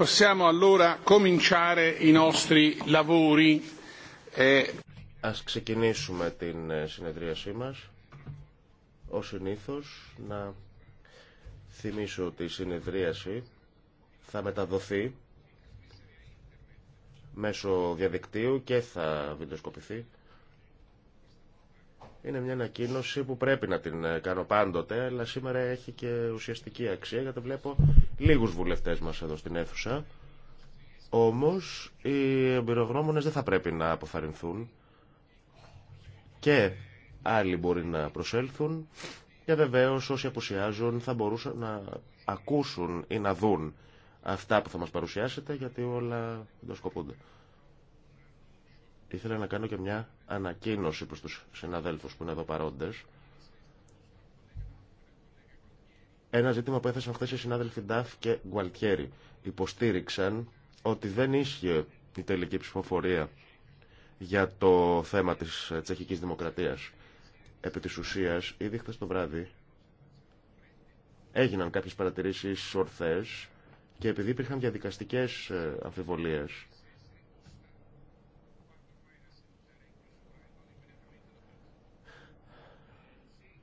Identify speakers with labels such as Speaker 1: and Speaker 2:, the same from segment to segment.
Speaker 1: Possiamo allora cominciare i nostri
Speaker 2: e Ας ξεκινήσουμε την ε, συνεδρίασή μας. Ο συνήθως να θυμίσω ότι η συνεδρίαση θα μεταδοθεί μέσω διαδικτύου και θα βιντεοσκοπηθεί. Είναι μια ανακοίνωση που πρέπει να την ε, κάνω πάντοτε, αλλά σήμερα έχει και ουσιαστική αξία, γιατί βλέπω λίγους βουλευτές μας εδώ στην αίθουσα. Όμως, οι εμπειρογνώμονες δεν θα πρέπει να αποθαρρυνθούν και άλλοι μπορεί να προσέλθουν Για βεβαίως όσοι απουσιάζουν θα μπορούσαν να ακούσουν ή να δουν αυτά που θα μας παρουσιάσετε, γιατί όλα δεν σκοπούνται ήθελα να κάνω και μια ανακοίνωση προς τους συναδέλφους που είναι εδώ παρόντες. Ένα ζήτημα που έθεσαν χθε οι συνάδελφοι Νταφ και Γκουαλτιέρη. Υποστήριξαν ότι δεν ίσχυε η τελική ψηφοφορία για το θέμα της τσεχικής δημοκρατίας. Επί της ουσίας, ήδη χθε το βράδυ έγιναν κάποιες παρατηρήσεις ορθές και επειδή υπήρχαν διαδικαστικές ε, αμφιβολίες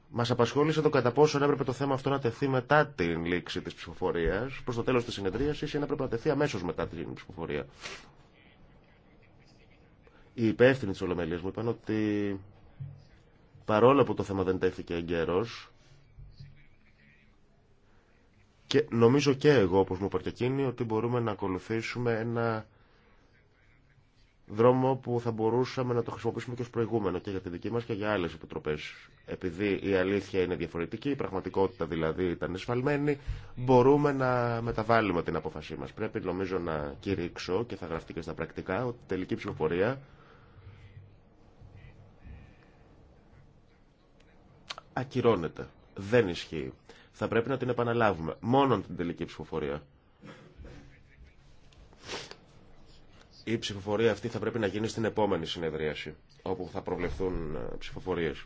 Speaker 2: Μα απασχόλησε το κατά πόσο έπρεπε το θέμα αυτό να τεθεί μετά την λήξη τη ψηφοφορία, προ το τέλο τη συνεδρίαση, ή να έπρεπε να τεθεί αμέσω μετά την ψηφοφορία. Οι υπεύθυνοι τη Ολομελία μου είπαν ότι παρόλο που το θέμα δεν τέθηκε εγκαίρω, και νομίζω και εγώ, όπω μου είπα και εκείνη, ότι μπορούμε να ακολουθήσουμε ένα δρόμο που θα μπορούσαμε να το χρησιμοποιήσουμε και ως προηγούμενο και για τη δική μας και για άλλες επιτροπές. Επειδή η αλήθεια είναι διαφορετική, η πραγματικότητα δηλαδή ήταν εσφαλμένη, μπορούμε να μεταβάλουμε την απόφασή μας. Πρέπει νομίζω να κηρύξω και θα γραφτεί και στα πρακτικά ότι η τελική ψηφοφορία ακυρώνεται. Δεν ισχύει. Θα πρέπει να την επαναλάβουμε. Μόνο την τελική ψηφοφορία. Η ψηφοφορία αυτή θα πρέπει να γίνει στην επόμενη συνεδρίαση, όπου θα προβλεφθούν ε, ψηφοφορίες.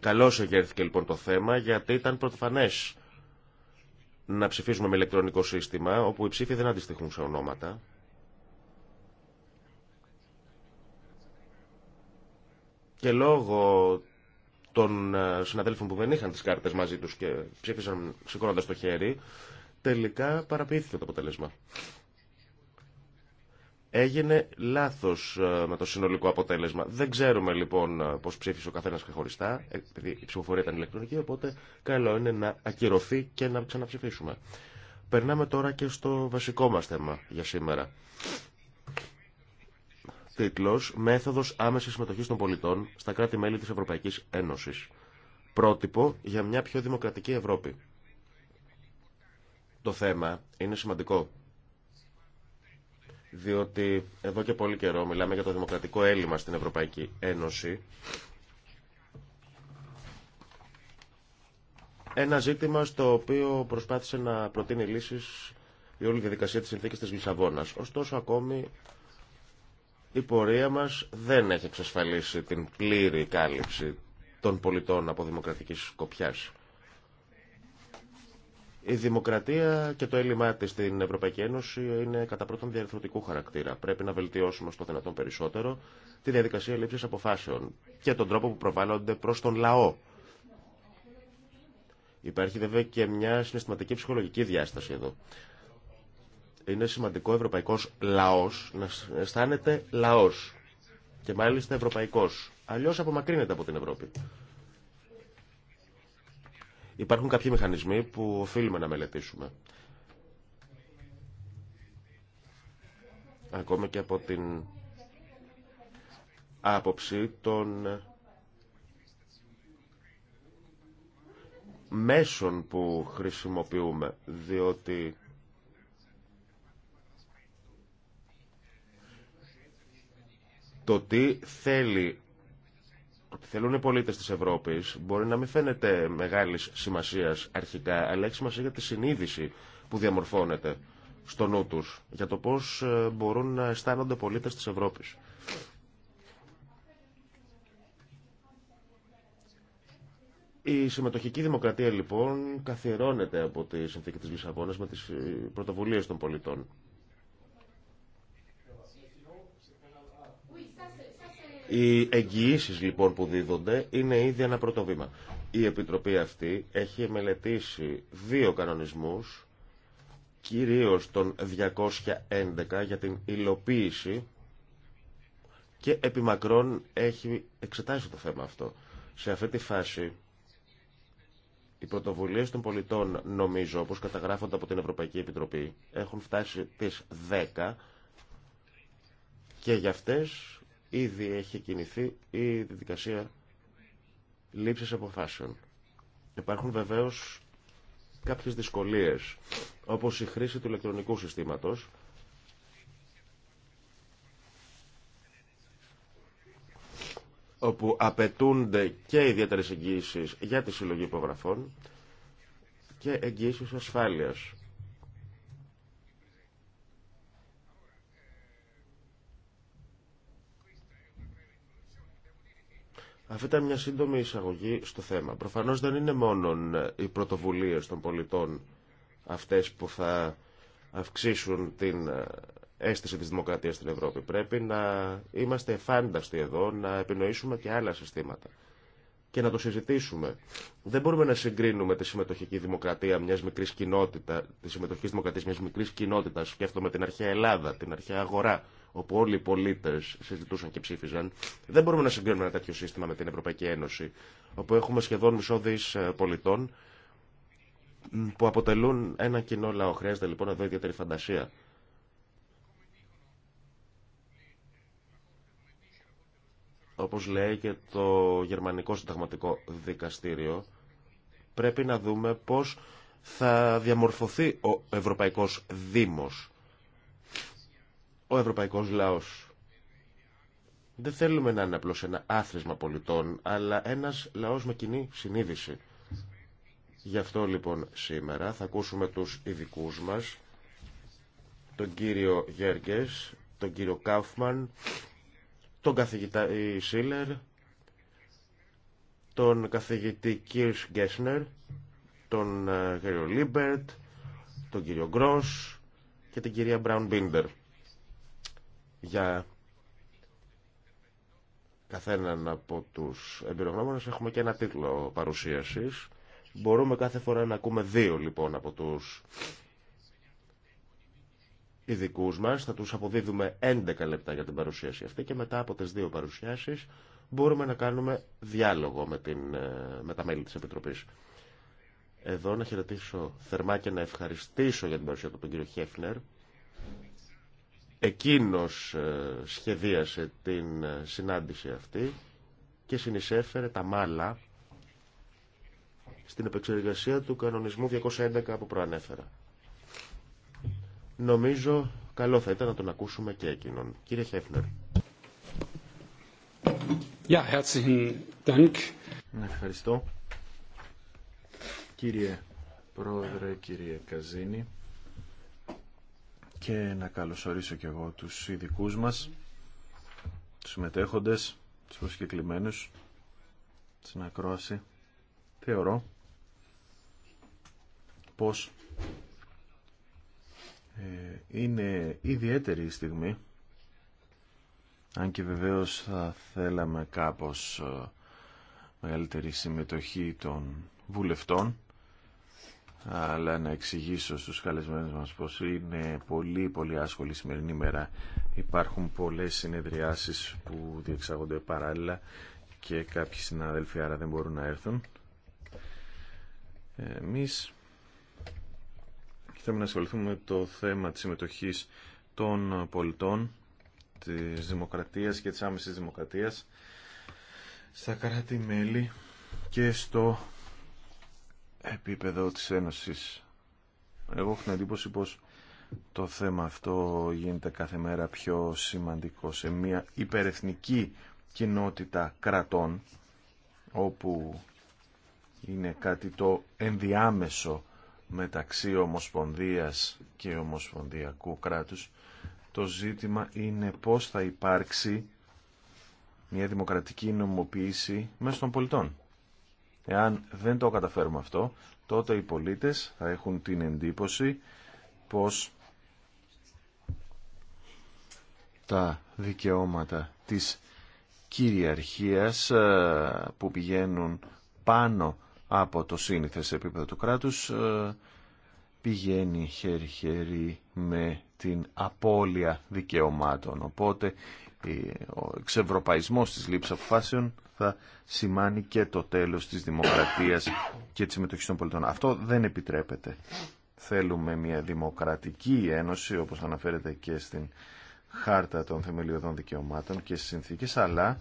Speaker 2: Καλώς εγέρθηκε λοιπόν το θέμα, γιατί ήταν πρωτοφανές να ψηφίσουμε με ηλεκτρονικό σύστημα, όπου οι ψήφοι δεν αντιστοιχούν σε ονόματα. Και λόγω των ε, συναδέλφων που δεν είχαν τις κάρτες μαζί τους και ψήφισαν σηκώνοντα το χέρι, τελικά παραποιήθηκε το αποτέλεσμα. Έγινε λάθος ε, με το συνολικό αποτέλεσμα. Δεν ξέρουμε λοιπόν ε, πώς ψήφισε ο καθένας χωριστά, επειδή η ψηφοφορία ήταν ηλεκτρονική, οπότε καλό είναι να ακυρωθεί και να ξαναψηφίσουμε. Περνάμε τώρα και στο βασικό μας θέμα για σήμερα τίτλο «Μέθοδος άμεσης συμμετοχή των πολιτών στα κράτη-μέλη της Ευρωπαϊκής Ένωσης. Πρότυπο για μια πιο δημοκρατική Ευρώπη». Το θέμα είναι σημαντικό, διότι εδώ και πολύ καιρό μιλάμε για το δημοκρατικό έλλειμμα στην Ευρωπαϊκή Ένωση ένα ζήτημα στο οποίο προσπάθησε να προτείνει λύσεις η όλη διαδικασία της συνθήκης της Λισαβόνας. Ωστόσο ακόμη η πορεία μας δεν έχει εξασφαλίσει την πλήρη κάλυψη των πολιτών από δημοκρατικής σκοπιάς. Η δημοκρατία και το έλλειμμά της στην Ευρωπαϊκή Ένωση είναι κατά πρώτον διαρθρωτικού χαρακτήρα. Πρέπει να βελτιώσουμε στο δυνατόν περισσότερο τη διαδικασία λήψης αποφάσεων και τον τρόπο που προβάλλονται προς τον λαό. Υπάρχει βέβαια και μια συναισθηματική ψυχολογική διάσταση εδώ είναι σημαντικό ο ευρωπαϊκός λαός να αισθάνεται λαός και μάλιστα ευρωπαϊκός. Αλλιώ απομακρύνεται από την Ευρώπη. Υπάρχουν κάποιοι μηχανισμοί που οφείλουμε να μελετήσουμε. Ακόμα και από την άποψη των μέσων που χρησιμοποιούμε, διότι Το τι θέλει θέλουν οι πολίτε τη Ευρώπη μπορεί να μην φαίνεται μεγάλη σημασία αρχικά, αλλά έχει σημασία για τη συνείδηση που διαμορφώνεται στο νου για το πώ ε, μπορούν να αισθάνονται πολίτε τη Ευρώπη. Η συμμετοχική δημοκρατία λοιπόν καθιερώνεται από τη συνθήκη της Λισαβόνας με τις ε, πρωτοβουλίες των πολιτών. Οι εγγυήσει λοιπόν που δίδονται είναι ήδη ένα πρώτο Η Επιτροπή αυτή έχει μελετήσει δύο κανονισμούς, κυρίως τον 211 για την υλοποίηση και επιμακρών έχει εξετάσει το θέμα αυτό. Σε αυτή τη φάση οι πρωτοβουλίε των πολιτών, νομίζω, όπω καταγράφονται από την Ευρωπαϊκή Επιτροπή, έχουν φτάσει τι 10 και για αυτές Ήδη έχει κινηθεί η διαδικασία λήψης αποφάσεων. Υπάρχουν βεβαίως κάποιες δυσκολίες, όπως η χρήση του ηλεκτρονικού συστήματος, όπου απαιτούνται και ιδιαίτερες εγγύησεις για τη συλλογή υπογραφών και εγγύησεις ασφάλειας Αυτή ήταν μια σύντομη εισαγωγή στο θέμα. Προφανώς δεν είναι μόνο οι πρωτοβουλίες των πολιτών αυτές που θα αυξήσουν την ε, αίσθηση της δημοκρατίας στην Ευρώπη. Πρέπει να είμαστε εφάνταστοι εδώ, να επινοήσουμε και άλλα συστήματα και να το συζητήσουμε. Δεν μπορούμε να συγκρίνουμε τη συμμετοχική δημοκρατία μιας μικρής κοινότητας, τη συμμετοχή δημοκρατία, μιας μικρής κοινότητας, σκέφτομαι την αρχαία Ελλάδα, την αρχαία αγορά, όπου όλοι οι πολίτε συζητούσαν και ψήφιζαν, δεν μπορούμε να συγκρίνουμε ένα τέτοιο σύστημα με την Ευρωπαϊκή Ένωση, όπου έχουμε σχεδόν μισό δι ε, πολιτών που αποτελούν ένα κοινό λαό. Χρειάζεται λοιπόν εδώ ιδιαίτερη φαντασία. Όπως λέει και το Γερμανικό Συνταγματικό Δικαστήριο, πρέπει να δούμε πώς θα διαμορφωθεί ο Ευρωπαϊκός Δήμος ο ευρωπαϊκός λαός. Δεν θέλουμε να είναι απλώς ένα άθροισμα πολιτών, αλλά ένας λαός με κοινή συνείδηση. Γι' αυτό λοιπόν σήμερα θα ακούσουμε τους ειδικού μας, τον κύριο Γέργες, τον κύριο Κάουφμαν, τον καθηγητά Σίλερ, τον καθηγητή Κίρς Γκέσνερ, τον ε, κύριο Λίμπερτ, τον κύριο Γκρός και την κυρία Μπράουν Μπίντερ για καθέναν από τους εμπειρογνώμονες έχουμε και ένα τίτλο παρουσίασης. Μπορούμε κάθε φορά να ακούμε δύο λοιπόν από τους ειδικού μας. Θα τους αποδίδουμε 11 λεπτά για την παρουσίαση αυτή και μετά από τις δύο παρουσιάσεις μπορούμε να κάνουμε διάλογο με, την, ε, με τα μέλη της Επιτροπής. Εδώ να χαιρετήσω θερμά και να ευχαριστήσω για την παρουσία του τον κύριο Χέφνερ Εκείνος ε, σχεδίασε την ε, συνάντηση αυτή και συνεισέφερε τα μάλα στην επεξεργασία του κανονισμού 211 που προανέφερα. Νομίζω καλό θα ήταν να τον ακούσουμε και εκείνον. Κύριε Χέφνερ. Ja, herzlichen Dank. Ευχαριστώ. Κύριε
Speaker 1: Πρόεδρε, κύριε Καζίνη και να καλωσορίσω και εγώ τους ειδικού μας, τους συμμετέχοντες, τους προσκεκλημένους στην ακρόαση. Θεωρώ πως ε, είναι ιδιαίτερη η στιγμή αν και βεβαίως θα θέλαμε κάπως ε, μεγαλύτερη συμμετοχή των βουλευτών αλλά να εξηγήσω στους καλεσμένους μας πως είναι πολύ πολύ άσχολη η σημερινή μέρα. Υπάρχουν πολλές συνεδριάσεις που διεξάγονται παράλληλα και κάποιοι συνάδελφοι άρα δεν μπορούν να έρθουν. Εμείς θέλουμε να ασχοληθούμε με το θέμα της συμμετοχής των πολιτών, της δημοκρατίας και της άμεσης δημοκρατίας στα κράτη-μέλη και στο επίπεδο της Ένωσης. Εγώ έχω την εντύπωση πως το θέμα αυτό γίνεται κάθε μέρα πιο σημαντικό σε μια υπερεθνική κοινότητα κρατών όπου είναι κάτι το ενδιάμεσο μεταξύ Ομοσπονδίας και Ομοσπονδιακού κράτους το ζήτημα είναι πώς θα υπάρξει μια δημοκρατική νομοποίηση μέσα των πολιτών. Εάν δεν το καταφέρουμε αυτό, τότε οι πολίτες θα έχουν την εντύπωση πως τα δικαιώματα της κυριαρχίας ε, που πηγαίνουν πάνω από το σύνηθες επίπεδο του κράτους ε, πηγαίνει χέρι-χέρι με την απώλεια δικαιωμάτων. Οπότε ε, ο εξευρωπαϊσμός της λήψης αποφάσεων θα σημάνει και το τέλος της δημοκρατίας και της συμμετοχής των πολιτών. Αυτό δεν επιτρέπεται. Θέλουμε μια δημοκρατική ένωση, όπως αναφέρεται και στην χάρτα των θεμελιωδών δικαιωμάτων και στις συνθήκες, αλλά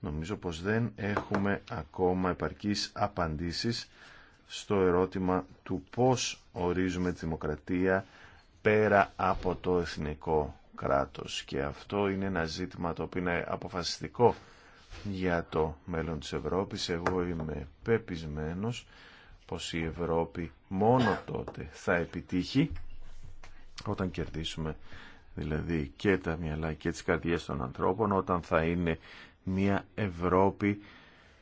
Speaker 1: νομίζω πως δεν έχουμε ακόμα επαρκείς απαντήσεις στο ερώτημα του πώς ορίζουμε τη δημοκρατία πέρα από το εθνικό κράτος. Και αυτό είναι ένα ζήτημα το οποίο είναι αποφασιστικό για το μέλλον της Ευρώπης. Εγώ είμαι πεπισμένος πως η Ευρώπη μόνο τότε θα επιτύχει όταν κερδίσουμε δηλαδή και τα μυαλά και τις καρδιές των ανθρώπων όταν θα είναι μια Ευρώπη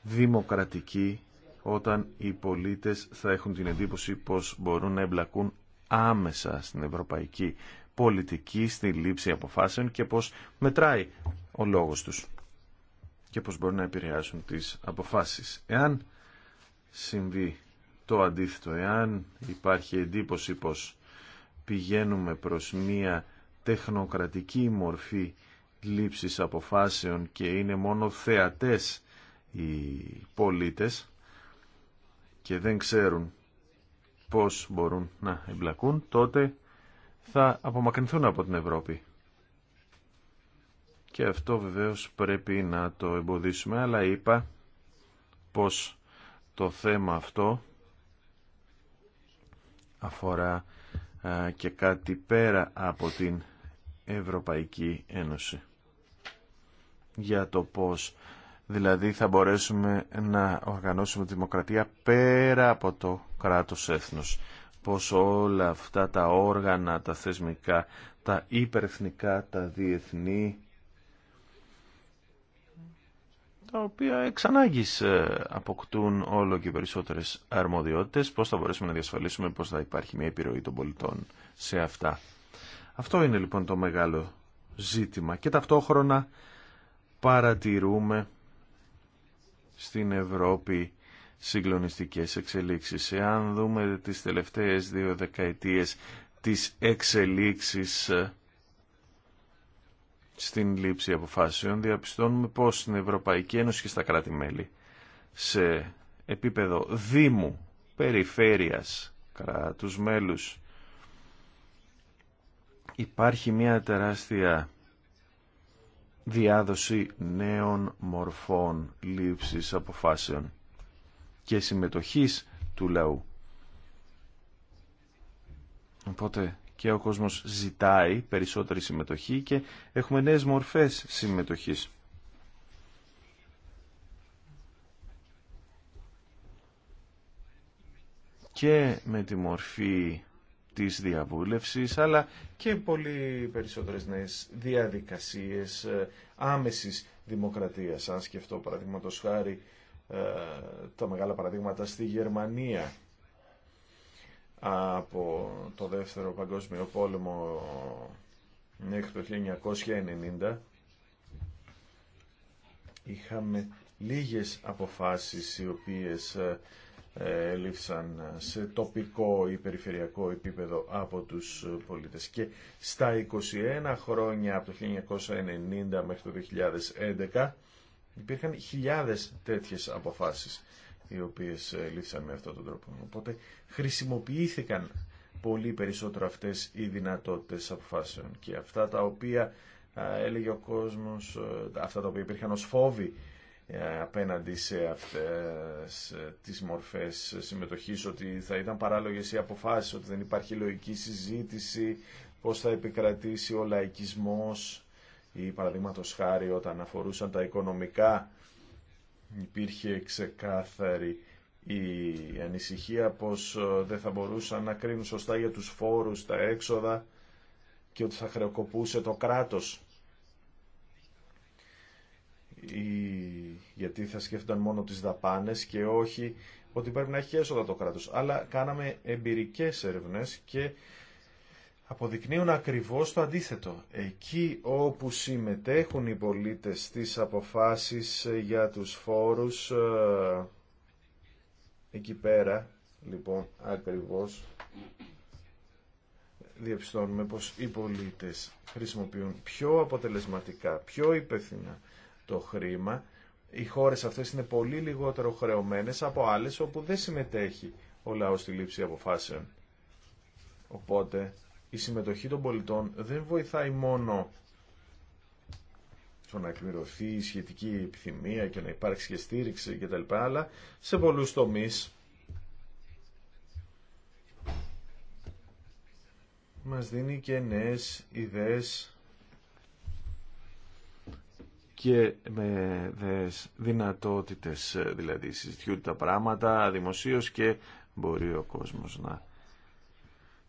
Speaker 1: δημοκρατική όταν οι πολίτες θα έχουν την εντύπωση πως μπορούν να εμπλακούν άμεσα στην ευρωπαϊκή πολιτική, στη λήψη αποφάσεων και πως μετράει ο λόγος τους και πώς μπορούν να επηρεάσουν τις αποφάσεις. Εάν συμβεί το αντίθετο, εάν υπάρχει εντύπωση πως πηγαίνουμε προς μία τεχνοκρατική μορφή λήψης αποφάσεων και είναι μόνο θεατές οι πολίτες και δεν ξέρουν πώς μπορούν να εμπλακούν, τότε θα απομακρυνθούν από την Ευρώπη και αυτό βεβαίως πρέπει να το εμποδίσουμε, αλλά είπα πως το θέμα αυτό αφορά και κάτι πέρα από την Ευρωπαϊκή Ένωση. Για το πώς δηλαδή θα μπορέσουμε να οργανώσουμε τη δημοκρατία πέρα από το κράτος έθνος. Πώς όλα αυτά τα όργανα, τα θεσμικά, τα υπερεθνικά, τα διεθνή τα οποία εξ ανάγκης ε, αποκτούν όλο και περισσότερες αρμοδιότητες, πώς θα μπορέσουμε να διασφαλίσουμε πώς θα υπάρχει μια επιρροή των πολιτών σε αυτά. Αυτό είναι λοιπόν το μεγάλο ζήτημα και ταυτόχρονα παρατηρούμε στην Ευρώπη συγκλονιστικές εξελίξεις. Εάν δούμε τις τελευταίες δύο δεκαετίες τις εξελίξεις ε, στην λήψη αποφάσεων διαπιστώνουμε πως στην Ευρωπαϊκή Ένωση και στα κράτη-μέλη σε επίπεδο Δήμου, Περιφέρειας, κράτους μέλους υπάρχει μια τεράστια διάδοση νέων μορφών λήψης αποφάσεων και συμμετοχής του λαού. Οπότε και ο κόσμος ζητάει περισσότερη συμμετοχή και έχουμε νέες μορφές συμμετοχής. Και με τη μορφή της διαβούλευσης, αλλά και πολύ περισσότερες νέες διαδικασίες ε, άμεσης δημοκρατίας. Αν σκεφτώ παραδείγματος χάρη ε, τα μεγάλα παραδείγματα στη Γερμανία, από το Δεύτερο Παγκόσμιο Πόλεμο μέχρι το 1990 είχαμε λίγες αποφάσεις οι οποίες ε, λήφθησαν σε τοπικό ή περιφερειακό επίπεδο από τους πολίτες. Και στα 21 χρόνια από το 1990 μέχρι το 2011 υπήρχαν χιλιάδες τέτοιες αποφάσεις οι οποίες ε, λήφθησαν με αυτόν τον τρόπο. Οπότε χρησιμοποιήθηκαν πολύ περισσότερο αυτές οι δυνατότητες αποφάσεων και αυτά τα οποία έλεγε ο κόσμος, ε, αυτά τα οποία υπήρχαν ως φόβοι ε, απέναντι σε αυτές τις μορφές συμμετοχής ότι θα ήταν παράλογες οι αποφάσεις, ότι δεν υπάρχει λογική συζήτηση, πώς θα επικρατήσει ο λαϊκισμός ή παραδείγματος χάρη όταν αφορούσαν τα οικονομικά υπήρχε ξεκάθαρη η ανησυχία πως ε, δεν θα μπορούσαν να κρίνουν σωστά για τους φόρους, τα έξοδα και ότι θα χρεοκοπούσε το κράτος. Γιατί θα σκέφτονταν μόνο τις δαπάνες και όχι ότι πρέπει να έχει έσοδα το κράτος. Αλλά κάναμε εμπειρικές έρευνες και αποδεικνύουν ακριβώς το αντίθετο. Εκεί όπου συμμετέχουν οι πολίτες στις αποφάσεις ε, για τους φόρους, ε, εκεί πέρα, λοιπόν, ακριβώς, διαπιστώνουμε πως οι πολίτες χρησιμοποιούν πιο αποτελεσματικά, πιο υπεύθυνα το χρήμα. Οι χώρες αυτές είναι πολύ λιγότερο χρεωμένες από άλλες όπου δεν συμμετέχει ο λαός στη λήψη αποφάσεων. Οπότε η συμμετοχή των πολιτών δεν βοηθάει μόνο στο να εκμηρωθεί η σχετική επιθυμία και να υπάρξει και στήριξη κτλ. Αλλά σε πολλούς τομείς μας δίνει και νέες ιδέες και με δυνατότητες δηλαδή συζητιούνται τα πράγματα δημοσίως και μπορεί ο κόσμος να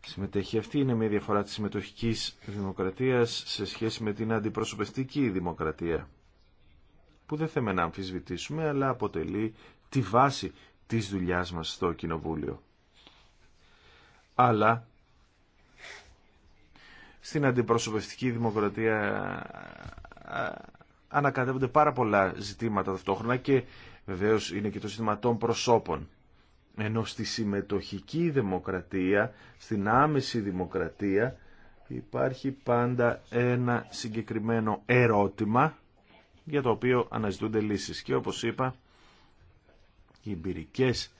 Speaker 1: συμμετέχει αυτή είναι μια διαφορά της συμμετοχικής δημοκρατίας σε σχέση με την αντιπροσωπευτική δημοκρατία που δεν θέμε να αμφισβητήσουμε αλλά αποτελεί τη βάση της δουλειάς μας στο Κοινοβούλιο. Αλλά στην αντιπροσωπευτική δημοκρατία ανακατεύονται πάρα πολλά ζητήματα ταυτόχρονα και βεβαίως είναι και το ζήτημα των προσώπων. Ενώ στη συμμετοχική δημοκρατία, στην άμεση δημοκρατία, υπάρχει πάντα ένα συγκεκριμένο ερώτημα για το οποίο αναζητούνται λύσεις. Και όπως είπα, οι εμπειρικές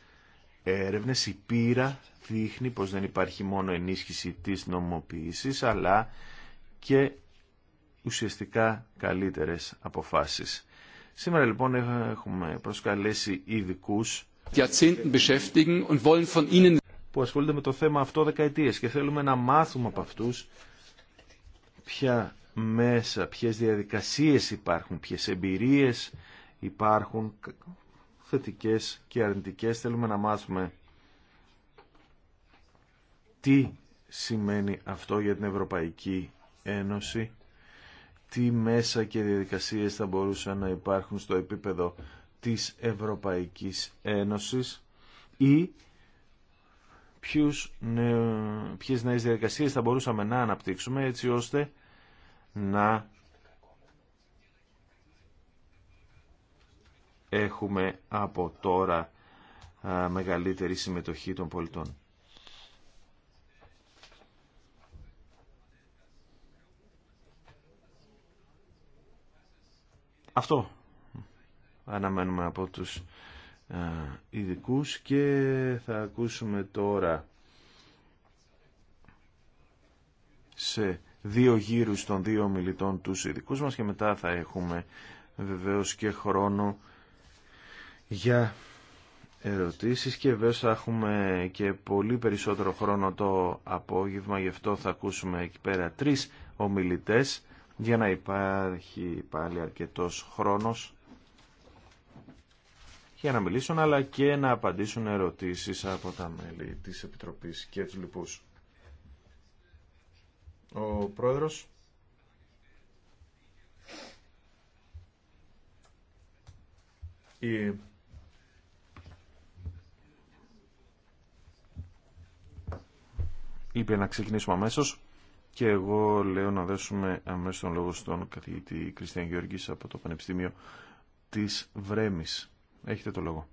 Speaker 1: έρευνες, η πείρα δείχνει πως δεν υπάρχει μόνο ενίσχυση της νομοποίησης, αλλά και ουσιαστικά καλύτερες αποφάσεις. Σήμερα λοιπόν έχουμε προσκαλέσει ειδικού Jahrzehnten beschäftigen und που ασχολούνται με το θέμα αυτό δεκαετίες και θέλουμε να μάθουμε από αυτούς ποια μέσα, ποιες διαδικασίες υπάρχουν, ποιες εμπειρίες υπάρχουν, θετικές και αρνητικές. Θέλουμε να μάθουμε τι σημαίνει αυτό για την Ευρωπαϊκή Ένωση, τι μέσα και διαδικασίες θα μπορούσαν να υπάρχουν στο επίπεδο της Ευρωπαϊκής Ένωσης ή ποιους, ποιες νέες διαδικασίες θα μπορούσαμε να αναπτύξουμε έτσι ώστε να έχουμε από τώρα μεγαλύτερη συμμετοχή των πολιτών. Αυτό αναμένουμε από τους ειδικού και θα ακούσουμε τώρα σε δύο γύρους των δύο μιλητών τους ειδικού μας και μετά θα έχουμε βεβαίως και χρόνο για ερωτήσεις και βέβαια θα έχουμε και πολύ περισσότερο χρόνο το απόγευμα γι' αυτό θα ακούσουμε εκεί πέρα τρεις ομιλητές για να υπάρχει πάλι αρκετός χρόνος για να μιλήσουν αλλά και να απαντήσουν ερωτήσεις από τα μέλη της Επιτροπής και τους λοιπούς. Ο Πρόεδρος. Η... Είπε να ξεκινήσουμε αμέσως και εγώ λέω να δώσουμε αμέσως τον λόγο στον καθηγητή Κριστιαν Γεωργής από το Πανεπιστήμιο της Βρέμης. Έχετε το λόγο.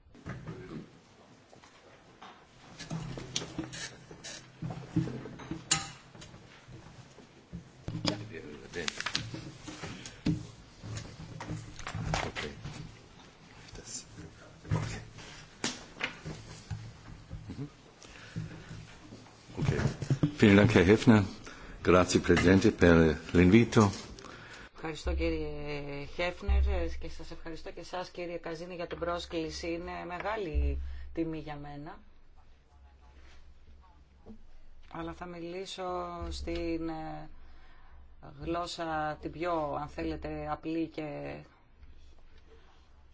Speaker 1: Vielen Dank, Herr Hefner. Grazie, Presidente, per l'invito.
Speaker 3: Ευχαριστώ κύριε Χέφνερ και σας ευχαριστώ και εσάς κύριε Καζίνη για την πρόσκληση. Είναι μεγάλη τιμή για μένα. Αλλά θα μιλήσω στην ε, γλώσσα την πιο, αν θέλετε, απλή και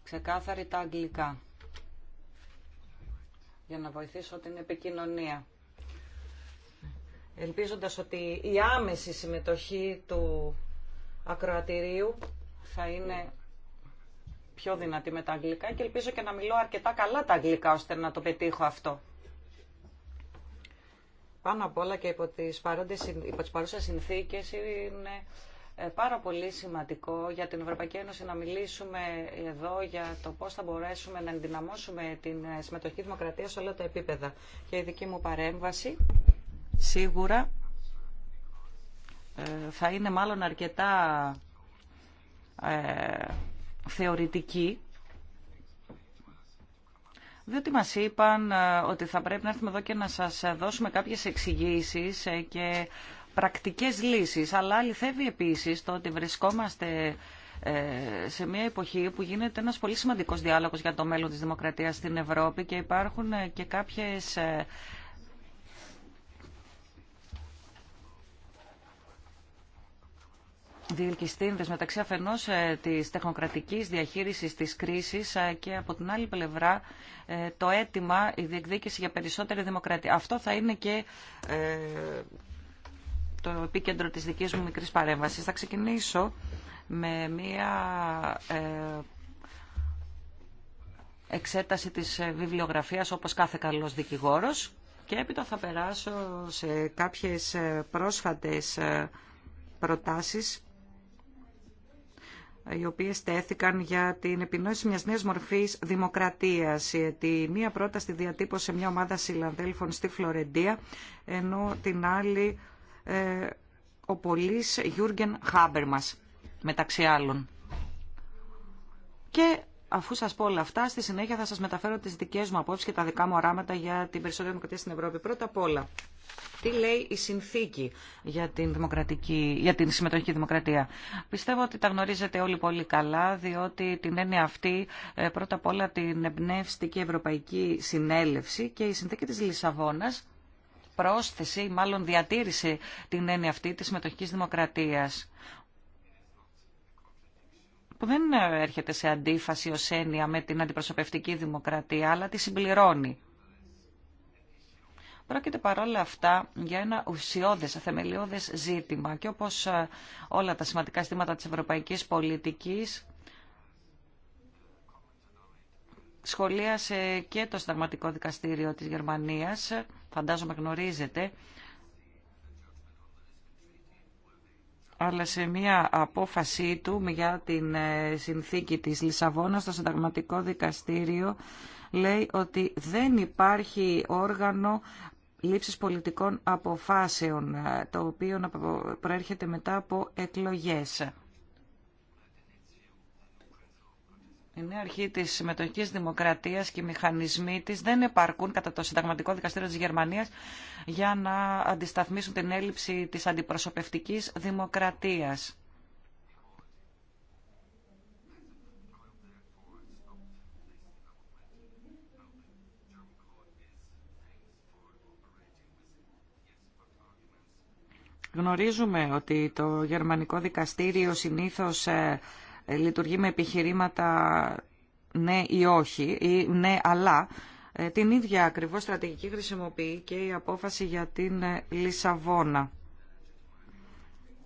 Speaker 3: ξεκάθαρη τα αγγλικά. Για να βοηθήσω την επικοινωνία. Ελπίζοντας ότι η άμεση συμμετοχή του ακροατηρίου θα είναι πιο δυνατή με τα αγγλικά και ελπίζω και να μιλώ αρκετά καλά τα αγγλικά ώστε να το πετύχω αυτό. Πάνω απ' όλα και υπό τις, παρόντες, υπό τις παρούσες συνθήκες είναι ε, πάρα πολύ σημαντικό για την Ευρωπαϊκή Ένωση να μιλήσουμε εδώ για το πώς θα μπορέσουμε να ενδυναμώσουμε την ε, συμμετοχή δημοκρατία σε όλα τα επίπεδα. Και η δική μου παρέμβαση σίγουρα ε, θα είναι μάλλον αρκετά ε, θεωρητική διότι μας είπαν ε, ότι θα πρέπει να έρθουμε εδώ και να σας δώσουμε κάποιες εξηγήσεις και πρακτικές λύσεις. Αλλά αληθεύει επίσης το ότι βρισκόμαστε σε μια εποχή που γίνεται ένας πολύ σημαντικός διάλογος για το μέλλον της δημοκρατίας στην Ευρώπη και υπάρχουν και κάποιες διελκυστίνδε μεταξύ αφενός ε, τη τεχνοκρατικής διαχείρισης της κρίσης ε, και από την άλλη πλευρά ε, το αίτημα, η διεκδίκηση για περισσότερη δημοκρατία. Αυτό θα είναι και το επίκεντρο τη δική μου μικρής παρέμβαση. Θα ξεκινήσω με μία εξέταση της βιβλιογραφίας όπως κάθε καλός δικηγόρος και έπειτα θα περάσω σε κάποιες πρόσφατες προτάσεις οι οποίε τέθηκαν για την επινόηση μια νέα μορφής δημοκρατίας. Η μία πρώτα στη διατύπωση μία πρώτα στη διατύπωση μια ομάδα συλλαδέλφων στη Φλωρεντία, ενώ την άλλη ε, ο πολίς Γιούργεν Χάμπερμας, μεταξύ άλλων. Αφού σα πω όλα αυτά, στη συνέχεια θα σα μεταφέρω τι δικέ μου απόψει και τα δικά μου οράματα για την περισσότερη δημοκρατία στην Ευρώπη. Πρώτα απ' όλα, τι λέει η συνθήκη για την, δημοκρατική, για την συμμετοχική δημοκρατία. Πιστεύω ότι τα γνωρίζετε όλοι πολύ καλά, διότι την έννοια αυτή ε, πρώτα απ' όλα την εμπνεύστηκε η Ευρωπαϊκή Συνέλευση και η συνθήκη τη Λισαβόνα πρόσθεση, μάλλον διατήρησε την έννοια αυτή τη συμμετοχικής δημοκρατία που δεν έρχεται σε αντίφαση ως έννοια με την αντιπροσωπευτική δημοκρατία, αλλά τη συμπληρώνει. Πρόκειται παρόλα αυτά για ένα ουσιώδες, θεμελιώδες ζήτημα και όπως ε, όλα τα σημαντικά ζητήματα της ευρωπαϊκής πολιτικής σχολίασε και το Συνταγματικό Δικαστήριο της Γερμανίας, φαντάζομαι γνωρίζετε, αλλά σε μια απόφασή του για την ε, συνθήκη της Λισαβόνας στο Συνταγματικό Δικαστήριο λέει ότι δεν υπάρχει όργανο λήψης πολιτικών αποφάσεων ε, το οποίο προέρχεται μετά από εκλογές. Η νέα αρχή τη συμμετοχή δημοκρατία και οι μηχανισμοί τη δεν επαρκούν κατά το Συνταγματικό Δικαστήριο τη Γερμανία για να αντισταθμίσουν την έλλειψη τη αντιπροσωπευτική δημοκρατία. Γνωρίζουμε ότι το γερμανικό δικαστήριο συνήθως ε, ε, λειτουργεί με επιχειρήματα ναι ή όχι ή ναι αλλά ε, την ίδια ακριβώς στρατηγική χρησιμοποιεί και η απόφαση για την ε, Λισαβόνα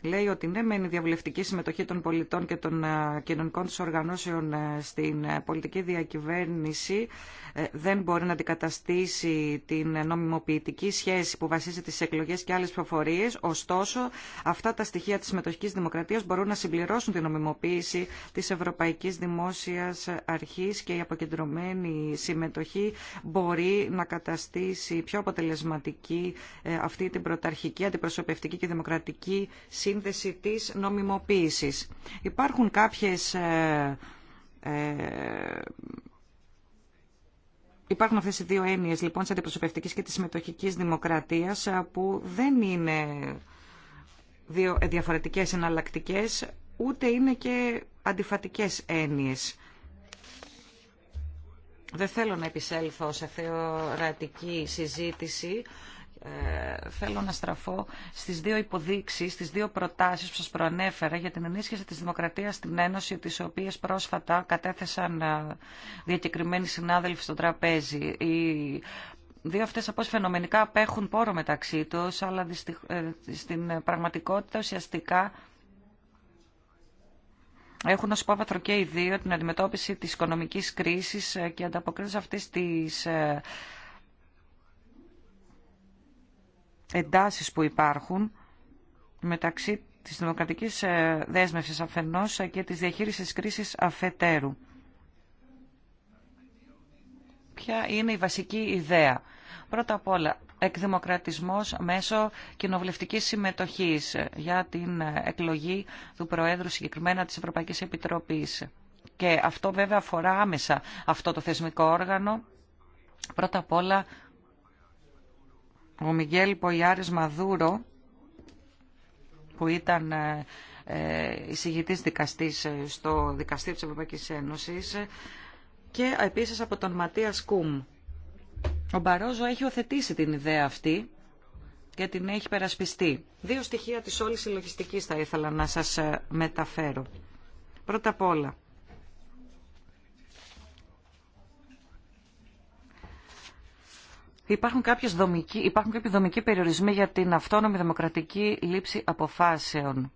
Speaker 3: λέει ότι ναι, μεν η διαβουλευτική συμμετοχή των πολιτών και των ε, κοινωνικών του οργανώσεων ε, στην ε, πολιτική διακυβέρνηση δεν μπορεί να αντικαταστήσει την νομιμοποιητική σχέση που βασίζεται στι εκλογέ και άλλε προφορίε. Ωστόσο, αυτά τα στοιχεία τη συμμετοχική δημοκρατία μπορούν να συμπληρώσουν την νομιμοποίηση τη Ευρωπαϊκή Δημόσια Αρχή και η αποκεντρωμένη συμμετοχή μπορεί να καταστήσει πιο αποτελεσματική αυτή την πρωταρχική, αντιπροσωπευτική και δημοκρατική σύνδεση της νομιμοποίησης. Υπάρχουν κάποιες... Ε, ε, Υπάρχουν αυτές οι δύο έννοιες λοιπόν της αντιπροσωπευτικής και της συμμετοχική δημοκρατίας ε, που δεν είναι δύο διαφορετικές εναλλακτικέ, ούτε είναι και αντιφατικές έννοιες. Δεν θέλω να επισέλθω σε θεωρατική συζήτηση ε, θέλω να στραφώ στις δύο υποδείξεις, στις δύο προτάσεις που σας προανέφερα για την ενίσχυση της δημοκρατίας στην Ένωση, τις οποίες πρόσφατα κατέθεσαν ε, διακεκριμένοι συνάδελφοι στο τραπέζι. Οι δύο αυτές από φαινομενικά απέχουν πόρο μεταξύ τους, αλλά ε, στην πραγματικότητα ουσιαστικά έχουν ως υπόβαθρο και οι δύο την αντιμετώπιση της οικονομικής κρίσης ε, και ανταποκρίνονται αυτής της εντάσεις που υπάρχουν μεταξύ της δημοκρατικής ε, δέσμευσης αφενός και της διαχείρισης κρίσης αφετέρου. Ποια είναι η βασική ιδέα. Πρώτα απ' όλα, εκδημοκρατισμός μέσω κοινοβουλευτικής συμμετοχής για την εκλογή του Προέδρου συγκεκριμένα της Ευρωπαϊκής Επιτροπής. Και αυτό βέβαια αφορά άμεσα αυτό το θεσμικό όργανο. Πρώτα απ' όλα ο Μιγέλ Ποϊάρης Μαδούρο που ήταν ε, ε, εισηγητής δικαστής ε, στο Δικαστήριο της Ευρωπαϊκής Ένωσης και επίσης από τον Ματία Κούμ. Ο Μπαρόζο έχει οθετήσει την ιδέα αυτή και την έχει περασπιστεί. Δύο στοιχεία της όλης συλλογιστικής θα ήθελα να σας μεταφέρω. Πρώτα απ' όλα, Υπάρχουν, κάποιες δομικοί, κάποιοι δομικοί περιορισμοί για την αυτόνομη δημοκρατική λήψη αποφάσεων.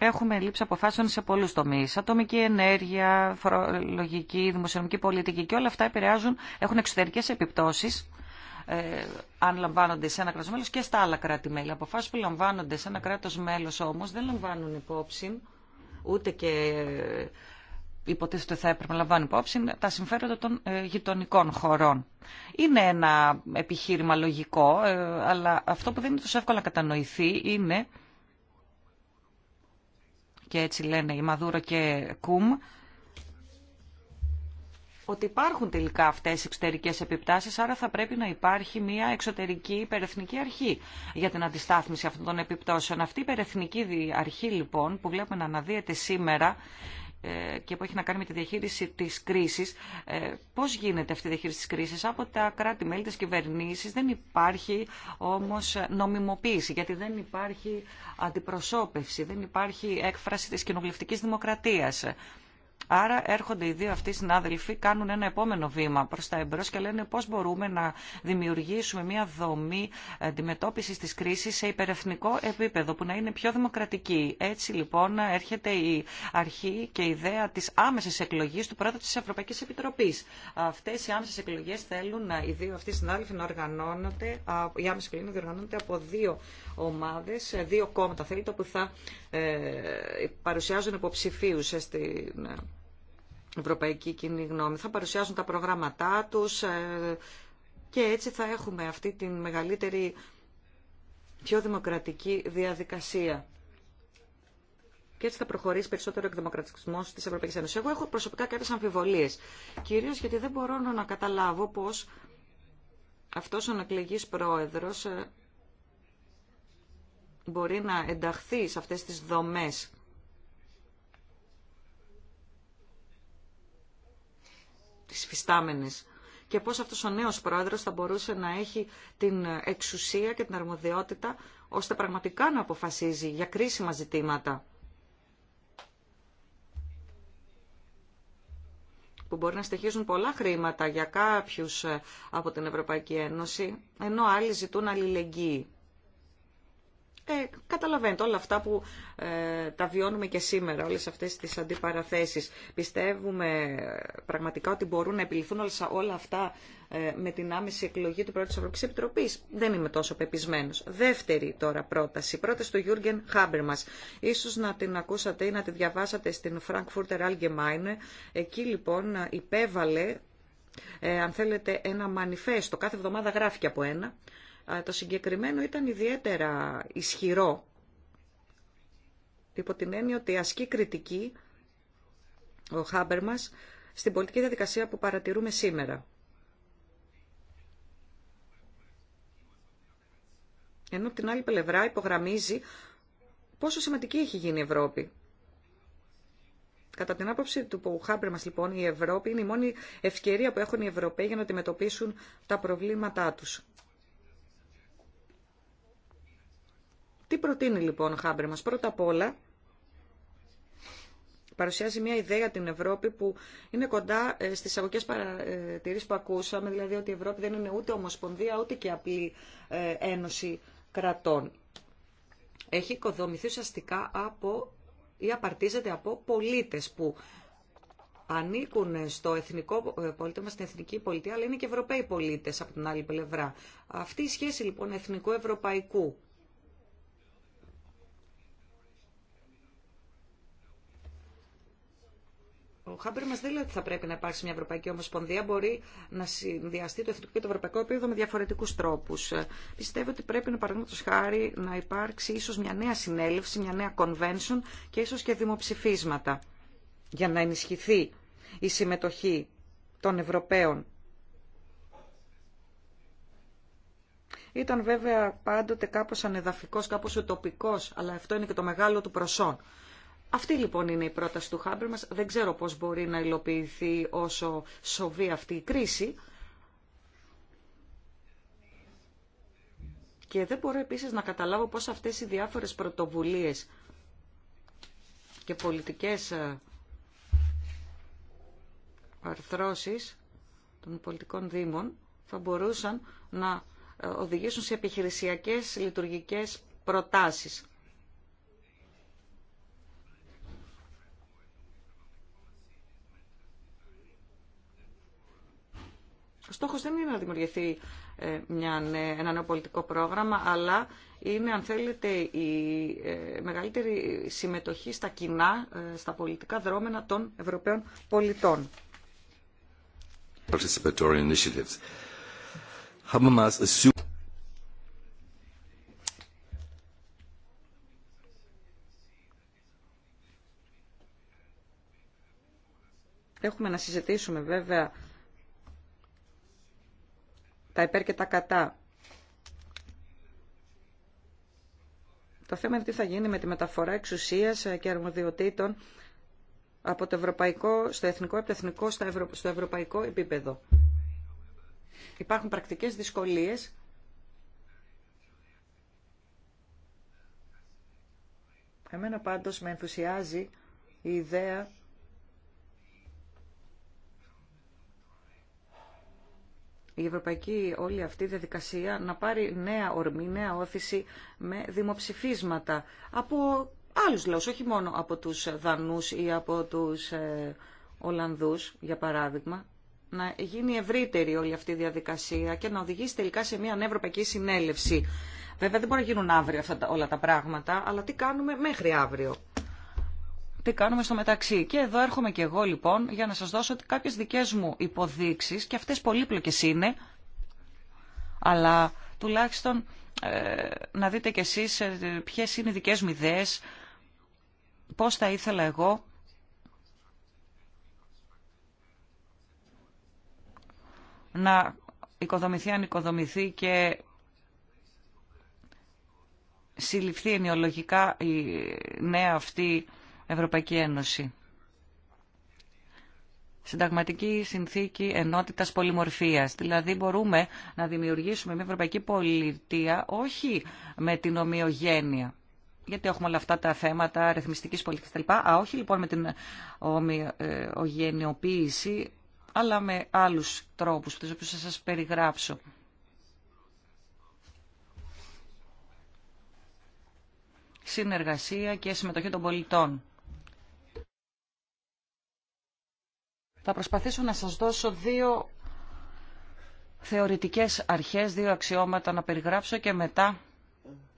Speaker 3: Έχουμε λήψη αποφάσεων σε πολλού τομεί. Ατομική ενέργεια, φορολογική, δημοσιονομική πολιτική και όλα αυτά επηρεάζουν, έχουν εξωτερικές επιπτώσεις ε, αν λαμβάνονται σε ένα κράτο μέλο και στα άλλα κράτη-μέλη. Αποφάσει που λαμβάνονται σε ένα κράτο μέλο όμω, δεν λαμβάνουν υπόψη ούτε και υποτίθεται θα έπρεπε να λαμβάνει υπόψη τα συμφέροντα των ε, γειτονικών χωρών. Είναι ένα επιχείρημα λογικό, ε, αλλά αυτό που δεν είναι τόσο εύκολα κατανοηθεί είναι, και έτσι λένε η Μαδούρο και Κουμ, ότι υπάρχουν τελικά αυτές οι εξωτερικές επιπτάσεις, άρα θα πρέπει να υπάρχει μια εξωτερική υπερεθνική αρχή για την αντιστάθμιση αυτών των επιπτώσεων. Αυτή η υπερεθνική αρχή λοιπόν που βλέπουμε να αναδύεται σήμερα ε, και που έχει να κάνει με τη διαχείριση της κρίσης. Ε, πώς γίνεται αυτή η διαχείριση της κρίσης από τα κράτη-μέλη της κυβερνήσεις. Δεν υπάρχει όμως νομιμοποίηση, γιατί δεν υπάρχει αντιπροσώπευση, δεν υπάρχει έκφραση της κοινοβουλευτική δημοκρατίας. Άρα έρχονται οι δύο αυτοί συνάδελφοι, κάνουν ένα επόμενο βήμα προς τα εμπρός και λένε πώς μπορούμε να δημιουργήσουμε μια δομή αντιμετώπισης της κρίσης σε υπερεθνικό επίπεδο που να είναι πιο δημοκρατική. Έτσι λοιπόν έρχεται η αρχή και η ιδέα της άμεσης εκλογής του πρόεδρου της Ευρωπαϊκής Επιτροπής. Αυτές οι άμεσες εκλογές θέλουν οι δύο αυτοί συνάδελφοι να οργανώνονται, οι άμεσες εκλογές να διοργανώνονται από δύο ομάδες, δύο κόμματα θέλετε που θα ε, παρουσιάζουν υποψηφίους ε, στην ευρωπαϊκή κοινή γνώμη. Θα παρουσιάσουν τα προγράμματά τους ε, και έτσι θα έχουμε αυτή τη μεγαλύτερη, πιο δημοκρατική διαδικασία. Και έτσι θα προχωρήσει περισσότερο ο εκδημοκρατισμό τη Ευρωπαϊκή Ένωση. Εγώ έχω προσωπικά κάποιε αμφιβολίε. Κυρίω γιατί δεν μπορώ να καταλάβω πώ αυτό ο ανακλεγή πρόεδρο ε, μπορεί να ενταχθεί σε αυτέ τι δομέ. τις φυστάμενες και πώς αυτός ο νέος πρόεδρος θα μπορούσε να έχει την εξουσία και την αρμοδιότητα ώστε πραγματικά να αποφασίζει για κρίσιμα ζητήματα που μπορεί να στοιχίζουν πολλά χρήματα για κάποιους ε, από την Ευρωπαϊκή Ένωση, ενώ άλλοι ζητούν αλληλεγγύη ε, καταλαβαίνετε όλα αυτά που ε, τα βιώνουμε και σήμερα, όλες αυτές τις αντιπαραθέσεις. Πιστεύουμε ε, πραγματικά ότι μπορούν να επιληθούν όλα, αυτά ε, με την άμεση εκλογή του Πρόεδρου της Ευρωπαϊκής Επιτροπής. Δεν είμαι τόσο πεπισμένος. Δεύτερη τώρα πρόταση. Πρόταση του Γιούργεν Χάμπερ μας. Ίσως να την ακούσατε ή να τη διαβάσατε στην Frankfurter Allgemeine. Εκεί λοιπόν υπέβαλε ε, αν θέλετε, ένα μανιφέστο. Κάθε εβδομάδα γράφει και από ένα το συγκεκριμένο ήταν ιδιαίτερα ισχυρό υπό την έννοια ότι ασκεί κριτική ο Χάμπερ μας στην πολιτική διαδικασία που παρατηρούμε σήμερα. Ενώ την άλλη πλευρά υπογραμμίζει πόσο σημαντική έχει γίνει η Ευρώπη. Κατά την άποψη του Χάμπερ μας λοιπόν η Ευρώπη είναι η μόνη ευκαιρία που έχουν οι Ευρωπαίοι για να αντιμετωπίσουν τα προβλήματά τους. Τι προτείνει λοιπόν ο Χάμπερ μας. Πρώτα απ' όλα παρουσιάζει μια ιδέα την Ευρώπη που είναι κοντά ε, στις αγωγές παρατηρήσεις που ακούσαμε, δηλαδή ότι η Ευρώπη δεν είναι ούτε ομοσπονδία ούτε και απλή ε, ένωση κρατών. Έχει οικοδομηθεί ουσιαστικά από ή απαρτίζεται από πολίτες που ανήκουν στο εθνικό ε, πολίτευμα, στην εθνική πολιτεία, αλλά είναι και Ευρωπαίοι πολίτες από την άλλη πλευρά. Αυτή η σχέση λοιπόν εθνικού-ευρωπαϊκού Ο Χάμπερ μα δεν λέει ότι θα πρέπει να υπάρξει μια Ευρωπαϊκή Ομοσπονδία. Μπορεί να συνδυαστεί το εθνικό και το ευρωπαϊκό επίπεδο με διαφορετικού τρόπου. Πιστεύω ότι πρέπει, παραδείγματο χάρη, να υπάρξει ίσω μια νέα συνέλευση, μια νέα convention και ίσω και δημοψηφίσματα για να ενισχυθεί η συμμετοχή των Ευρωπαίων. Ήταν βέβαια πάντοτε κάπως ανεδαφικός, κάπως ουτοπικός, αλλά αυτό είναι και το μεγάλο του προσόν. Αυτή λοιπόν είναι η πρόταση του Χάμπερ μας. Δεν ξέρω πώς μπορεί να υλοποιηθεί όσο σοβεί αυτή η κρίση. Και δεν μπορώ επίσης να καταλάβω πώς αυτές οι διάφορες πρωτοβουλίες και πολιτικές ε, αρθρώσεις των πολιτικών δήμων θα μπορούσαν να ε, οδηγήσουν σε επιχειρησιακές λειτουργικές προτάσεις. Ο στόχο δεν είναι να δημιουργηθεί ε, μια, ένα νέο πολιτικό πρόγραμμα, αλλά είναι, αν θέλετε, η ε, μεγαλύτερη συμμετοχή στα κοινά, ε, στα πολιτικά δρόμενα των Ευρωπαίων πολιτών. Έχουμε να συζητήσουμε βέβαια τα υπέρ και τα κατά. Το θέμα είναι τι θα γίνει με τη μεταφορά εξουσίας και αρμοδιοτήτων από το ευρωπαϊκό στο εθνικό, από το εθνικό στο, ευρω, στο ευρωπαϊκό επίπεδο. Υπάρχουν πρακτικές δυσκολίες Εμένα πάντως με ενθουσιάζει η ιδέα η ευρωπαϊκή όλη αυτή διαδικασία να πάρει νέα ορμή, νέα όθηση με δημοψηφίσματα από άλλους λαούς, όχι μόνο από τους Δανούς ή από τους ε, Ολλανδούς, για παράδειγμα, να γίνει ευρύτερη όλη αυτή η διαδικασία και να οδηγήσει τελικά σε μια ανευρωπαϊκή συνέλευση. Βέβαια δεν μπορεί να γίνουν αύριο αυτά όλα τα πράγματα, αλλά τι κάνουμε μέχρι αύριο τι κάνουμε στο μεταξύ. Και εδώ έρχομαι και εγώ λοιπόν για να σας δώσω κάποιες δικές μου υποδείξεις και αυτές πολύπλοκες είναι, αλλά τουλάχιστον ε, να δείτε κι εσείς ε, ποιες είναι οι δικές μου ιδέες, πώς θα ήθελα εγώ να οικοδομηθεί αν οικοδομηθεί και συλληφθεί ενοιολογικά η νέα αυτή Ευρωπαϊκή Ένωση. Συνταγματική συνθήκη ενότητα πολυμορφία. Δηλαδή, μπορούμε να δημιουργήσουμε μια ευρωπαϊκή πολιτεία όχι με την ομοιογένεια. Γιατί έχουμε όλα αυτά τα θέματα ρυθμιστική πολιτική κτλ. Α, όχι λοιπόν με την ομοιογενειοποίηση, ε, αλλά με άλλου τρόπου, του οποίου θα σα περιγράψω. Συνεργασία και συμμετοχή των πολιτών. Θα προσπαθήσω να σας δώσω δύο θεωρητικές αρχές, δύο αξιώματα να περιγράψω και μετά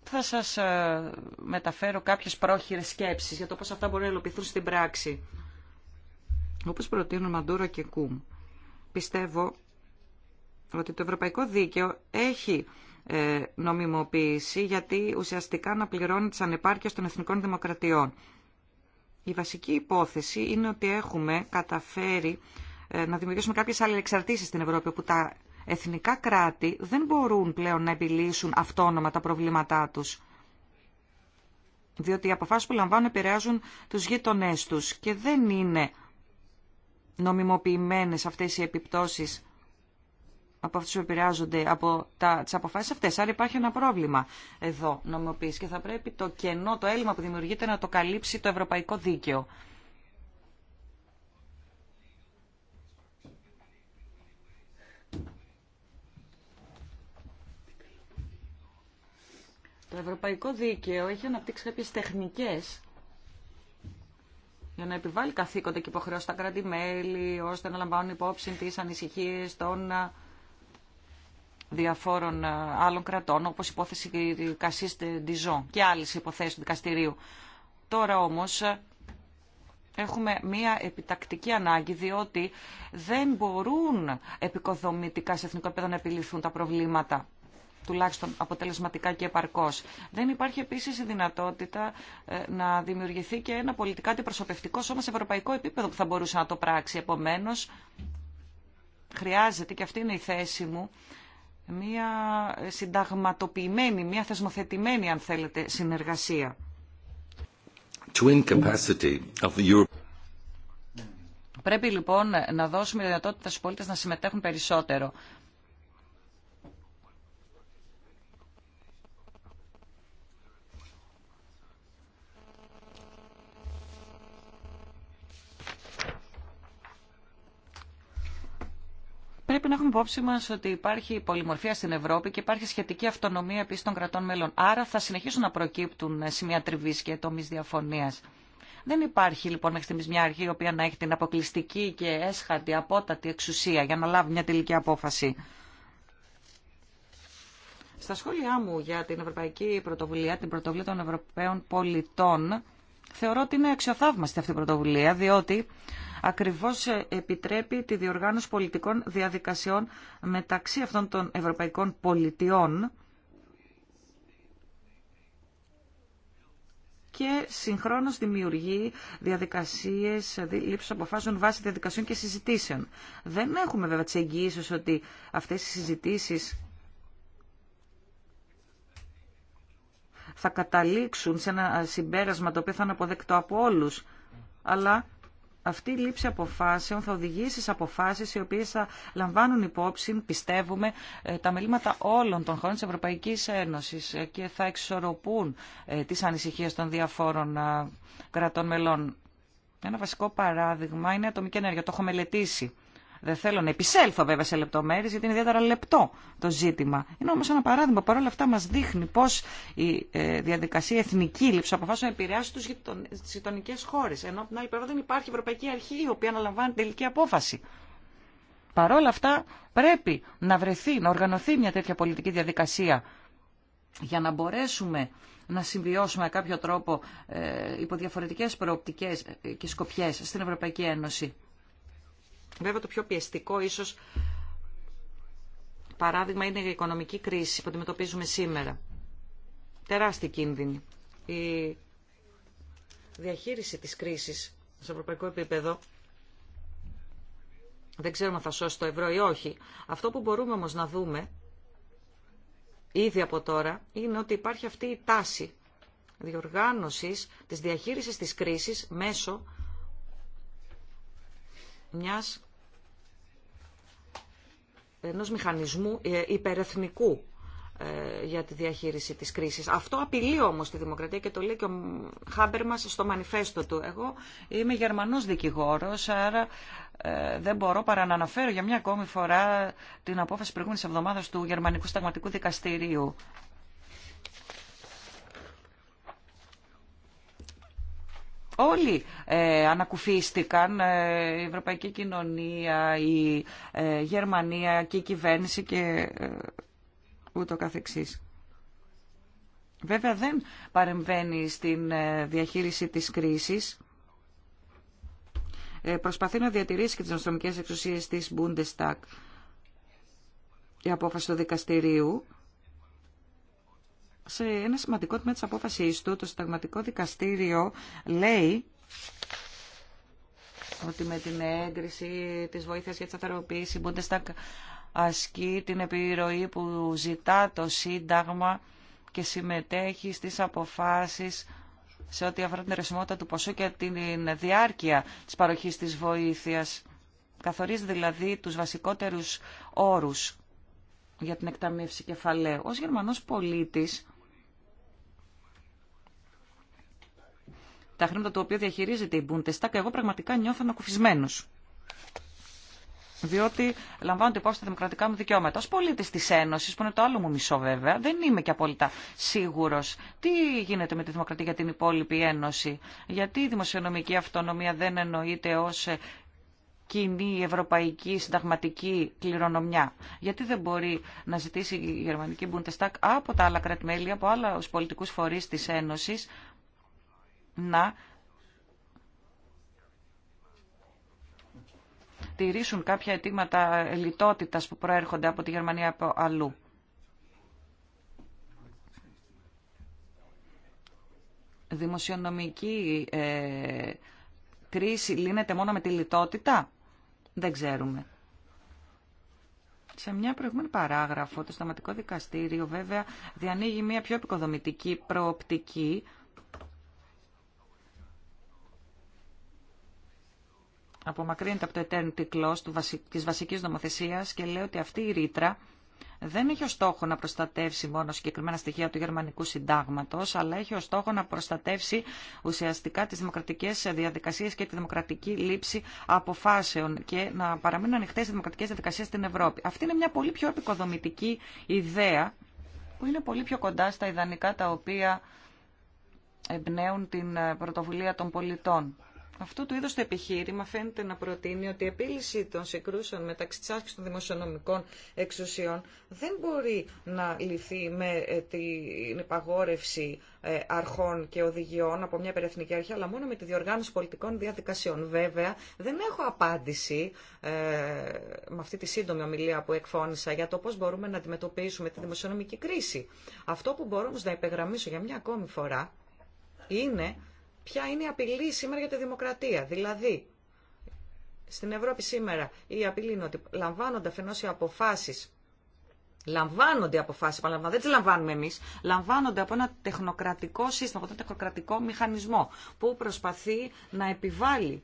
Speaker 3: θα σας ε, μεταφέρω κάποιες πρόχειρες σκέψεις για το πώς αυτά μπορούν να ελοπιθούν στην πράξη. Όπως προτείνουν Μαντούρο και Κουμ, πιστεύω ότι το ευρωπαϊκό δίκαιο έχει ε, νομιμοποίηση γιατί ουσιαστικά αναπληρώνει τις ανεπάρκειες των εθνικών δημοκρατιών. Η βασική υπόθεση είναι ότι έχουμε καταφέρει ε, να δημιουργήσουμε κάποιες αλληλεξαρτήσεις στην Ευρώπη, όπου τα εθνικά κράτη δεν μπορούν πλέον να επιλύσουν αυτόνομα τα προβλήματά τους. Διότι οι αποφάσεις που λαμβάνουν επηρεάζουν τους γείτονές τους και δεν είναι νομιμοποιημένες αυτές οι επιπτώσεις από αυτού που επηρεάζονται από τι αποφάσει αποφάσεις αυτές. Άρα υπάρχει ένα πρόβλημα εδώ νομιμοποίηση και θα πρέπει το κενό, το έλλειμμα που δημιουργείται να το καλύψει το ευρωπαϊκό δίκαιο. Το ευρωπαϊκό δίκαιο έχει αναπτύξει κάποιες τεχνικές για να επιβάλλει καθήκοντα και υποχρεώσει στα κράτη-μέλη, ώστε να λαμβάνουν υπόψη τις ανησυχίε των διαφόρων ε, άλλων κρατών, όπως υπόθεση Κασίστη Ντιζό και άλλες υποθέσεις του δικαστηρίου. Τώρα όμως ε, έχουμε μία επιτακτική ανάγκη, διότι δεν μπορούν επικοδομητικά σε εθνικό επίπεδο να επιληθούν τα προβλήματα τουλάχιστον αποτελεσματικά και επαρκώς. Δεν υπάρχει επίσης η δυνατότητα ε, να δημιουργηθεί και ένα πολιτικά αντιπροσωπευτικό σώμα σε ευρωπαϊκό επίπεδο που θα μπορούσε να το πράξει. Επομένως, χρειάζεται, και αυτή είναι η θέση μου, μία συνταγματοποιημένη, μία θεσμοθετημένη, αν θέλετε, συνεργασία. of the Europe. Πρέπει λοιπόν να δώσουμε δυνατότητα στους πολίτες να συμμετέχουν περισσότερο. πρέπει να έχουμε υπόψη μα ότι υπάρχει πολυμορφία στην Ευρώπη και υπάρχει σχετική αυτονομία επίση των κρατών μέλων. Άρα θα συνεχίσουν να προκύπτουν σημεία τριβή και τομεί διαφωνία. Δεν υπάρχει λοιπόν μέχρι στιγμή μια αρχή η οποία να έχει την αποκλειστική και έσχατη απότατη εξουσία για να λάβει μια τελική απόφαση. Στα σχόλιά μου για την Ευρωπαϊκή Πρωτοβουλία, την Πρωτοβουλία των Ευρωπαίων Πολιτών, θεωρώ ότι είναι αξιοθαύμαστη αυτή η πρωτοβουλία, διότι ακριβώς ε, επιτρέπει τη διοργάνωση πολιτικών διαδικασιών μεταξύ αυτών των ευρωπαϊκών πολιτιών και συγχρόνως δημιουργεί διαδικασίες λήψης αποφάσεων βάσει διαδικασιών και συζητήσεων. Δεν έχουμε βέβαια τις εγγυήσεις ότι αυτές οι συζητήσεις θα καταλήξουν σε ένα συμπέρασμα το οποίο θα είναι αποδεκτό από όλους. Αλλά αυτή η λήψη αποφάσεων θα οδηγήσει σε αποφάσεις οι οποίες θα λαμβάνουν υπόψη, πιστεύουμε, ε, τα μελήματα όλων των χωρών της Ευρωπαϊκής Ένωσης ε, και θα εξορροπούν ε, τις ανησυχίες των διαφόρων κρατών μελών. Ένα βασικό παράδειγμα είναι η ατομική ενέργεια. Το έχω μελετήσει δεν θέλω να επισέλθω βέβαια σε λεπτομέρειε γιατί είναι ιδιαίτερα λεπτό το ζήτημα. Είναι όμω ένα παράδειγμα. Παρ' όλα αυτά μα δείχνει πώ η ε, διαδικασία εθνική λήψη αποφάσεων επηρεάζει τι γειτονικέ χώρε. Ενώ από την άλλη πλευρά δεν υπάρχει Ευρωπαϊκή Αρχή η οποία αναλαμβάνει τελική απόφαση. Παρ' όλα αυτά πρέπει να βρεθεί, να οργανωθεί μια τέτοια πολιτική διαδικασία για να μπορέσουμε να συμβιώσουμε με κάποιο τρόπο ε, υπό προοπτικές και σκοπιές στην Ευρωπαϊκή Ένωση. Βέβαια το πιο πιεστικό ίσως παράδειγμα είναι η οικονομική κρίση που αντιμετωπίζουμε σήμερα. Τεράστιοι κίνδυνοι. Η διαχείριση της κρίσης σε ευρωπαϊκό επίπεδο δεν ξέρουμε αν θα σώσει το ευρώ ή όχι. Αυτό που μπορούμε όμως να δούμε ήδη από τώρα είναι ότι υπάρχει αυτή η τάση διοργάνωσης της διαχείρισης της κρίσης μέσω μιας ενός μηχανισμού ε, υπερεθνικού ε, για τη διαχείριση της κρίσης. Αυτό απειλεί όμως τη δημοκρατία και το λέει και ο Χάμπερ μας στο μανιφέστο του. Εγώ είμαι Γερμανός δικηγόρος, άρα ε, δεν μπορώ παρά να αναφέρω για μια ακόμη φορά την απόφαση προηγούμενης εβδομάδας του Γερμανικού Σταγματικού Δικαστηρίου Όλοι ε, ανακουφίστηκαν, ε, η Ευρωπαϊκή Κοινωνία, η ε, Γερμανία και η κυβέρνηση και ούτω καθεξής. Βέβαια δεν παρεμβαίνει στην διαχείριση της κρίσης. Προσπαθεί να διατηρήσει και τις νοστομικές εξουσίες της Bundestag η απόφαση του δικαστηρίου σε ένα σημαντικό τμήμα της απόφασής του, το Συνταγματικό Δικαστήριο λέει ότι με την έγκριση της βοήθειας για τη σταθεροποίηση Bundestag ασκεί την επιρροή που ζητά το Σύνταγμα και συμμετέχει στις αποφάσεις σε ό,τι αφορά την ερεσιμότητα του ποσού και την διάρκεια της παροχής της βοήθειας. Καθορίζει δηλαδή τους βασικότερους όρους για την εκταμείευση κεφαλαίου. Ως Γερμανός πολίτης τα χρήματα τα οποία διαχειρίζεται η Bundestag, εγώ πραγματικά νιώθω ανακουφισμένο. Διότι λαμβάνονται υπόψη τα δημοκρατικά μου δικαιώματα. Ω πολίτη τη Ένωση, που είναι το άλλο μου μισό βέβαια, δεν είμαι και απόλυτα σίγουρο τι γίνεται με τη δημοκρατία για την υπόλοιπη Ένωση. Γιατί η δημοσιονομική αυτονομία δεν εννοείται ω ε, κοινή ευρωπαϊκή συνταγματική κληρονομιά. Γιατί δεν μπορεί να ζητήσει η γερμανική Bundestag από τα άλλα κρατημέλη, από άλλου πολιτικού φορεί τη Ένωση, να τηρήσουν κάποια αιτήματα λιτότητας που προέρχονται από τη Γερμανία από αλλού. Δημοσιονομική ε, κρίση λύνεται μόνο με τη λιτότητα. Δεν ξέρουμε. Σε μια προηγούμενη παράγραφο, το Σταματικό Δικαστήριο βέβαια διανοίγει μια πιο επικοδομητική προοπτική απομακρύνεται από το eternity clause τη βασικής νομοθεσίας και λέει ότι αυτή η ρήτρα δεν έχει ως στόχο να προστατεύσει μόνο συγκεκριμένα στοιχεία του γερμανικού συντάγματος, αλλά έχει ως στόχο να προστατεύσει ουσιαστικά τις δημοκρατικές διαδικασίες και τη δημοκρατική λήψη αποφάσεων και να παραμείνουν ανοιχτές οι δημοκρατικές διαδικασίες στην Ευρώπη. Αυτή είναι μια πολύ πιο επικοδομητική ιδέα που είναι πολύ πιο κοντά στα ιδανικά τα οποία εμπνέουν την πρωτοβουλία των πολιτών. Αυτό το είδου το επιχείρημα φαίνεται να προτείνει ότι η επίλυση των συγκρούσεων μεταξύ τη άσκηση των δημοσιονομικών εξουσιών δεν μπορεί να λυθεί με ε, την υπαγόρευση ε, αρχών και οδηγιών από μια υπερεθνική αρχή, αλλά μόνο με τη διοργάνωση πολιτικών διαδικασιών. Βέβαια, δεν έχω απάντηση ε, με αυτή τη σύντομη ομιλία που εκφώνησα για το πώ μπορούμε να αντιμετωπίσουμε τη δημοσιονομική κρίση. Αυτό που μπορώ όμω να υπεγραμμίσω για μια ακόμη φορά είναι ποια είναι η απειλή σήμερα για τη δημοκρατία. Δηλαδή, στην Ευρώπη σήμερα η απειλή είναι ότι λαμβάνονται αφενός οι αποφάσεις Λαμβάνονται αποφάσει, δεν τι λαμβάνουμε εμεί. Λαμβάνονται από ένα τεχνοκρατικό σύστημα, από ένα τεχνοκρατικό μηχανισμό που προσπαθεί να επιβάλλει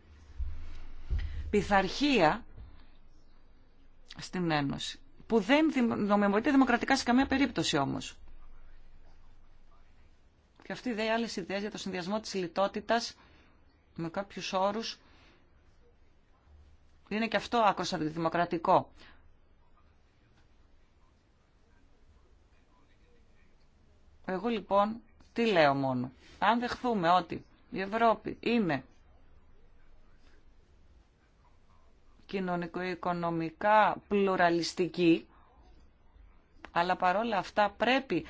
Speaker 3: πειθαρχία στην Ένωση. Που δεν νομιμοποιείται δημοκρατικά σε καμία περίπτωση όμω. Και αυτή η ιδέα, άλλε ιδέες για το συνδυασμό της λιτότητα με κάποιου όρου. είναι και αυτό άκρο αντιδημοκρατικό. Εγώ λοιπόν τι λέω μόνο. Αν δεχθούμε ότι η Ευρώπη είναι κοινωνικο-οικονομικά πλουραλιστική, αλλά παρόλα αυτά πρέπει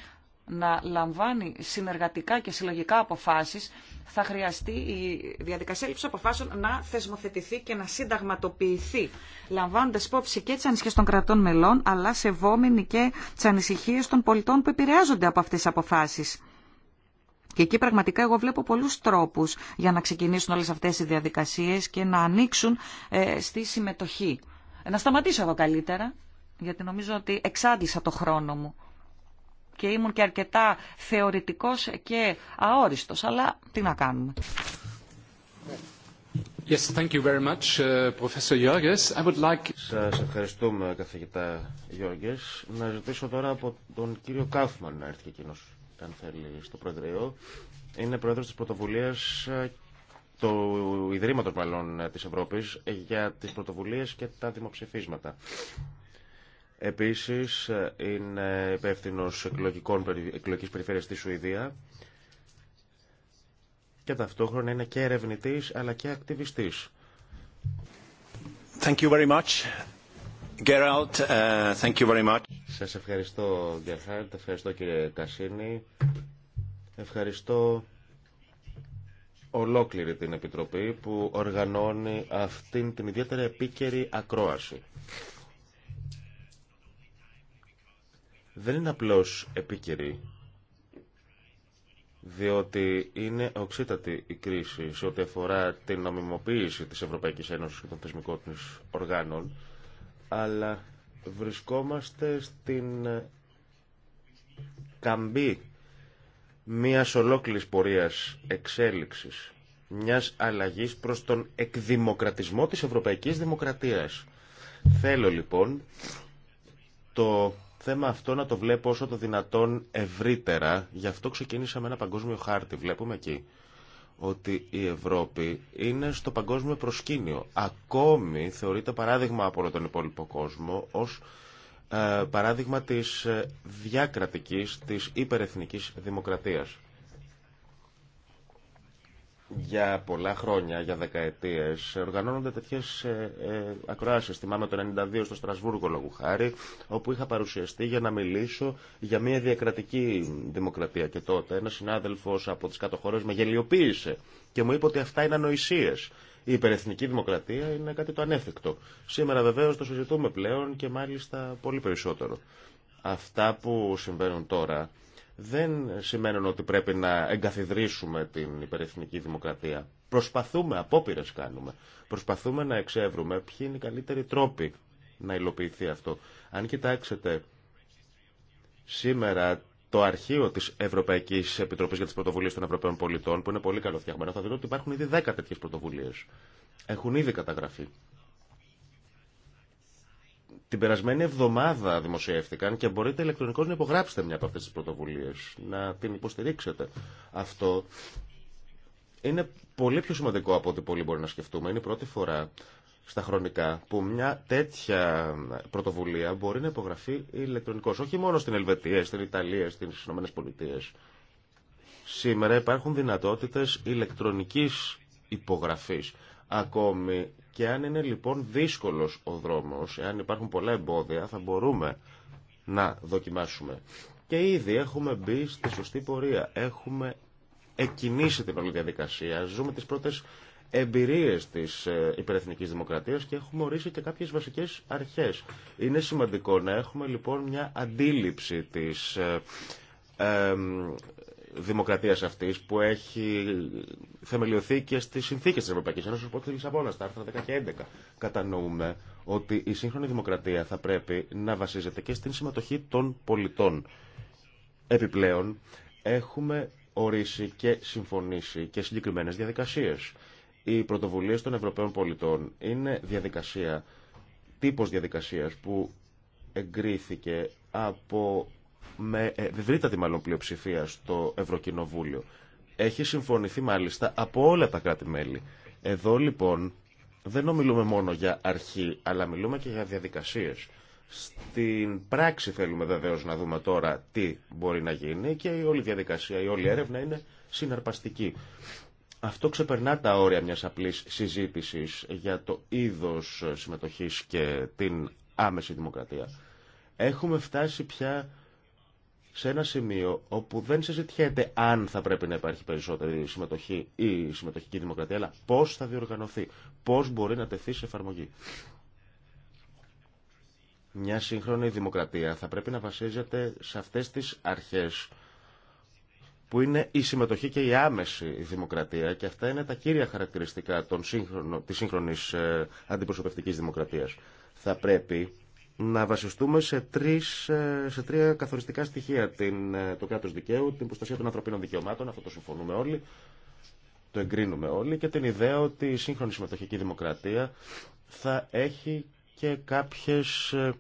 Speaker 3: να λαμβάνει συνεργατικά και συλλογικά αποφάσεις, θα χρειαστεί η διαδικασία λήψη αποφάσεων να θεσμοθετηθεί και να συνταγματοποιηθεί, λαμβάνοντας υπόψη και τι ανησυχίε των κρατών μελών, αλλά σεβόμενοι και τι ανησυχίε των πολιτών που επηρεάζονται από αυτές τις αποφάσεις. Και εκεί πραγματικά εγώ βλέπω πολλούς τρόπους για να ξεκινήσουν όλες αυτές οι διαδικασίες και να ανοίξουν ε, στη συμμετοχή. Ε, να σταματήσω εγώ καλύτερα, γιατί νομίζω ότι εξάντλησα το χρόνο μου και ήμουν και αρκετά θεωρητικός και αόριστος, αλλά τι να κάνουμε.
Speaker 2: Yes, thank you very much, uh, Professor I would like... Σας ευχαριστούμε, καθηγητά Γιώργες. Να ζητήσω τώρα από τον κύριο Κάφμαν να έρθει και εκείνος, αν θέλει, στο Προεδρείο. Είναι πρόεδρος της πρωτοβουλίας ε, του Ιδρύματος Μαλλών ε, της Ευρώπης για τις πρωτοβουλίες και τα δημοψηφίσματα. Επίσης είναι υπεύθυνο εκλογικής περιφέρειας στη Σουηδία και ταυτόχρονα είναι και ερευνητής αλλά και ακτιβιστής. Thank you very much. Uh, thank you very much. Σας ευχαριστώ Γκερχάρτ, ευχαριστώ κύριε Κασίνη, ευχαριστώ ολόκληρη την Επιτροπή που οργανώνει αυτήν την ιδιαίτερη επίκαιρη ακρόαση. δεν είναι απλώς επίκαιρη, διότι είναι οξύτατη η κρίση σε ό,τι αφορά την νομιμοποίηση της Ευρωπαϊκής Ένωσης και των θεσμικών της οργάνων, αλλά βρισκόμαστε στην καμπή μιας ολόκληρης πορείας εξέλιξης, μιας αλλαγής προς τον εκδημοκρατισμό της Ευρωπαϊκής Δημοκρατίας. Θέλω λοιπόν το θέμα αυτό να το βλέπω όσο το δυνατόν ευρύτερα. Γι' αυτό ξεκίνησα με ένα παγκόσμιο χάρτη. Βλέπουμε εκεί ότι η Ευρώπη είναι στο παγκόσμιο προσκήνιο. Ακόμη θεωρείται παράδειγμα από όλο τον υπόλοιπο κόσμο ως ε, παράδειγμα της ε, διακρατικής, της υπερεθνικής δημοκρατίας για πολλά χρόνια, για δεκαετίες, οργανώνονται τέτοιες ε, ε, Θυμάμαι το 92 στο Στρασβούργο, λόγου χάρη, όπου είχα παρουσιαστεί για να μιλήσω για μια διακρατική δημοκρατία. Και τότε ένας συνάδελφος από τις κάτω με γελιοποίησε και μου είπε ότι αυτά είναι ανοησίες. Η υπερεθνική δημοκρατία είναι κάτι το ανέφικτο. Σήμερα βεβαίως το συζητούμε πλέον και μάλιστα πολύ περισσότερο. Αυτά που συμβαίνουν τώρα δεν σημαίνουν ότι πρέπει να εγκαθιδρύσουμε την υπερεθνική δημοκρατία. Προσπαθούμε, απόπειρε κάνουμε. Προσπαθούμε να εξεύρουμε ποιοι είναι οι καλύτεροι τρόποι να υλοποιηθεί αυτό. Αν κοιτάξετε σήμερα το αρχείο τη Ευρωπαϊκή Επιτροπή για τι Πρωτοβουλίε των Ευρωπαίων Πολιτών, που είναι πολύ καλό φτιαγμένο, θα δείτε ότι υπάρχουν ήδη 10 τέτοιε πρωτοβουλίε. Έχουν ήδη καταγραφεί. Την περασμένη εβδομάδα δημοσιεύτηκαν και μπορείτε ηλεκτρονικώς να υπογράψετε μια από αυτές τις πρωτοβουλίες, να την υποστηρίξετε. Αυτό είναι πολύ πιο σημαντικό από ό,τι πολλοί μπορεί να σκεφτούμε. Είναι η πρώτη φορά στα χρονικά που μια τέτοια πρωτοβουλία μπορεί να υπογραφεί ηλεκτρονικώς. Όχι μόνο στην Ελβετία, στην Ιταλία, στις ΗΠΑ. Σήμερα υπάρχουν δυνατότητες ηλεκτρονικής υπογραφής. Ακόμη και αν είναι λοιπόν δύσκολος ο δρόμος, εάν υπάρχουν πολλά εμπόδια, θα μπορούμε να δοκιμάσουμε. Και ήδη έχουμε μπει στη σωστή πορεία. Έχουμε εκκινήσει την όλη διαδικασία. Ζούμε τις πρώτες εμπειρίες της ε, υπερεθνικής δημοκρατίας και έχουμε ορίσει και κάποιες βασικές αρχές. Είναι σημαντικό να έχουμε λοιπόν μια αντίληψη της ε, ε, δημοκρατίας αυτής που έχει θεμελιωθεί και στις συνθήκες της Ευρωπαϊκής Ένωσης όπως τη Λισαβόνα, τα άρθρα 10 και 11. Κατανοούμε ότι η σύγχρονη δημοκρατία θα πρέπει να βασίζεται και στην συμμετοχή των πολιτών. Επιπλέον, έχουμε ορίσει και συμφωνήσει και συγκεκριμένες διαδικασίες. Οι πρωτοβουλίες των Ευρωπαίων πολιτών είναι διαδικασία, τύπος διαδικασίας που εγκρίθηκε από με ευρύτατη μάλλον πλειοψηφία στο Ευρωκοινοβούλιο. Έχει συμφωνηθεί μάλιστα από όλα τα κράτη-μέλη. Εδώ λοιπόν δεν μιλούμε μόνο για αρχή, αλλά μιλούμε και για διαδικασίες. Στην πράξη θέλουμε βεβαίω να δούμε τώρα τι μπορεί να γίνει και η όλη διαδικασία, η όλη έρευνα είναι συναρπαστική. Αυτό ξεπερνά τα όρια μιας απλής συζήτησης για το είδος συμμετοχής και την άμεση δημοκρατία. Έχουμε φτάσει πια σε ένα σημείο όπου δεν συζητιέται αν θα πρέπει να υπάρχει περισσότερη συμμετοχή ή συμμετοχική δημοκρατία, αλλά πώς θα διοργανωθεί, πώς μπορεί να τεθεί σε εφαρμογή. Μια σύγχρονη δημοκρατία θα πρέπει να βασίζεται σε αυτές τις αρχές που είναι η συμμετοχή και η άμεση δημοκρατία και αυτά είναι τα κύρια χαρακτηριστικά τη σύγχρονη της σύγχρονης ε, αντιπροσωπευτικής δημοκρατίας. Θα πρέπει να βασιστούμε σε, τρεις, ε, σε τρία καθοριστικά στοιχεία. Την, ε, το κράτο δικαίου, την προστασία των ανθρωπίνων δικαιωμάτων, αυτό το συμφωνούμε όλοι, το εγκρίνουμε όλοι, και την ιδέα ότι η σύγχρονη συμμετοχική δημοκρατία θα έχει και κάποιες ε,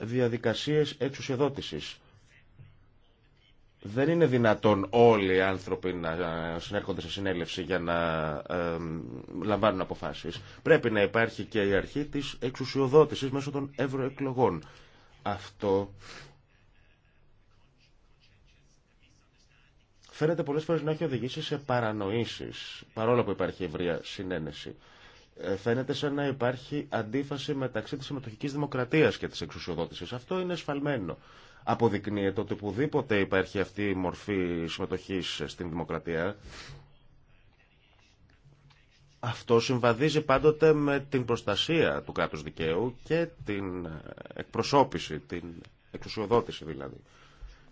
Speaker 2: διαδικασίες εξουσιοδότησης δεν είναι δυνατόν όλοι οι άνθρωποι να ε, συνέρχονται σε συνέλευση για να ε, λαμβάνουν αποφάσεις. Πρέπει να υπάρχει και η αρχή της εξουσιοδότησης μέσω των ευρωεκλογών. Αυτό φαίνεται πολλές φορές να έχει οδηγήσει σε παρανοήσεις, παρόλο που υπάρχει ευρεία συνένεση. Ε, φαίνεται σαν να υπάρχει αντίφαση μεταξύ της συμμετοχικής δημοκρατίας και της εξουσιοδότησης. Αυτό είναι σφαλμένο αποδεικνύεται ότι πουδήποτε υπάρχει αυτή η μορφή συμμετοχής στην δημοκρατία, αυτό συμβαδίζει πάντοτε με την προστασία του κράτου δικαίου και την εκπροσώπηση, την εξουσιοδότηση δηλαδή.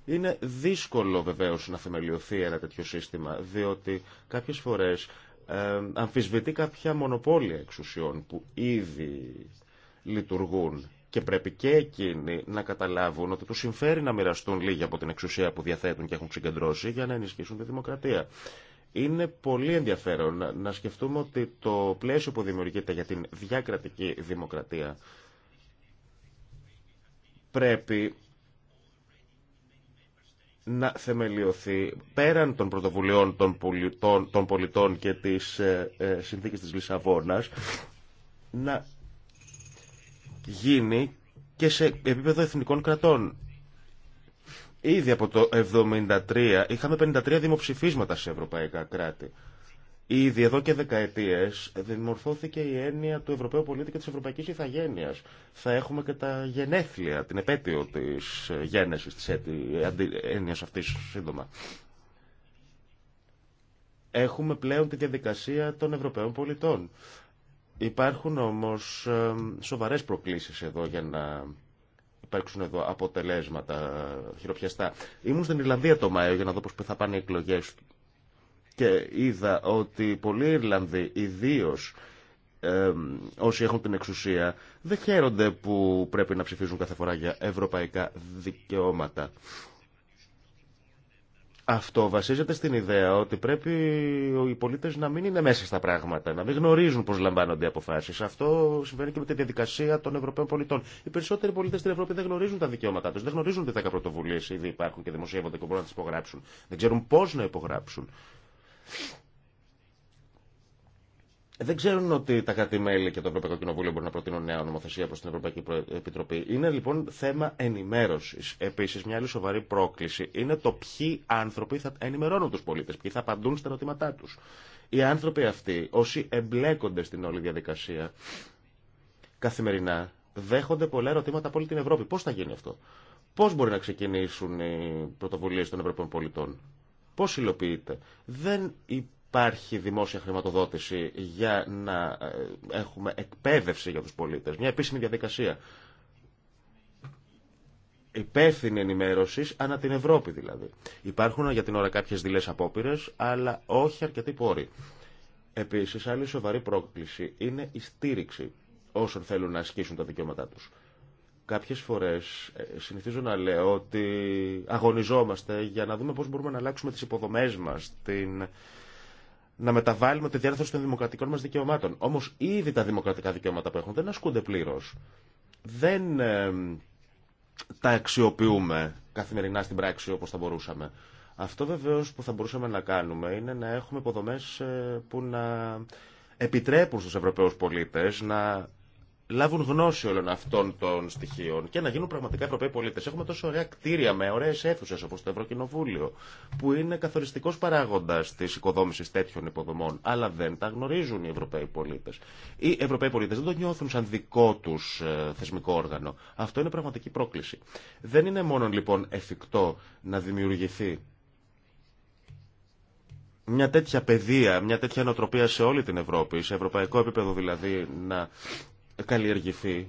Speaker 2: Είναι δύσκολο βεβαίως να θεμελιωθεί ένα τέτοιο σύστημα, διότι κάποιες φορές ε, αμφισβητεί κάποια μονοπόλια εξουσιών που ήδη λειτουργούν και πρέπει και εκείνοι να καταλάβουν ότι του συμφέρει να μοιραστούν λίγοι από την εξουσία που διαθέτουν και έχουν συγκεντρώσει για να ενισχύσουν τη δημοκρατία. Είναι πολύ ενδιαφέρον να σκεφτούμε ότι το πλαίσιο που δημιουργείται για την διακρατική δημοκρατία πρέπει να θεμελιωθεί πέραν των πρωτοβουλειών των πολιτών, των πολιτών και της ε, ε συνθήκης της Λισαβόνας να γίνει και σε επίπεδο εθνικών κρατών. Ήδη από το 1973 είχαμε 53 δημοψηφίσματα σε ευρωπαϊκά κράτη. Ήδη εδώ και δεκαετίε δημορφώθηκε η έννοια του Ευρωπαίου πολίτη και της ευρωπαϊκής ιθαγένειας. Θα έχουμε και τα γενέθλια, την επέτειο της γένεσης της έννοιας αυτής σύντομα. Έχουμε πλέον τη διαδικασία των Ευρωπαίων πολιτών. Υπάρχουν όμως ε, σοβαρές προκλήσεις εδώ για να υπάρξουν εδώ αποτελέσματα ε, χειροπιαστά. Ήμουν στην Ιρλανδία το Μάιο για να δω πώς θα πάνε οι εκλογές και είδα ότι πολλοί Ιρλανδοί, ιδίω ε, όσοι έχουν την εξουσία, δεν χαίρονται που πρέπει να ψηφίζουν κάθε φορά για ευρωπαϊκά δικαιώματα. Αυτό βασίζεται στην ιδέα ότι πρέπει οι πολίτε να μην είναι μέσα στα πράγματα, να μην γνωρίζουν πώ λαμβάνονται οι αποφάσει. Αυτό συμβαίνει και με τη διαδικασία των Ευρωπαίων πολιτών. Οι περισσότεροι πολίτε στην Ευρώπη δεν γνωρίζουν τα δικαιώματά του, δεν γνωρίζουν τι δέκα πρωτοβουλίε ήδη υπάρχουν και δημοσιεύονται και μπορούν να τι υπογράψουν. Δεν ξέρουν πώ να υπογράψουν δεν ξέρουν ότι τα κράτη-μέλη και το Ευρωπαϊκό Κοινοβούλιο μπορούν να προτείνουν νέα νομοθεσία προ την Ευρωπαϊκή Επιτροπή. Είναι λοιπόν θέμα ενημέρωση. Επίση, μια άλλη σοβαρή πρόκληση είναι το ποιοι άνθρωποι θα ενημερώνουν του πολίτε, ποιοι θα απαντούν στα ερωτήματά του. Οι άνθρωποι αυτοί, όσοι εμπλέκονται στην όλη διαδικασία, καθημερινά δέχονται πολλά ερωτήματα από όλη την Ευρώπη. Πώ θα γίνει αυτό, Πώ μπορεί να ξεκινήσουν οι πρωτοβουλίε των Ευρωπαίων πολιτών, Πώ υλοποιείται, Δεν υπάρχει υπάρχει δημόσια χρηματοδότηση για να ε, έχουμε εκπαίδευση για τους πολίτες, μια επίσημη διαδικασία υπεύθυνη ενημέρωση ανά την Ευρώπη δηλαδή. Υπάρχουν για την ώρα κάποιε δειλέ απόπειρε, αλλά όχι αρκετοί πόροι. Επίση, άλλη σοβαρή πρόκληση είναι η στήριξη όσων θέλουν να ασκήσουν τα δικαιώματά του. Κάποιε φορέ ε, συνηθίζω να λέω ότι αγωνιζόμαστε για να δούμε πώ μπορούμε να αλλάξουμε τι υποδομέ μα, την να μεταβάλουμε τη διάρθρωση των δημοκρατικών μα δικαιωμάτων. Όμω ήδη τα δημοκρατικά δικαιώματα που έχουν δεν ασκούνται πλήρω. Δεν τα αξιοποιούμε καθημερινά στην πράξη όπω θα μπορούσαμε. Αυτό βεβαίω που θα μπορούσαμε να κάνουμε είναι να έχουμε υποδομέ ε, που να επιτρέπουν στους Ευρωπαίους πολίτε να λάβουν γνώση όλων αυτών των στοιχείων και να γίνουν πραγματικά Ευρωπαίοι πολίτε. Έχουμε τόσο ωραία κτίρια με ωραίε αίθουσε όπω το Ευρωκοινοβούλιο, που είναι καθοριστικό παράγοντα τη οικοδόμηση τέτοιων υποδομών, αλλά δεν τα γνωρίζουν οι Ευρωπαίοι πολίτε. Οι Ευρωπαίοι πολίτε δεν το νιώθουν σαν δικό του ε, θεσμικό όργανο. Αυτό είναι πραγματική πρόκληση. Δεν είναι μόνο λοιπόν εφικτό να δημιουργηθεί μια τέτοια παιδεία, μια τέτοια νοοτροπία σε όλη την Ευρώπη, σε ευρωπαϊκό επίπεδο δηλαδή, να καλλιεργηθεί,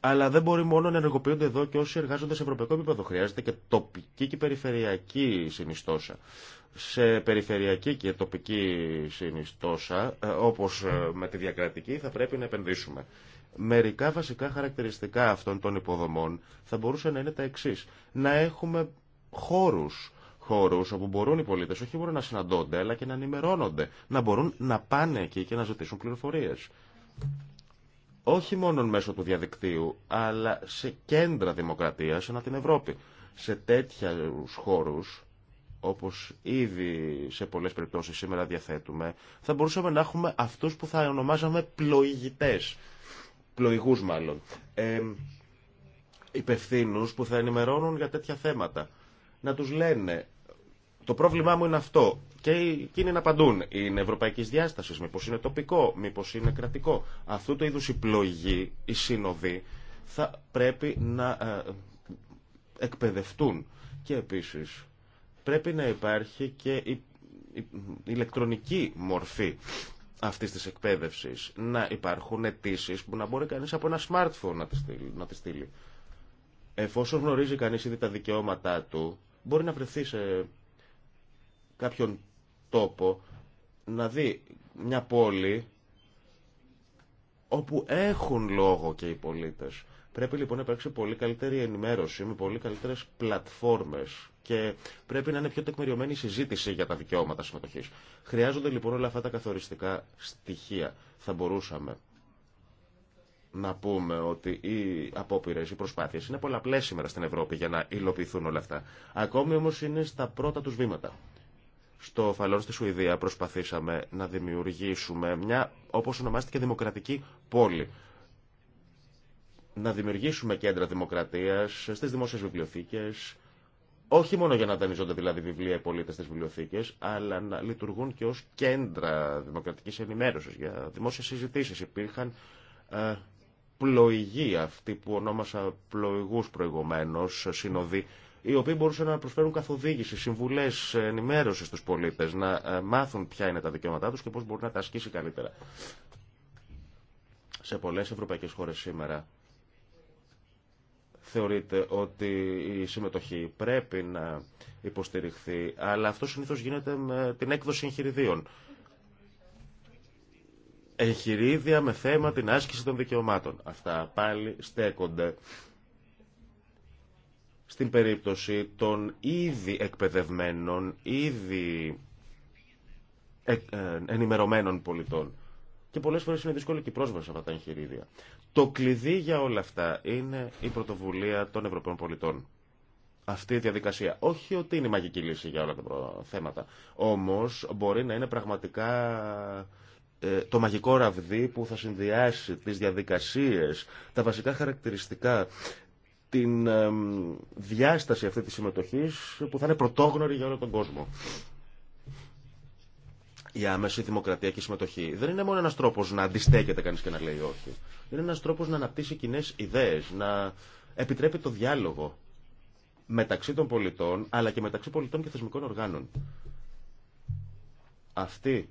Speaker 2: αλλά δεν μπορεί μόνο να ενεργοποιούνται εδώ και όσοι εργάζονται σε ευρωπαϊκό επίπεδο. Χρειάζεται και τοπική και περιφερειακή συνιστόσα. Σε περιφερειακή και τοπική συνιστόσα, ε, όπως ε, με τη διακρατική, θα πρέπει να επενδύσουμε. Μερικά βασικά χαρακτηριστικά αυτών των υποδομών θα μπορούσαν να είναι τα εξή. Να έχουμε χώρους χώρου όπου μπορούν οι πολίτε όχι μόνο να συναντώνται αλλά και να ενημερώνονται. Να μπορούν να πάνε εκεί και να ζητήσουν πληροφορίε όχι μόνο μέσω του διαδικτύου, αλλά σε κέντρα δημοκρατίας ανά την Ευρώπη. Σε τέτοιους χώρους, όπως ήδη σε πολλές περιπτώσεις σήμερα διαθέτουμε, θα μπορούσαμε να έχουμε αυτούς που θα ονομάζαμε πλοηγητές, πλοηγούς μάλλον, ε, υπευθύνους που θα ενημερώνουν για τέτοια θέματα. Να τους λένε το πρόβλημά μου είναι αυτό. Και εκείνοι να απαντούν. Είναι ευρωπαϊκή διάσταση, μήπω είναι τοπικό, μήπω είναι κρατικό. Αυτού του είδου η πλογή, ή σύνοδοι, θα πρέπει να ε, εκπαιδευτούν. Και επίση πρέπει να υπάρχει και η ηλεκτρονική μορφή αυτής της εκπαίδευσης να υπάρχουν αιτήσει που να μπορεί κανείς από ένα smartphone να τη στείλει. Να τη στείλει. Εφόσον γνωρίζει κανείς ήδη τα δικαιώματά του, μπορεί να βρεθεί σε κάποιον τόπο να δει μια πόλη όπου έχουν λόγο και οι πολίτες. Πρέπει λοιπόν να υπάρξει πολύ καλύτερη ενημέρωση με πολύ καλύτερες πλατφόρμες και πρέπει να είναι πιο τεκμηριωμένη η συζήτηση για τα δικαιώματα συμμετοχής. Χρειάζονται λοιπόν όλα αυτά τα καθοριστικά στοιχεία. Θα μπορούσαμε να πούμε ότι οι απόπειρε, οι προσπάθειε είναι πολλαπλέ σήμερα στην Ευρώπη για να υλοποιηθούν όλα αυτά. Ακόμη όμω είναι στα πρώτα του βήματα στο Φαλόν στη Σουηδία προσπαθήσαμε να δημιουργήσουμε μια, όπως ονομάστηκε, δημοκρατική πόλη. Να δημιουργήσουμε κέντρα δημοκρατίας στις δημόσιες βιβλιοθήκες, όχι μόνο για να δανειζόνται δηλαδή βιβλία οι πολίτε στι βιβλιοθήκες αλλά να λειτουργούν και ως κέντρα δημοκρατικής ενημέρωσης για δημόσιες συζητήσει. Υπήρχαν ε, πλοηγοί αυτοί που ονόμασα πλοηγού προηγουμένω, συνοδοί οι οποίοι μπορούσαν να προσφέρουν καθοδήγηση, συμβουλέ, ενημέρωση στου πολίτε, να ε, μάθουν ποια είναι τα δικαιώματά του και πώ μπορεί να τα ασκήσει καλύτερα. Σε πολλέ ευρωπαϊκέ χώρε σήμερα θεωρείται ότι η συμμετοχή πρέπει να υποστηριχθεί, αλλά αυτό συνήθω γίνεται με την έκδοση εγχειριδίων. Εγχειρίδια με θέμα την άσκηση των δικαιωμάτων. Αυτά πάλι στέκονται στην περίπτωση των ήδη εκπαιδευμένων, ήδη ε, ε, ενημερωμένων πολιτών. Και πολλές φορές είναι δύσκολη και η πρόσβαση σε αυτά τα εγχειρίδια. Το κλειδί για όλα αυτά είναι η πρωτοβουλία των Ευρωπαίων πολιτών. Αυτή η διαδικασία. Όχι ότι είναι η μαγική λύση για όλα τα θέματα. Όμως μπορεί να είναι πραγματικά ε, το μαγικό ραβδί που θα συνδυάσει τις διαδικασίες, τα βασικά χαρακτηριστικά την διάσταση αυτή της συμμετοχής που θα είναι πρωτόγνωρη για όλο τον κόσμο. Η άμεση δημοκρατία και η συμμετοχή δεν είναι μόνο ένας τρόπος να αντιστέκεται κανείς και να λέει όχι. Είναι ένας τρόπος να αναπτύσσει κοινέ ιδέες, να επιτρέπει το διάλογο μεταξύ των πολιτών, αλλά και μεταξύ πολιτών και θεσμικών οργάνων. Αυτή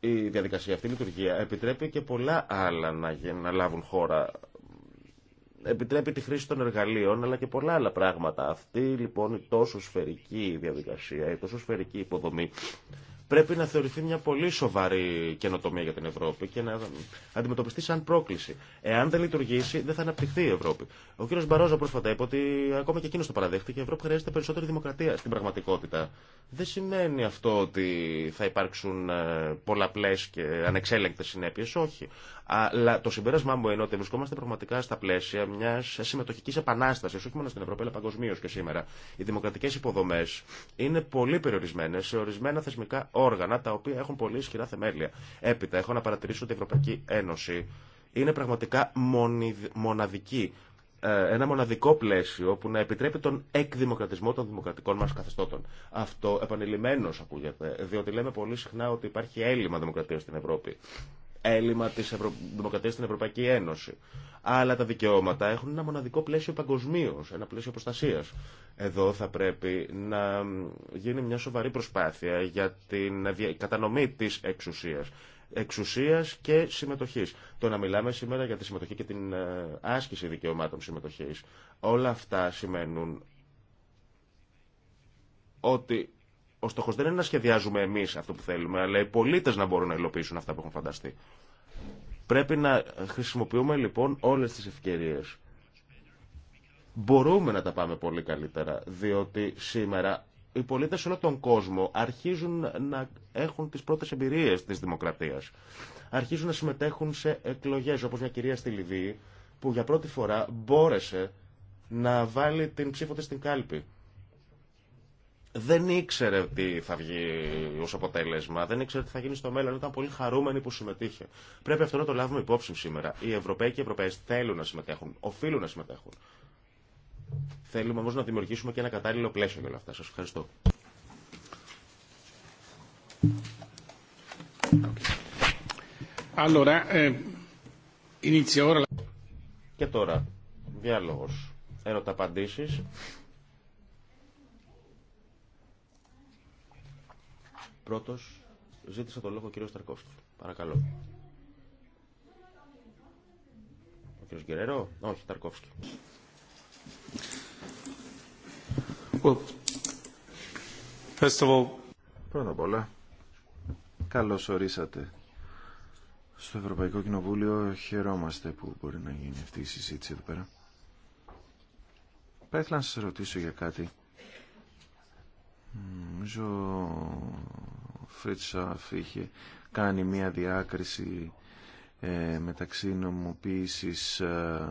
Speaker 2: η διαδικασία, αυτή η λειτουργία επιτρέπει και πολλά άλλα να, να λάβουν χώρα επιτρέπει τη χρήση των εργαλείων αλλά και πολλά άλλα πράγματα. Αυτή λοιπόν η τόσο σφαιρική διαδικασία, η τόσο σφαιρική υποδομή πρέπει να θεωρηθεί μια πολύ σοβαρή καινοτομία για την Ευρώπη και να αντιμετωπιστεί σαν πρόκληση. Εάν δεν λειτουργήσει, δεν θα αναπτυχθεί η Ευρώπη. Ο κ. Μπαρόζα πρόσφατα είπε ότι ακόμα και εκείνο το παραδέχτηκε, η Ευρώπη χρειάζεται περισσότερη δημοκρατία στην πραγματικότητα. Δεν σημαίνει αυτό ότι θα υπάρξουν ε, πολλαπλέ και ανεξέλεγκτε συνέπειε, όχι. Αλλά το συμπέρασμά μου είναι ότι βρισκόμαστε πραγματικά στα πλαίσια μια συμμετοχική επανάσταση, όχι μόνο στην Ευρώπη, αλλά παγκοσμίω και σήμερα. Οι δημοκρατικέ υποδομέ είναι πολύ περιορισμένε σε ορισμένα θεσμικά όργανα τα οποία έχουν πολύ ισχυρά θεμέλια. Έπειτα, έχω να παρατηρήσω ότι η Ευρωπαϊκή Ένωση είναι πραγματικά μοναδική. Ε, ένα μοναδικό πλαίσιο που να επιτρέπει τον εκδημοκρατισμό των δημοκρατικών μα καθεστώτων. Αυτό επανειλημμένω ακούγεται, διότι λέμε πολύ συχνά ότι υπάρχει έλλειμμα δημοκρατία στην Ευρώπη έλλειμμα της Ευρω... δημοκρατίας στην Ευρωπαϊκή Ένωση. Αλλά τα δικαιώματα έχουν ένα μοναδικό πλαίσιο παγκοσμίω, ένα πλαίσιο προστασία. Εδώ θα πρέπει να γίνει μια σοβαρή προσπάθεια για την κατανομή τη εξουσία. Εξουσία και συμμετοχή. Το να μιλάμε σήμερα για τη συμμετοχή και την ε, άσκηση δικαιωμάτων συμμετοχή, όλα αυτά σημαίνουν ότι ο στόχο δεν είναι να σχεδιάζουμε εμεί αυτό που θέλουμε, αλλά οι πολίτε να μπορούν να υλοποιήσουν αυτά που έχουν φανταστεί. Πρέπει να χρησιμοποιούμε λοιπόν όλε τι ευκαιρίε. Μπορούμε να τα πάμε πολύ καλύτερα, διότι σήμερα οι πολίτε σε όλο τον κόσμο αρχίζουν να έχουν τι πρώτε εμπειρίε τη δημοκρατία. Αρχίζουν να συμμετέχουν σε εκλογέ, όπω μια κυρία στη Λιβύη, που για πρώτη φορά μπόρεσε να βάλει την ψήφο της στην κάλπη δεν ήξερε τι θα βγει ω αποτέλεσμα, δεν ήξερε τι θα γίνει στο μέλλον. Ήταν πολύ χαρούμενοι που συμμετείχε. Πρέπει αυτό να το λάβουμε υπόψη σήμερα. Οι Ευρωπαίοι και οι Ευρωπαίε θέλουν να συμμετέχουν, οφείλουν να συμμετέχουν. Θέλουμε όμω να δημιουργήσουμε και ένα κατάλληλο πλαίσιο για όλα αυτά. Σα ευχαριστώ. Eh, και τώρα, διάλογο έρωτα απαντήσεις. Πρώτος ζήτησε το λόγο ο κύριος Ταρκόφσκι. Παρακαλώ. Ο κύριος Γκερέρο. Όχι, Ταρκόφσκι. Well, Πρώτα απ' όλα,
Speaker 1: καλώς ορίσατε στο Ευρωπαϊκό Κοινοβούλιο. Χαιρόμαστε που μπορεί να γίνει αυτή η συζήτηση εδώ πέρα. Θα ήθελα να σα ρωτήσω για κάτι. Νομίζω Φρίτσαφ είχε κάνει μια διάκριση ε, μεταξύ νομοποίησης ε,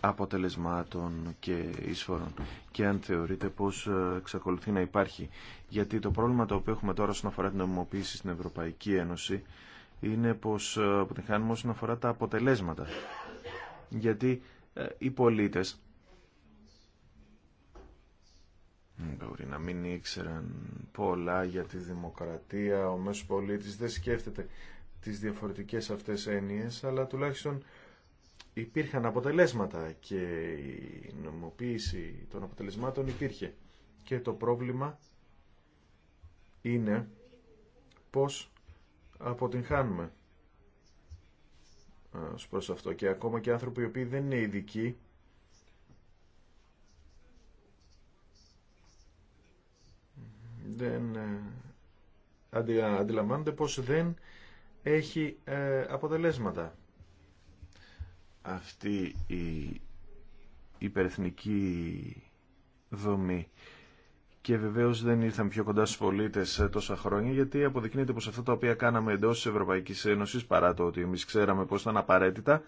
Speaker 1: αποτελεσμάτων και εισφορών και αν θεωρείτε πως ε, εξακολουθεί να υπάρχει γιατί το πρόβλημα το οποίο έχουμε τώρα όσον αφορά την νομοποιηση στην Ευρωπαϊκή Ένωση είναι πως αποτεχάνουμε όσον αφορά τα αποτελέσματα γιατί οι πολίτες Μπορεί να μην ήξεραν πολλά για τη δημοκρατία, ο μέσος πολίτης δεν σκέφτεται τις διαφορετικές αυτές έννοιες, αλλά τουλάχιστον υπήρχαν αποτελέσματα και η νομοποίηση των αποτελεσμάτων υπήρχε. Και το πρόβλημα είναι πώς αποτυγχάνουμε ε, ως αυτό. Και ακόμα και άνθρωποι οι οποίοι δεν είναι ειδικοί δεν ε, αντιλαμβάνονται πως δεν έχει ε, αποτελέσματα. Αυτή η υπερεθνική δομή. Και βεβαίως δεν ήρθαν πιο κοντά στου πολίτε ε, τόσα χρόνια, γιατί αποδεικνύεται πως αυτά τα οποία κάναμε εντό της Ευρωπαϊκή Ένωση, παρά το ότι εμεί ξέραμε πως ήταν απαραίτητα,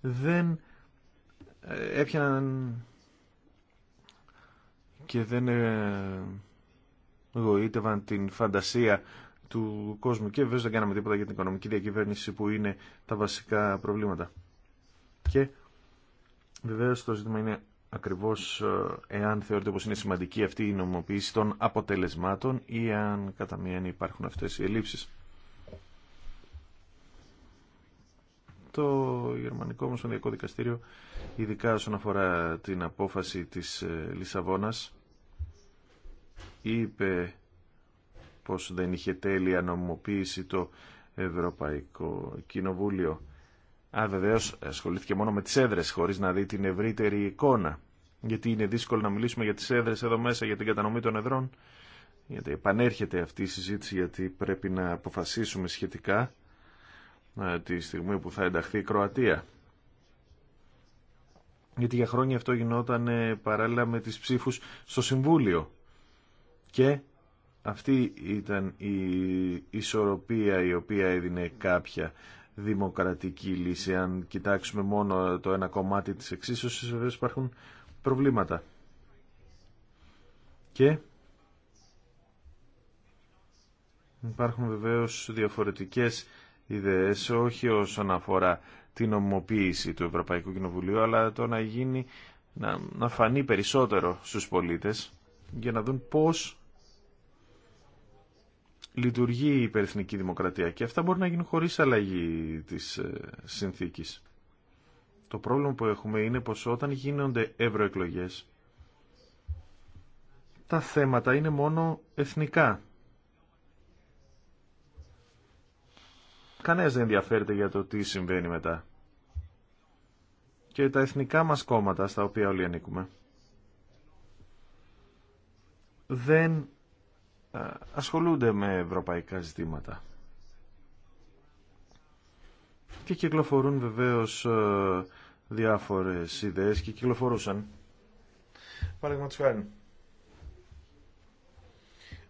Speaker 1: δεν έπιαναν και δεν γοήτευαν την φαντασία του κόσμου και βέβαια δεν κάναμε τίποτα για την οικονομική διακυβέρνηση που είναι τα βασικά προβλήματα. Και βεβαίω το ζήτημα είναι ακριβώς ε, εάν θεωρείται πώ είναι σημαντική αυτή η νομοποίηση των αποτελεσμάτων ή αν κατά μία υπάρχουν αυτές οι ελλείψεις. Το Γερμανικό Ομοσπονδιακό Δικαστήριο, ειδικά όσον αφορά την απόφαση τη ε, Λισαβόνα είπε πως δεν είχε τέλεια νομιμοποίηση το Ευρωπαϊκό Κοινοβούλιο. Α, βεβαίω ασχολήθηκε μόνο με τις έδρες, χωρίς να δει την ευρύτερη εικόνα. Γιατί είναι δύσκολο να μιλήσουμε για τις έδρες εδώ μέσα, για την κατανομή των εδρών. Γιατί επανέρχεται αυτή η συζήτηση, γιατί πρέπει να αποφασίσουμε σχετικά ε, τη στιγμή που θα ενταχθεί η Κροατία. Γιατί για χρόνια αυτό γινόταν παράλληλα με τις ψήφους στο Συμβούλιο. Και αυτή ήταν η ισορροπία η οποία έδινε κάποια δημοκρατική λύση. Αν κοιτάξουμε μόνο το ένα κομμάτι της εξίσωσης, βέβαια υπάρχουν προβλήματα. Και υπάρχουν βεβαίως διαφορετικές ιδέες, όχι όσον αφορά την ομοποίηση του Ευρωπαϊκού Κοινοβουλίου, αλλά το να γίνει, να, να φανεί περισσότερο στους πολίτες για να δουν πώς λειτουργεί η υπερεθνική δημοκρατία και αυτά μπορεί να γίνουν χωρίς αλλαγή της ε, συνθήκης. Το πρόβλημα που έχουμε είναι πως όταν γίνονται ευρωεκλογές τα θέματα είναι μόνο εθνικά. Κανένας δεν ενδιαφέρεται για το τι συμβαίνει μετά. Και τα εθνικά μας κόμματα στα οποία όλοι ανήκουμε δεν ε, ασχολούνται με ευρωπαϊκά ζητήματα. Και κυκλοφορούν βεβαίως ε, διάφορες ιδέες και κυκλοφορούσαν. τους χάρη.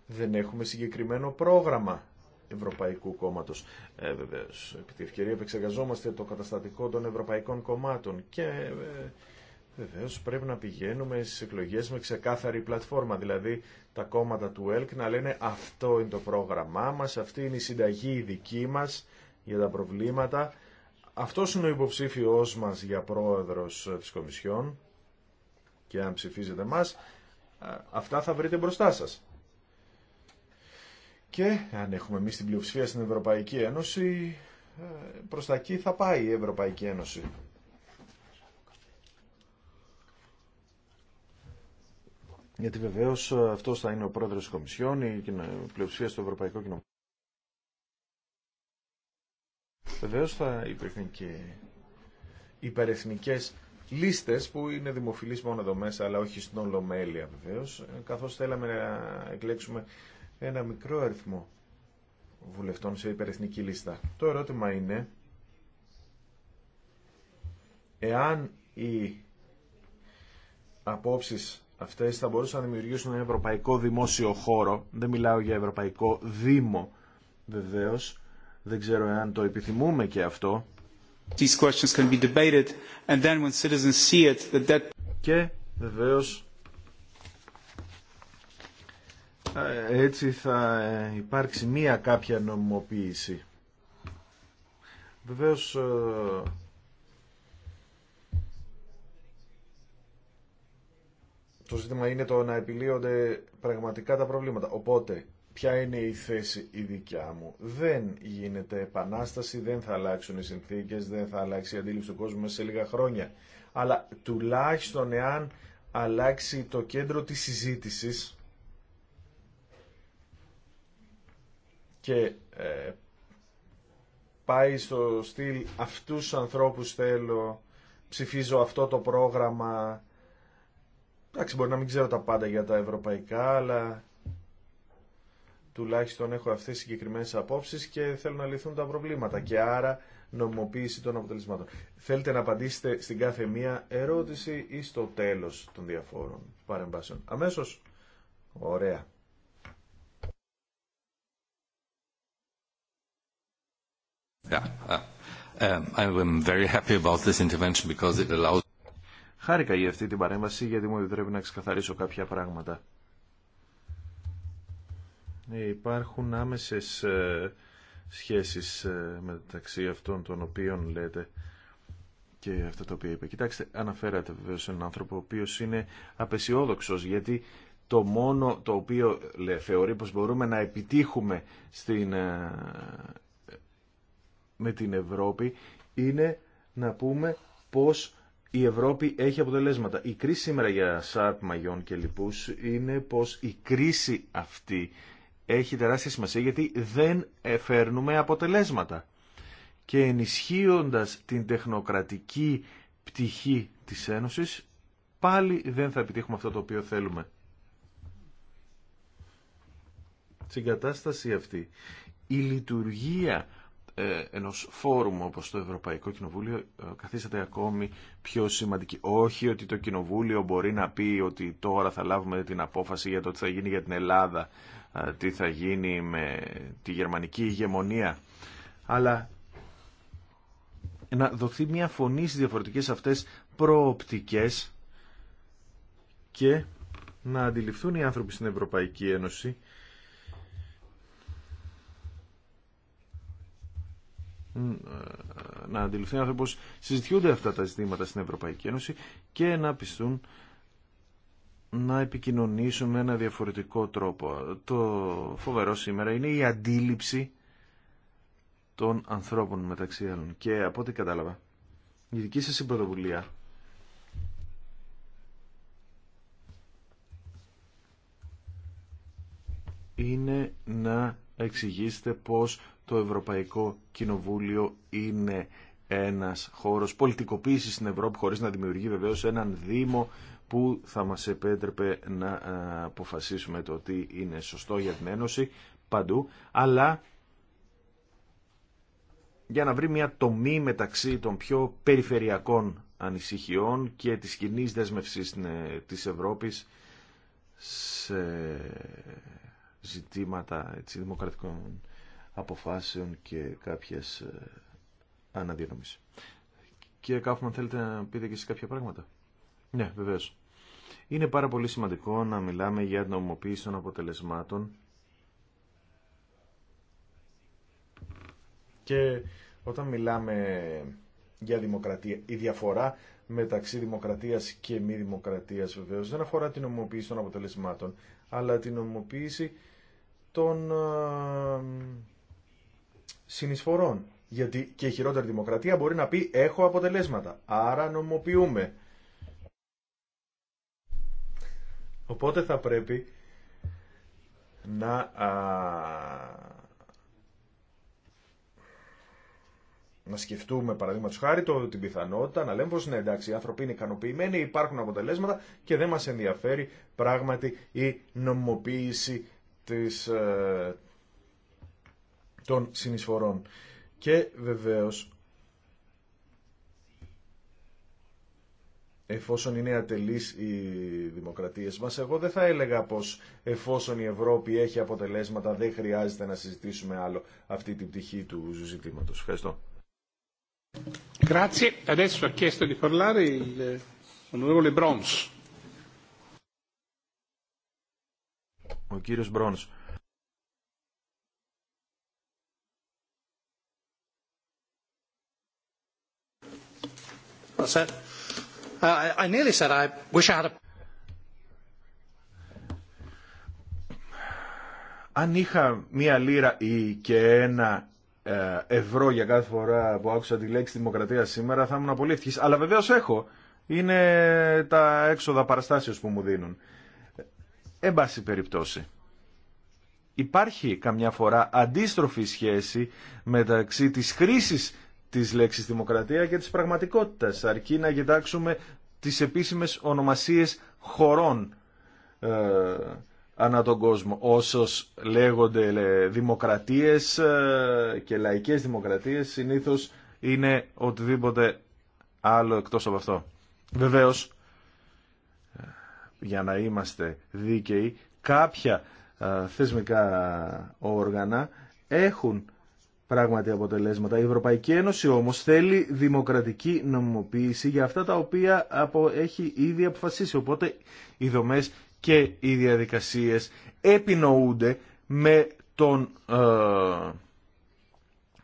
Speaker 1: Δεν έχουμε συγκεκριμένο πρόγραμμα Ευρωπαϊκού Κόμματος. Ε, βεβαίως, επί τη ευκαιρία επεξεργαζόμαστε το καταστατικό των Ευρωπαϊκών Κομμάτων και ε, Βεβαίω πρέπει να πηγαίνουμε στι εκλογέ με ξεκάθαρη πλατφόρμα, δηλαδή τα κόμματα του ΕΛΚ να λένε αυτό είναι το πρόγραμμά μα. αυτή είναι η συνταγή δική μας για τα προβλήματα. Αυτός είναι ο υποψήφιός μας για πρόεδρος της Κομισιόν και αν ψηφίζετε μας, αυτά θα βρείτε μπροστά σα. Και αν έχουμε εμεί την πλειοψηφία στην Ευρωπαϊκή Ένωση, ε, προ τα εκεί θα πάει η Ευρωπαϊκή Ένωση. Γιατί βεβαίω ε, αυτό θα είναι ο πρόεδρο τη Κομισιόν, η πλειοψηφία στο Ευρωπαϊκό Κοινοβούλιο. Βεβαίω θα υπήρχαν και υπερεθνικέ λίστε που είναι δημοφιλεί μόνο εδώ μέσα, αλλά όχι στην Ολομέλεια βεβαίω, ε, καθώ θέλαμε να εκλέξουμε ένα μικρό αριθμό βουλευτών σε υπερεθνική λίστα. Το ερώτημα είναι εάν οι απόψεις Αυτέ θα μπορούσαν να δημιουργήσουν ένα ευρωπαϊκό δημόσιο χώρο. Δεν μιλάω για ευρωπαϊκό δήμο βεβαίω. Δεν ξέρω εάν το επιθυμούμε και αυτό. These questions can be debated and then when citizens see it that that... Και βεβαίω, ε, έτσι θα ε, υπάρξει μία κάποια νομιμοποίηση. Βεβαίως ε, Το ζήτημα είναι το να επιλύονται πραγματικά τα προβλήματα. Οπότε, ποια είναι η θέση η δικιά μου. Δεν γίνεται επανάσταση, δεν θα αλλάξουν οι συνθήκες, δεν θα αλλάξει η αντίληψη του κόσμου μέσα σε λίγα χρόνια. Αλλά τουλάχιστον εάν αλλάξει το κέντρο της συζήτησης και ε, πάει στο στυλ αυτούς τους ανθρώπους θέλω, ψηφίζω αυτό το πρόγραμμα, Εντάξει, μπορεί να μην ξέρω τα πάντα για τα ευρωπαϊκά, αλλά τουλάχιστον έχω αυτές τι συγκεκριμένες απόψεις και θέλω να λυθούν τα προβλήματα και άρα νομοποίηση των αποτελεσμάτων. Θέλετε να απαντήσετε στην κάθε μία ερώτηση ή στο τέλος των διαφόρων παρεμβάσεων. Αμέσως. Ωραία.
Speaker 3: Yeah. Uh, um, I'm very happy about this intervention because it allows...
Speaker 1: Χάρηκα για αυτή την παρέμβαση γιατί μου επιτρέπει να ξεκαθαρίσω κάποια πράγματα. Ναι, υπάρχουν άμεσες ε, σχέσεις ε, μεταξύ αυτών των οποίων λέτε και αυτά τα οποία είπε. Κοιτάξτε, αναφέρατε βεβαίως σε έναν άνθρωπο ο οποίος είναι απεσιόδοξος γιατί το μόνο το οποίο λέ, θεωρεί πως μπορούμε να επιτύχουμε στην, ε, με την Ευρώπη είναι να πούμε πως η Ευρώπη έχει αποτελέσματα. Η κρίση σήμερα για ΣΑΡΠ, Μαγιών και λοιπούς είναι πως η κρίση αυτή έχει τεράστια σημασία γιατί δεν φέρνουμε αποτελέσματα. Και ενισχύοντας την τεχνοκρατική πτυχή της Ένωσης, πάλι δεν θα επιτύχουμε αυτό το οποίο θέλουμε. Στην κατάσταση αυτή, η λειτουργία ε, ενός φόρουμ όπως το Ευρωπαϊκό Κοινοβούλιο ε, καθίσατε ακόμη πιο σημαντική. Όχι ότι το Κοινοβούλιο μπορεί να πει ότι τώρα θα λάβουμε την απόφαση για το τι θα γίνει για την Ελλάδα, ε, τι θα γίνει με τη γερμανική ηγεμονία, αλλά να δοθεί μια φωνή στις διαφορετικές αυτές προοπτικές και να αντιληφθούν οι άνθρωποι στην Ευρωπαϊκή Ένωση Ε, να αντιληφθεί άνθρωπο πως συζητιούνται αυτά τα ζητήματα στην Ευρωπαϊκή Ένωση και να πιστούν να επικοινωνήσουν με ένα διαφορετικό τρόπο. Το φοβερό σήμερα είναι η αντίληψη των ανθρώπων μεταξύ άλλων. Και από ό,τι κατάλαβα, η δική σας πρωτοβουλία είναι να εξηγήσετε πως το Ευρωπαϊκό Κοινοβούλιο είναι ένας χώρος πολιτικοποίησης στην Ευρώπη χωρίς να δημιουργεί βεβαίως έναν Δήμο που θα μας επέτρεπε να ε, αποφασίσουμε το ότι είναι σωστό για την Ένωση παντού, αλλά για να βρει μια τομή μεταξύ των πιο περιφερειακών ανησυχιών και της κοινή δέσμευση ε, της Ευρώπης σε ζητήματα δημοκρατικών αποφάσεων και κάποιες ε, αναδιανομής. Και Κάφμαν θέλετε να πείτε και εσείς κάποια πράγματα. Ναι, βεβαίως. Είναι πάρα πολύ σημαντικό να μιλάμε για την νομοποίηση των αποτελεσμάτων και όταν μιλάμε για δημοκρατία, η διαφορά μεταξύ δημοκρατίας και μη δημοκρατίας βεβαίως δεν αφορά την νομοποίηση των αποτελεσμάτων αλλά την νομοποίηση των ε, συνεισφορών. Γιατί και η χειρότερη δημοκρατία μπορεί να πει έχω αποτελέσματα, άρα νομοποιούμε. Οπότε θα πρέπει να α, να σκεφτούμε παραδείγματο χάρη το, την πιθανότητα να λέμε πω ναι, εντάξει, οι άνθρωποι είναι ικανοποιημένοι, υπάρχουν αποτελέσματα και δεν μα ενδιαφέρει πράγματι η νομοποίηση της, ε, των συνεισφορών. Και βεβαίως, εφόσον είναι ατελείς οι δημοκρατίες μας, εγώ δεν θα έλεγα πως εφόσον η Ευρώπη έχει αποτελέσματα δεν χρειάζεται να συζητήσουμε άλλο αυτή την πτυχή του ζητήματος. Ευχαριστώ. Ο κύριος Μπρόνς. Αν είχα μία λίρα ή και ένα ε, ευρώ για κάθε φορά που άκουσα τη λέξη δημοκρατία σήμερα θα ήμουν πολύ ευτυχής. Αλλά βεβαίως έχω. Είναι τα έξοδα παραστάσεως που μου δίνουν. Εν πάση περιπτώσει. Υπάρχει καμιά φορά αντίστροφη σχέση μεταξύ της χρήσης της λέξη δημοκρατία και της πραγματικότητας, αρκεί να κοιτάξουμε τις επίσημες ονομασίες χωρών ε, ανά τον κόσμο. Όσος λέγονται δημοκρατίες ε, και λαϊκές δημοκρατίες συνήθως είναι οτιδήποτε άλλο εκτός από αυτό. Βεβαίως, για να είμαστε δίκαιοι, κάποια ε, θεσμικά όργανα έχουν πράγματι αποτελέσματα. Η Ευρωπαϊκή Ένωση όμως θέλει δημοκρατική νομιμοποίηση για αυτά τα οποία έχει ήδη αποφασίσει. Οπότε οι δομές και οι διαδικασίες επινοούνται με τον ε,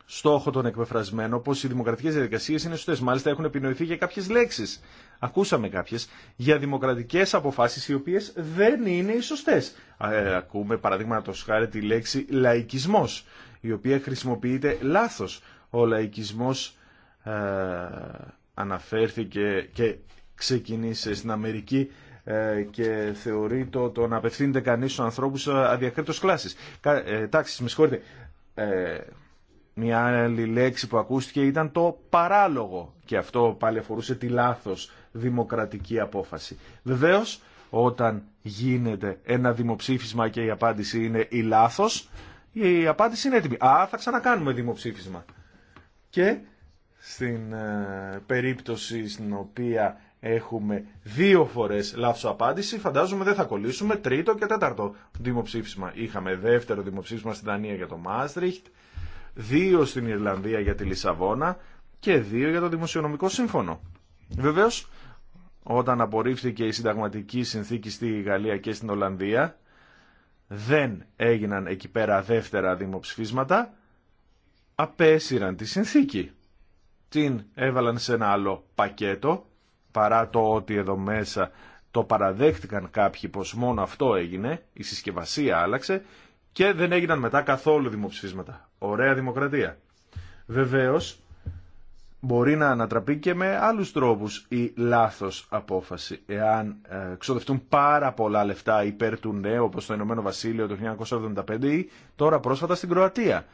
Speaker 1: στόχο τον εκπεφρασμένο πως οι δημοκρατικές διαδικασίες είναι σωστές. Μάλιστα έχουν επινοηθεί για κάποιες λέξεις. Ακούσαμε κάποιες για δημοκρατικές αποφάσεις οι οποίες δεν είναι οι σωστές. Ε, ακούμε παραδείγματος χάρη τη λέξη λαϊκισμός η οποία χρησιμοποιείται λάθος. Ο λαϊκισμός ε, αναφέρθηκε και ξεκινήσε στην Αμερική ε, και θεωρεί το, το να απευθύνεται κανείς στους ανθρώπους ε, αδιακρίτως κλάσης. τάξης, με συγχωρείτε. μια άλλη λέξη που ακούστηκε ήταν το παράλογο και αυτό πάλι αφορούσε τη λάθος δημοκρατική απόφαση. Βεβαίως όταν γίνεται ένα δημοψήφισμα και η απάντηση είναι η λάθος η απάντηση είναι έτοιμη. Α, θα ξανακάνουμε δημοψήφισμα. Και στην ε, περίπτωση στην οποία έχουμε δύο φορές λάθος απάντηση, φαντάζομαι δεν θα κολλήσουμε τρίτο και τέταρτο δημοψήφισμα. Είχαμε δεύτερο δημοψήφισμα στην Δανία για το Μάστριχτ, δύο στην Ιρλανδία για τη Λισαβόνα και δύο για το Δημοσιονομικό Σύμφωνο. Βεβαίως, όταν απορρίφθηκε η συνταγματική συνθήκη στη Γαλλία και στην Ολλανδία, δεν έγιναν εκεί πέρα δεύτερα δημοψηφίσματα, απέσυραν τη συνθήκη. Την έβαλαν σε ένα άλλο πακέτο, παρά το ότι εδώ μέσα το παραδέχτηκαν κάποιοι πως μόνο αυτό έγινε, η συσκευασία άλλαξε και δεν έγιναν μετά καθόλου δημοψηφίσματα. Ωραία δημοκρατία. Βεβαίως, μπορεί να ανατραπεί και με άλλους τρόπους η λάθος απόφαση. Εάν ε, ξοδευτούν πάρα πολλά λεφτά υπέρ του νέου, όπως το Ηνωμένο Βασίλειο το 1975 ή τώρα πρόσφατα στην Κροατία,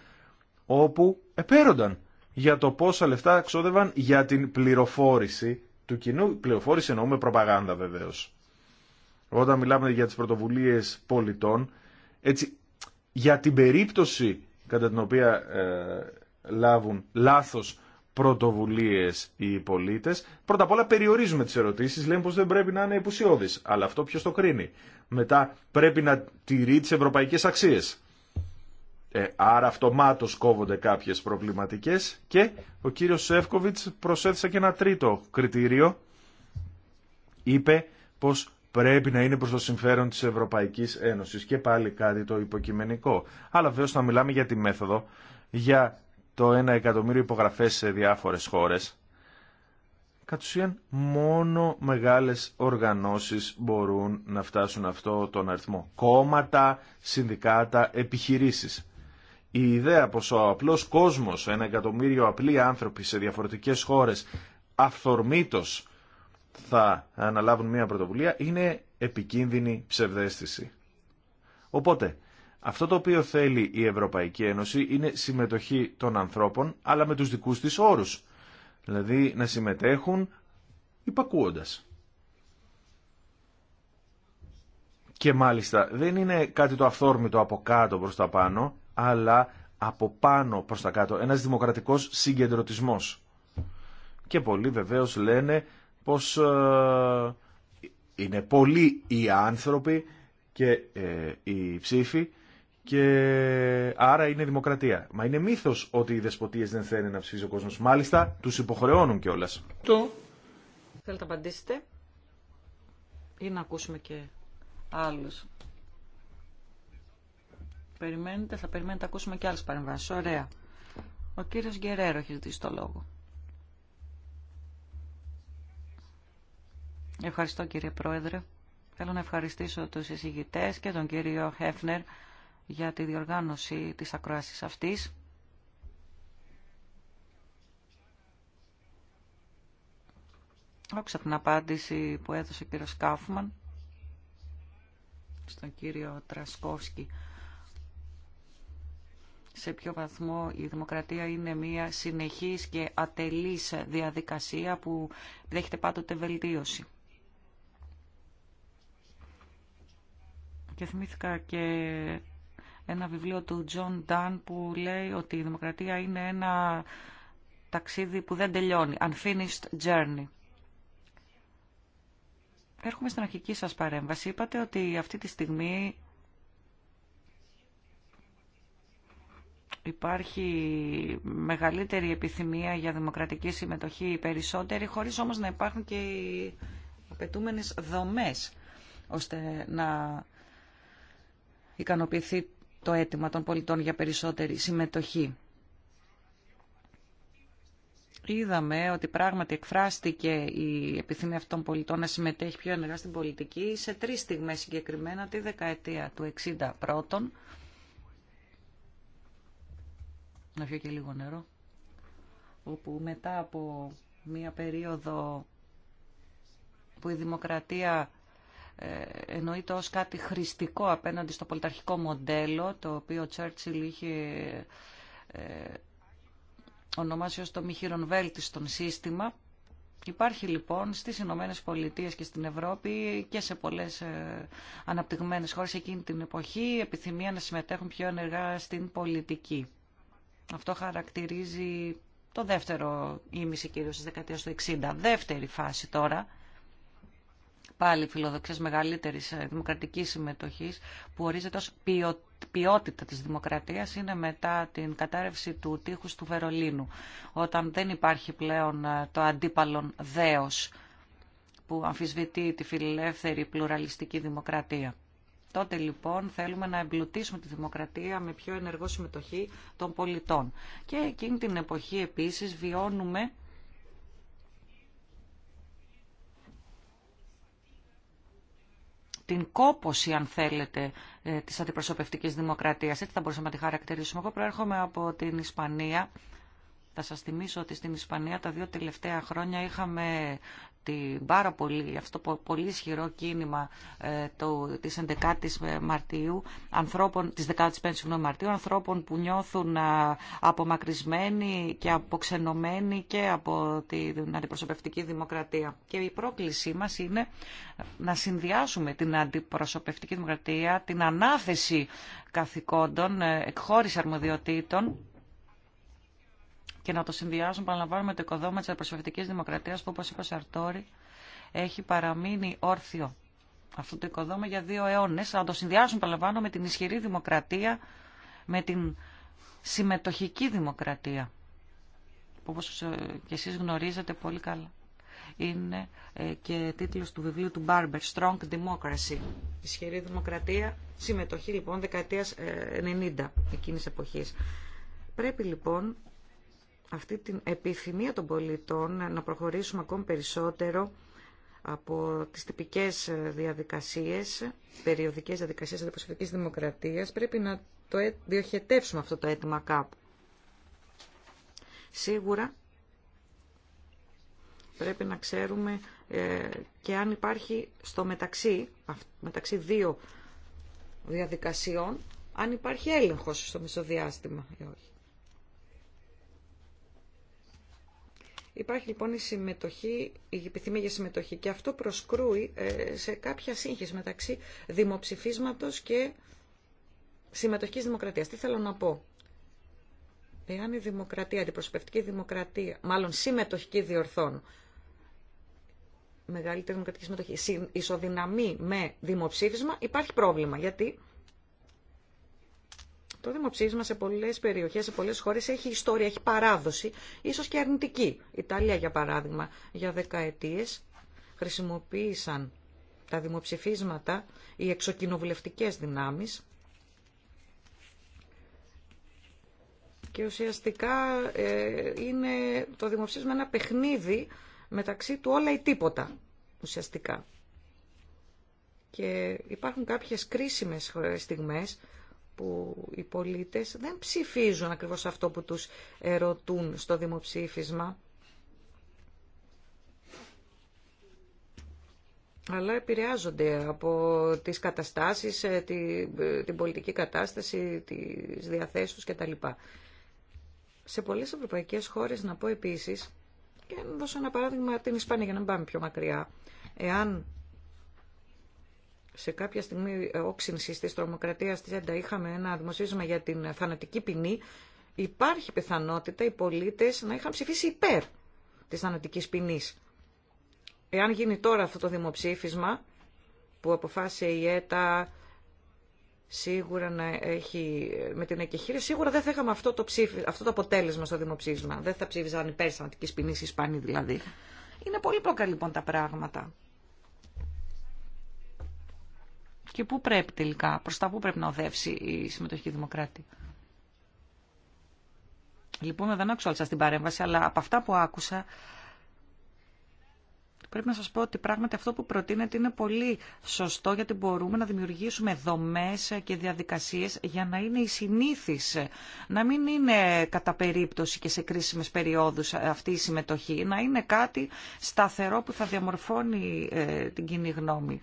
Speaker 1: όπου επέρονταν για το πόσα λεφτά ξόδευαν για την πληροφόρηση του κοινού. Πληροφόρηση εννοούμε προπαγάνδα βεβαίως. Όταν μιλάμε για τις πρωτοβουλίες πολιτών, έτσι, για την περίπτωση κατά την οποία ε, λάβουν λάθος Πρωτοβουλίε οι πολίτες. Πρώτα απ' όλα περιορίζουμε τις ερωτήσεις, λέμε πω δεν πρέπει να είναι υπουσιώδεις. Αλλά αυτό ποιο το κρίνει. Μετά πρέπει να τηρεί τις ευρωπαϊκές αξίες. Ε, άρα αυτομάτως κόβονται κάποιες προβληματικές και ο κύριος Σεύκοβιτ προσέθεσε και ένα τρίτο κριτήριο. Είπε πως πρέπει να είναι προς το συμφέρον της Ευρωπαϊκής Ένωσης και πάλι κάτι το υποκειμενικό. Αλλά βέβαια θα μιλάμε για τη μέθοδο, για το 1 εκατομμύριο υπογραφές σε διάφορες χώρες. Κατ' ουσίαν μόνο μεγάλες οργανώσεις μπορούν να φτάσουν αυτό τον αριθμό. Κόμματα, συνδικάτα, επιχειρήσεις. Η ιδέα πως ο απλός κόσμος, ένα εκατομμύριο απλοί άνθρωποι σε διαφορετικές χώρες, αυθορμήτω θα αναλάβουν μια πρωτοβουλία, είναι επικίνδυνη ψευδέστηση. Οπότε, αυτό το οποίο θέλει η Ευρωπαϊκή Ένωση είναι συμμετοχή των ανθρώπων, αλλά με τους δικούς της όρους. Δηλαδή να συμμετέχουν υπακούοντας. Και μάλιστα δεν είναι κάτι το αυθόρμητο από κάτω προς τα πάνω, αλλά από πάνω προς τα κάτω. Ένας δημοκρατικός συγκεντρωτισμός. Και πολλοί βεβαίως λένε πως ε, είναι πολλοί οι άνθρωποι και ε, οι ψήφοι και άρα είναι δημοκρατία. Μα είναι μύθος ότι οι δεσποτείε δεν θέλουν να ψηφίζει ο κόσμος. Μάλιστα, τους υποχρεώνουν κιόλα.
Speaker 3: Το... Θέλετε να απαντήσετε ή να ακούσουμε και άλλου. Περιμένετε, θα περιμένετε, ακούσουμε και άλλες παρεμβάσει. Ωραία. Ο κύριος Γκερέρο έχει ζητήσει το λόγο. Ευχαριστώ κύριε Πρόεδρε. Θέλω να ευχαριστήσω τους εισηγητές και τον κύριο Χέφνερ για τη διοργάνωση της ακρόασης αυτής. Άκουσα την απάντηση που έδωσε ο κύριος Κάφμαν στον κύριο Τρασκόφσκι σε ποιο βαθμό η δημοκρατία είναι μια συνεχής και ατελής διαδικασία που δέχεται πάντοτε βελτίωση. Και θυμήθηκα και ένα βιβλίο του Τζον Ντάν που λέει ότι η δημοκρατία είναι ένα ταξίδι που δεν τελειώνει. Unfinished journey. Έρχομαι στην αρχική σας παρέμβαση. Είπατε ότι αυτή τη στιγμή υπάρχει μεγαλύτερη επιθυμία για δημοκρατική συμμετοχή περισσότερη, χωρίς όμως να υπάρχουν και οι απαιτούμενες δομές, ώστε να ικανοποιηθεί το αίτημα των πολιτών για περισσότερη συμμετοχή. Είδαμε ότι πράγματι εκφράστηκε η επιθυμία αυτών των πολιτών να συμμετέχει πιο ενεργά στην πολιτική σε τρεις στιγμές συγκεκριμένα τη δεκαετία του 60 Να και λίγο νερό. Όπου μετά από μία περίοδο που η δημοκρατία ε, εννοείται ως κάτι χρηστικό απέναντι στο πολιταρχικό μοντέλο, το οποίο ο Τσέρτσιλ είχε ε, ονομάσει ως το μη χειρονβέλτιστον σύστημα. Υπάρχει λοιπόν στις Ηνωμένε Πολιτείες και στην Ευρώπη και σε πολλές ε, αναπτυγμένες χώρες εκείνη την εποχή επιθυμία να συμμετέχουν πιο ενεργά στην πολιτική. Αυτό χαρακτηρίζει το δεύτερο ήμιση κυρίως στις δεκαετίες του 60. Δεύτερη φάση τώρα πάλι φιλοδοξιά μεγαλύτερη ε, δημοκρατικής συμμετοχής που ορίζεται ως ποιότητα της δημοκρατίας είναι μετά την κατάρρευση του τείχου του Βερολίνου όταν δεν υπάρχει πλέον ε, το αντίπαλον δέο που αμφισβητεί τη φιλελεύθερη πλουραλιστική δημοκρατία. Τότε λοιπόν θέλουμε να εμπλουτίσουμε τη δημοκρατία με πιο ενεργό συμμετοχή των πολιτών. Και εκείνη την εποχή επίσης βιώνουμε την κόποση, αν θέλετε, ε, της αντιπροσωπευτικής δημοκρατίας. Έτσι θα μπορούσαμε να τη χαρακτηρίσουμε. Εγώ προέρχομαι από την Ισπανία. Θα σας θυμίσω ότι στην Ισπανία τα δύο τελευταία χρόνια είχαμε πολύ, αυτό το πολύ ισχυρό κίνημα ε, το, της 11ης ε, Μαρτίου, ανθρώπων, της 15ης Μαρτίου, ανθρώπων που νιώθουν απομακρυσμένοι και αποξενωμένοι και από την αντιπροσωπευτική δημοκρατία. Και η πρόκλησή μας είναι να συνδυάσουμε την αντιπροσωπευτική δημοκρατία, την ανάθεση καθηκόντων, ε, εκχώρηση αρμοδιοτήτων, και να το συνδυάζουν, παραλαμβάνω, με το οικοδόμα της αντιπροσωπευτικής δημοκρατίας που όπως είπε ο Σαρτόρη έχει παραμείνει όρθιο αυτό το οικοδόμα για δύο αιώνες, να το συνδυάζουν παραλαμβάνω με την ισχυρή δημοκρατία, με την συμμετοχική δημοκρατία Όπω όπως ε, και εσείς γνωρίζετε πολύ καλά. Είναι ε, και τίτλος του βιβλίου του Μπάρμπερ... Strong Democracy. Ισχυρή δημοκρατία, συμμετοχή λοιπόν δεκαετίας 90 ε, εκείνης εποχής. Πρέπει λοιπόν αυτή την επιθυμία των πολιτών να προχωρήσουμε ακόμη περισσότερο από τις τυπικές διαδικασίες, περιοδικές διαδικασίες αντιπροσωπικής δημοκρατίας, πρέπει να το ε, διοχετεύσουμε αυτό το αίτημα κάπου. Σίγουρα πρέπει να ξέρουμε ε, και αν υπάρχει στο μεταξύ, μεταξύ δύο διαδικασιών, αν υπάρχει έλεγχος στο μεσοδιάστημα ή όχι. Υπάρχει λοιπόν η συμμετοχή, η επιθυμία για συμμετοχή και αυτό προσκρούει ε, σε κάποια σύγχυση μεταξύ δημοψηφίσματος και συμμετοχής δημοκρατίας. Τι θέλω να πω. Εάν η δημοκρατία, αντιπροσωπευτική δημοκρατία, μάλλον συμμετοχική διορθών, μεγαλύτερη δημοκρατική συμμετοχή, ισοδυναμεί με δημοψήφισμα, υπάρχει πρόβλημα. Γιατί το δημοψήφισμα σε πολλέ περιοχέ, σε πολλέ χώρε έχει ιστορία, έχει παράδοση, ίσω και αρνητική. Ιταλία, για παράδειγμα, για δεκαετίε χρησιμοποίησαν τα δημοψηφίσματα οι εξοκοινοβουλευτικέ δυνάμεις και ουσιαστικά ε, είναι το δημοψήφισμα ένα παιχνίδι μεταξύ του όλα ή τίποτα ουσιαστικά. Και υπάρχουν κάποιες κρίσιμες στιγμές που οι πολίτες δεν ψηφίζουν ακριβώς αυτό που τους ερωτούν στο δημοψήφισμα, αλλά επηρεάζονται από τις καταστάσεις, ε, ε, την πολιτική κατάσταση, τις διαθέσεις τους κτλ. Σε πολλές ευρωπαϊκές χώρες, να πω επίσης, και να δώσω ένα παράδειγμα την Ισπανία για να μην πάμε πιο μακριά, εάν σε κάποια στιγμή ε, όξυνση τη τρομοκρατία τη ΕΝΤΑ είχαμε ένα δημοσίευμα για την θανατική ποινή, υπάρχει πιθανότητα οι πολίτε να είχαν ψηφίσει υπέρ της θανατική ποινή. Εάν γίνει τώρα αυτό το δημοψήφισμα που αποφάσισε η ΕΤΑ σίγουρα να έχει με την εκεχήρια, σίγουρα δεν θα είχαμε αυτό το, ψήφι, αυτό το αποτέλεσμα στο δημοψήφισμα. Δεν θα ψήφιζαν υπέρ τη θανατική ποινή οι Ισπανοί δηλαδή. Είναι πολύ πλοκά λοιπόν τα πράγματα. και πού πρέπει τελικά, προ τα πού πρέπει να οδεύσει η συμμετοχη δημοκρατία. λοιπον δεν άκουσα όλη σας την παρέμβαση, αλλά από αυτά που άκουσα, πρέπει να σας πω ότι πράγματι αυτό που προτείνεται είναι πολύ σωστό, γιατί μπορούμε να δημιουργήσουμε δομές και διαδικασίες για να είναι η συνήθιση να μην είναι κατά περίπτωση και σε κρίσιμες περιόδους αυτή η συμμετοχή, να είναι κάτι σταθερό που θα διαμορφώνει ε, την κοινή γνώμη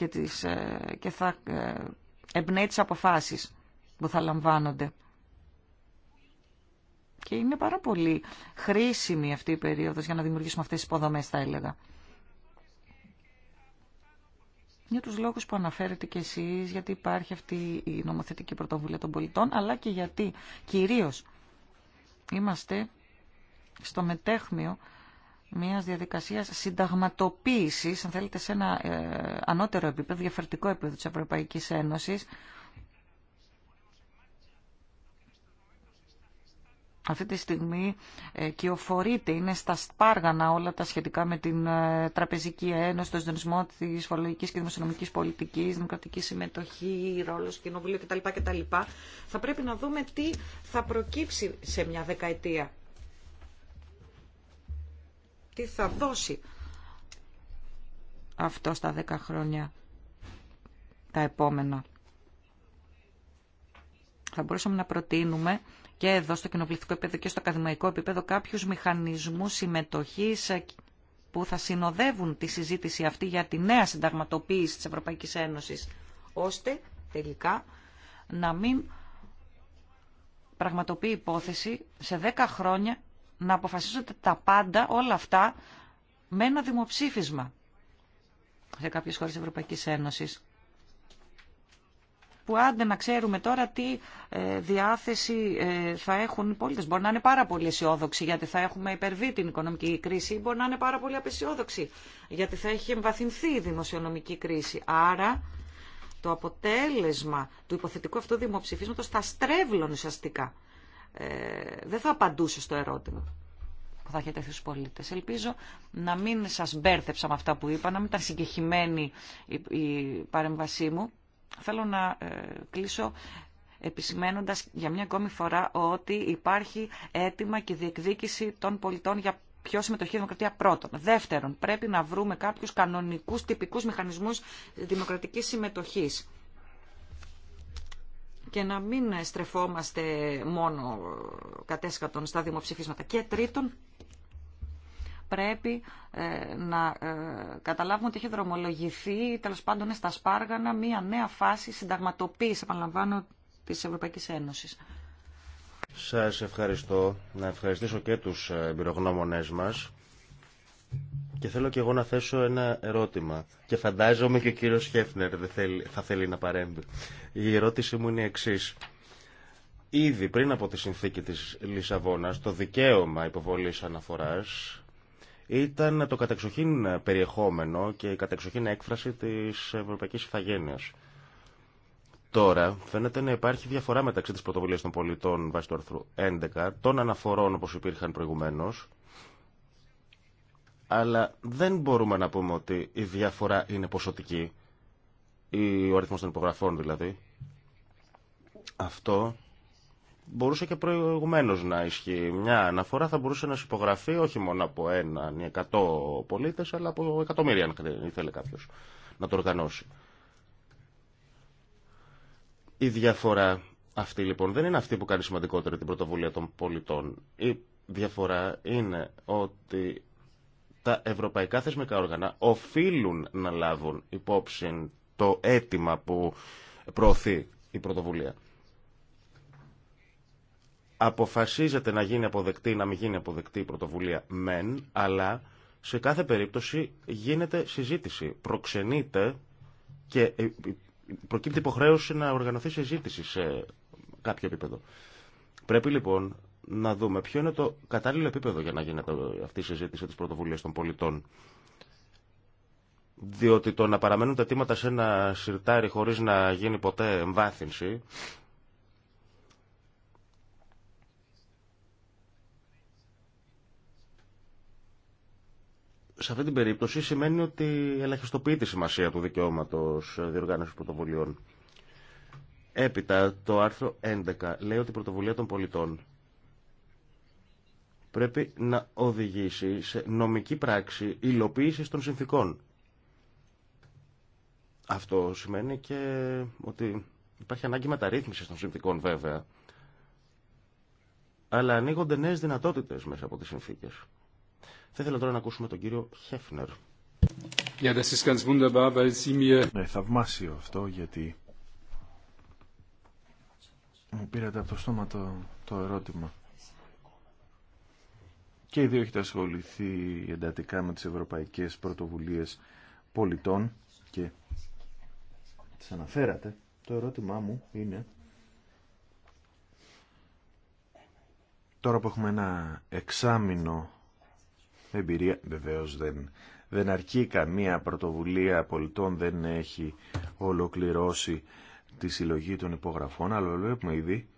Speaker 3: και, τις, ε, και θα ε, εμπνέει τις αποφάσεις που θα λαμβάνονται. Και είναι πάρα πολύ χρήσιμη αυτή η περίοδος για να δημιουργήσουμε αυτές τις υποδομές, θα έλεγα. Για τους λόγους που αναφέρετε κι εσείς, γιατί υπάρχει αυτή η νομοθετική πρωτοβουλία των πολιτών, αλλά και γιατί κυρίως είμαστε στο μετέχμιο μιας διαδικασίας συνταγματοποίησης, αν θέλετε, σε ένα ε, ανώτερο επίπεδο, διαφορετικό επίπεδο της Ευρωπαϊκής Ένωσης. Αυτή τη στιγμή ε, κυοφορείται, είναι στα σπάργανα όλα τα σχετικά με την ε, Τραπεζική Ένωση, το συντονισμό της φορολογικής και δημοσιονομικής πολιτικής, δημοκρατική συμμετοχή, ρόλο κοινοβουλίου κτλ, κτλ. Θα πρέπει να δούμε τι θα προκύψει σε μια δεκαετία θα δώσει αυτό στα 10 χρόνια τα επόμενα. Θα μπορούσαμε να προτείνουμε και εδώ στο κοινοβουλευτικό επίπεδο και στο ακαδημαϊκό επίπεδο κάποιους μηχανισμούς συμμετοχής που θα συνοδεύουν τη συζήτηση αυτή για τη νέα συνταγματοποίηση της Ευρωπαϊκής Ένωσης, ώστε τελικά να μην πραγματοποιεί υπόθεση σε 10 χρόνια να αποφασίζονται τα πάντα, όλα αυτά, με ένα δημοψήφισμα σε κάποιες χώρες της Ευρωπαϊκής Ένωσης. Που άντε να ξέρουμε τώρα τι ε, διάθεση ε, θα έχουν οι πολίτες. Μπορεί να είναι πάρα πολύ αισιόδοξοι γιατί θα έχουμε υπερβεί την οικονομική κρίση ή μπορεί να είναι πάρα πολύ απεσιόδοξοι γιατί θα έχει εμβαθυνθεί η δημοσιονομική κρίση. Άρα το αποτέλεσμα του υποθετικού αυτού δημοψηφίσματος θα στρέβλωνε ουσιαστικά ε, δεν θα απαντούσε στο ερώτημα που θα έχετε στους πολίτες. Ελπίζω να μην σας μπέρδεψα με αυτά που είπα, να μην ήταν συγκεχημένη η παρέμβασή μου. Θέλω να ε, κλείσω επισημένοντας για μια ακόμη φορά ότι υπάρχει αίτημα και διεκδίκηση των πολιτών για ποιο συμμετοχή δημοκρατία πρώτον. Δεύτερον, πρέπει να βρούμε κάποιους κανονικούς τυπικούς μηχανισμούς δημοκρατικής συμμετοχής και να μην στρεφόμαστε μόνο κατέσκατον στα δημοψηφίσματα. Και τρίτον, πρέπει ε, να ε, καταλάβουμε ότι έχει δρομολογηθεί, τέλο πάντων στα Σπάργανα, μια νέα φάση συνταγματοποίηση, επαναλαμβάνω, τη Ευρωπαϊκή Ένωση.
Speaker 2: Σας ευχαριστώ. Να ευχαριστήσω και τους ε, εμπειρογνώμονές μας και θέλω και εγώ να θέσω ένα ερώτημα. Και φαντάζομαι και ο κύριο Χέφνερ δεν θέλει, θα θέλει να παρέμβει. Η ερώτηση μου είναι η εξή. Ήδη πριν από τη συνθήκη της Λισαβόνας, το δικαίωμα υποβολής αναφοράς ήταν το κατεξοχήν περιεχόμενο και η κατεξοχήν έκφραση της Ευρωπαϊκής Ιθαγένειας. Τώρα φαίνεται να υπάρχει διαφορά μεταξύ της πρωτοβουλίας των πολιτών βάσει του άρθρου 11, των αναφορών όπως υπήρχαν προηγουμένως, αλλά δεν μπορούμε να πούμε ότι η διαφορά είναι ποσοτική, ή ο αριθμός των υπογραφών δηλαδή. Αυτό μπορούσε και προηγουμένω να ισχύει. Μια αναφορά θα μπορούσε να υπογραφεί όχι μόνο από έναν ή εκατό πολίτε, αλλά από εκατομμύρια, αν ήθελε κάποιο να το οργανώσει. Η διαφορά αυτή λοιπόν δεν είναι αυτή που κάνει σημαντικότερη την πρωτοβουλία των πολιτών. Η διαφορά είναι ότι τα ευρωπαϊκά θεσμικά όργανα οφείλουν να λάβουν υπόψη το αίτημα που προωθεί η πρωτοβουλία. Αποφασίζεται να γίνει αποδεκτή ή να μην γίνει αποδεκτή η πρωτοβουλία μεν, αλλά σε κάθε περίπτωση γίνεται συζήτηση, προξενείται και ε, προκύπτει υποχρέωση να οργανωθεί συζήτηση σε κάποιο επίπεδο. Πρέπει λοιπόν να δούμε ποιο είναι το κατάλληλο επίπεδο για να γίνεται αυτή η συζήτηση της πρωτοβουλία των πολιτών. Διότι το να παραμένουν τα αιτήματα σε ένα σιρτάρι χωρίς να γίνει ποτέ εμβάθυνση σε αυτή την περίπτωση σημαίνει ότι ελαχιστοποιεί τη σημασία του δικαιώματος διοργάνωσης πρωτοβουλίων. Έπειτα, το άρθρο 11 λέει ότι η πρωτοβουλία των πολιτών πρέπει να οδηγήσει σε νομική πράξη υλοποίηση των συνθήκων. Αυτό σημαίνει και ότι υπάρχει ανάγκη μεταρρύθμισης των συνθήκων βέβαια, αλλά ανοίγονται νέες δυνατότητες μέσα από τις συνθήκες. Θα ήθελα τώρα να ακούσουμε τον κύριο Χέφνερ.
Speaker 1: Ja, das ist ganz wunderbar, weil Sie mir... Ναι, θαυμάσιο αυτό γιατί μου πήρατε από το στόμα το, το ερώτημα και οι δύο έχετε ασχοληθεί εντατικά με τις ευρωπαϊκές πρωτοβουλίες πολιτών και τις αναφέρατε. Το ερώτημά μου είναι τώρα που έχουμε ένα εξάμεινο εμπειρία, βεβαίως δεν, δεν αρκεί καμία πρωτοβουλία πολιτών, δεν έχει ολοκληρώσει τη συλλογή των υπογραφών, αλλά βλέπουμε ήδη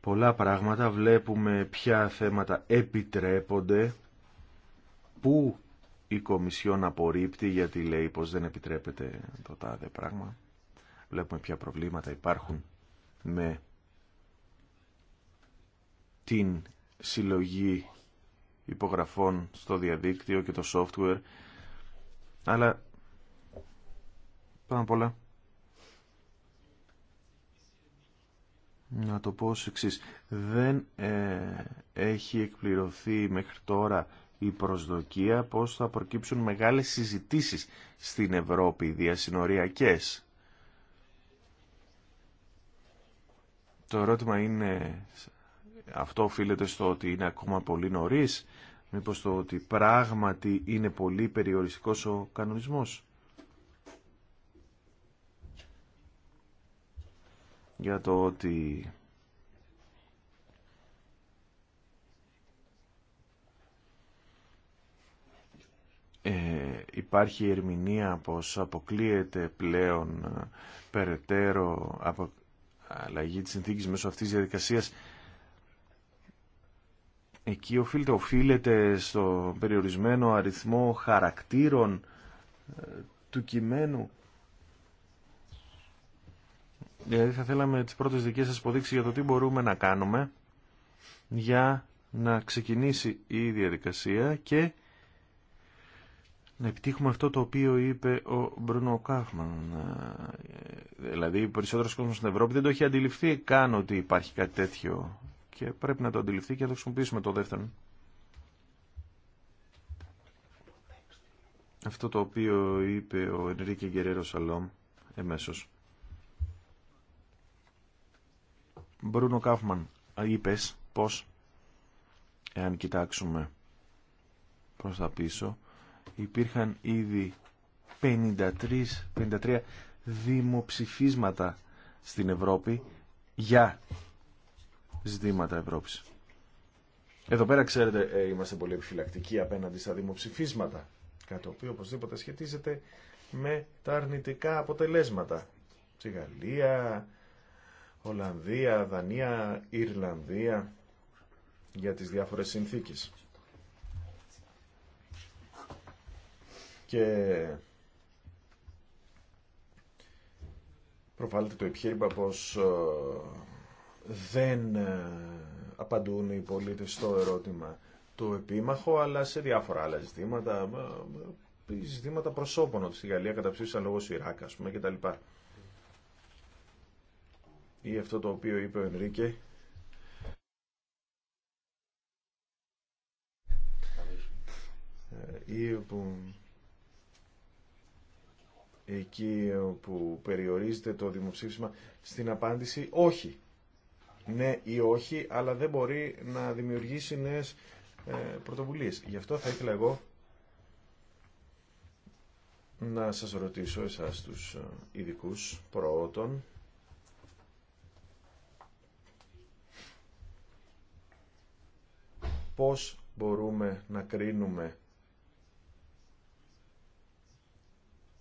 Speaker 1: πολλά πράγματα, βλέπουμε ποια θέματα επιτρέπονται, που η Κομισιόν απορρίπτει γιατί λέει πως δεν επιτρέπεται το τάδε πράγμα. Βλέπουμε ποια προβλήματα υπάρχουν με την συλλογή υπογραφών στο διαδίκτυο και το software, αλλά πάνω πολλά να το πω ως εξής. Δεν ε, έχει εκπληρωθεί μέχρι τώρα η προσδοκία πως θα προκύψουν μεγάλες συζητήσεις στην Ευρώπη διασυνοριακές. Το ερώτημα είναι, αυτό οφείλεται στο ότι είναι ακόμα πολύ νωρίς, μήπως το ότι πράγματι είναι πολύ περιοριστικός ο κανονισμός. για το ότι Ε, υπάρχει ερμηνεία πως αποκλείεται πλέον ε, περαιτέρω από αλλαγή της συνθήκης μέσω αυτής της διαδικασίας εκεί οφείλεται, οφείλεται στο περιορισμένο αριθμό χαρακτήρων ε, του κειμένου Δηλαδή θα θέλαμε τις πρώτες δικές σας υποδείξεις για το τι μπορούμε να κάνουμε για να ξεκινήσει η διαδικασία και να επιτύχουμε αυτό το οποίο είπε ο Μπρουνο Κάφμαν. Δηλαδή, περισσότερο κόσμος στην Ευρώπη δεν το έχει αντιληφθεί καν ότι υπάρχει κάτι τέτοιο. Και πρέπει να το αντιληφθεί και να το χρησιμοποιήσουμε το δεύτερο. Αυτό το οποίο είπε ο Ενρίκε Γκερέρο Σαλόμ εμέσως. Μπρούνο Κάφμαν, είπες πως, εάν κοιτάξουμε προς τα πίσω, υπήρχαν ήδη 53, 53 δημοψηφίσματα στην Ευρώπη για ζητήματα Ευρώπης. Εδώ πέρα, ξέρετε, ε, είμαστε πολύ επιφυλακτικοί απέναντι στα δημοψηφίσματα, κατά το οποίο οπωσδήποτε σχετίζεται με τα αρνητικά αποτελέσματα. Στη Γαλλία, Ολλανδία, Δανία, Ιρλανδία για τις διάφορες συνθήκες. Και προβάλλεται το επιχείρημα πως ε, δεν ε, απαντούν οι πολίτες στο ερώτημα το επίμαχο, αλλά σε διάφορα άλλα ζητήματα, ε, ζητήματα προσώπων, ότι στη Γαλλία καταψήφισαν λόγω Ιράκ, ας πούμε, κτλ ή αυτό το οποίο είπε ο Ενρίκε ε, ή εκεί όπου περιορίζεται το δημοψήφισμα στην απάντηση όχι. Ναι ή όχι, αλλά δεν μπορεί να δημιουργήσει νέες ε, πρωτοβουλίες. Γι' αυτό θα ήθελα εγώ να σας ρωτήσω εσάς τους ε, ειδικούς προώτων πώς μπορούμε να κρίνουμε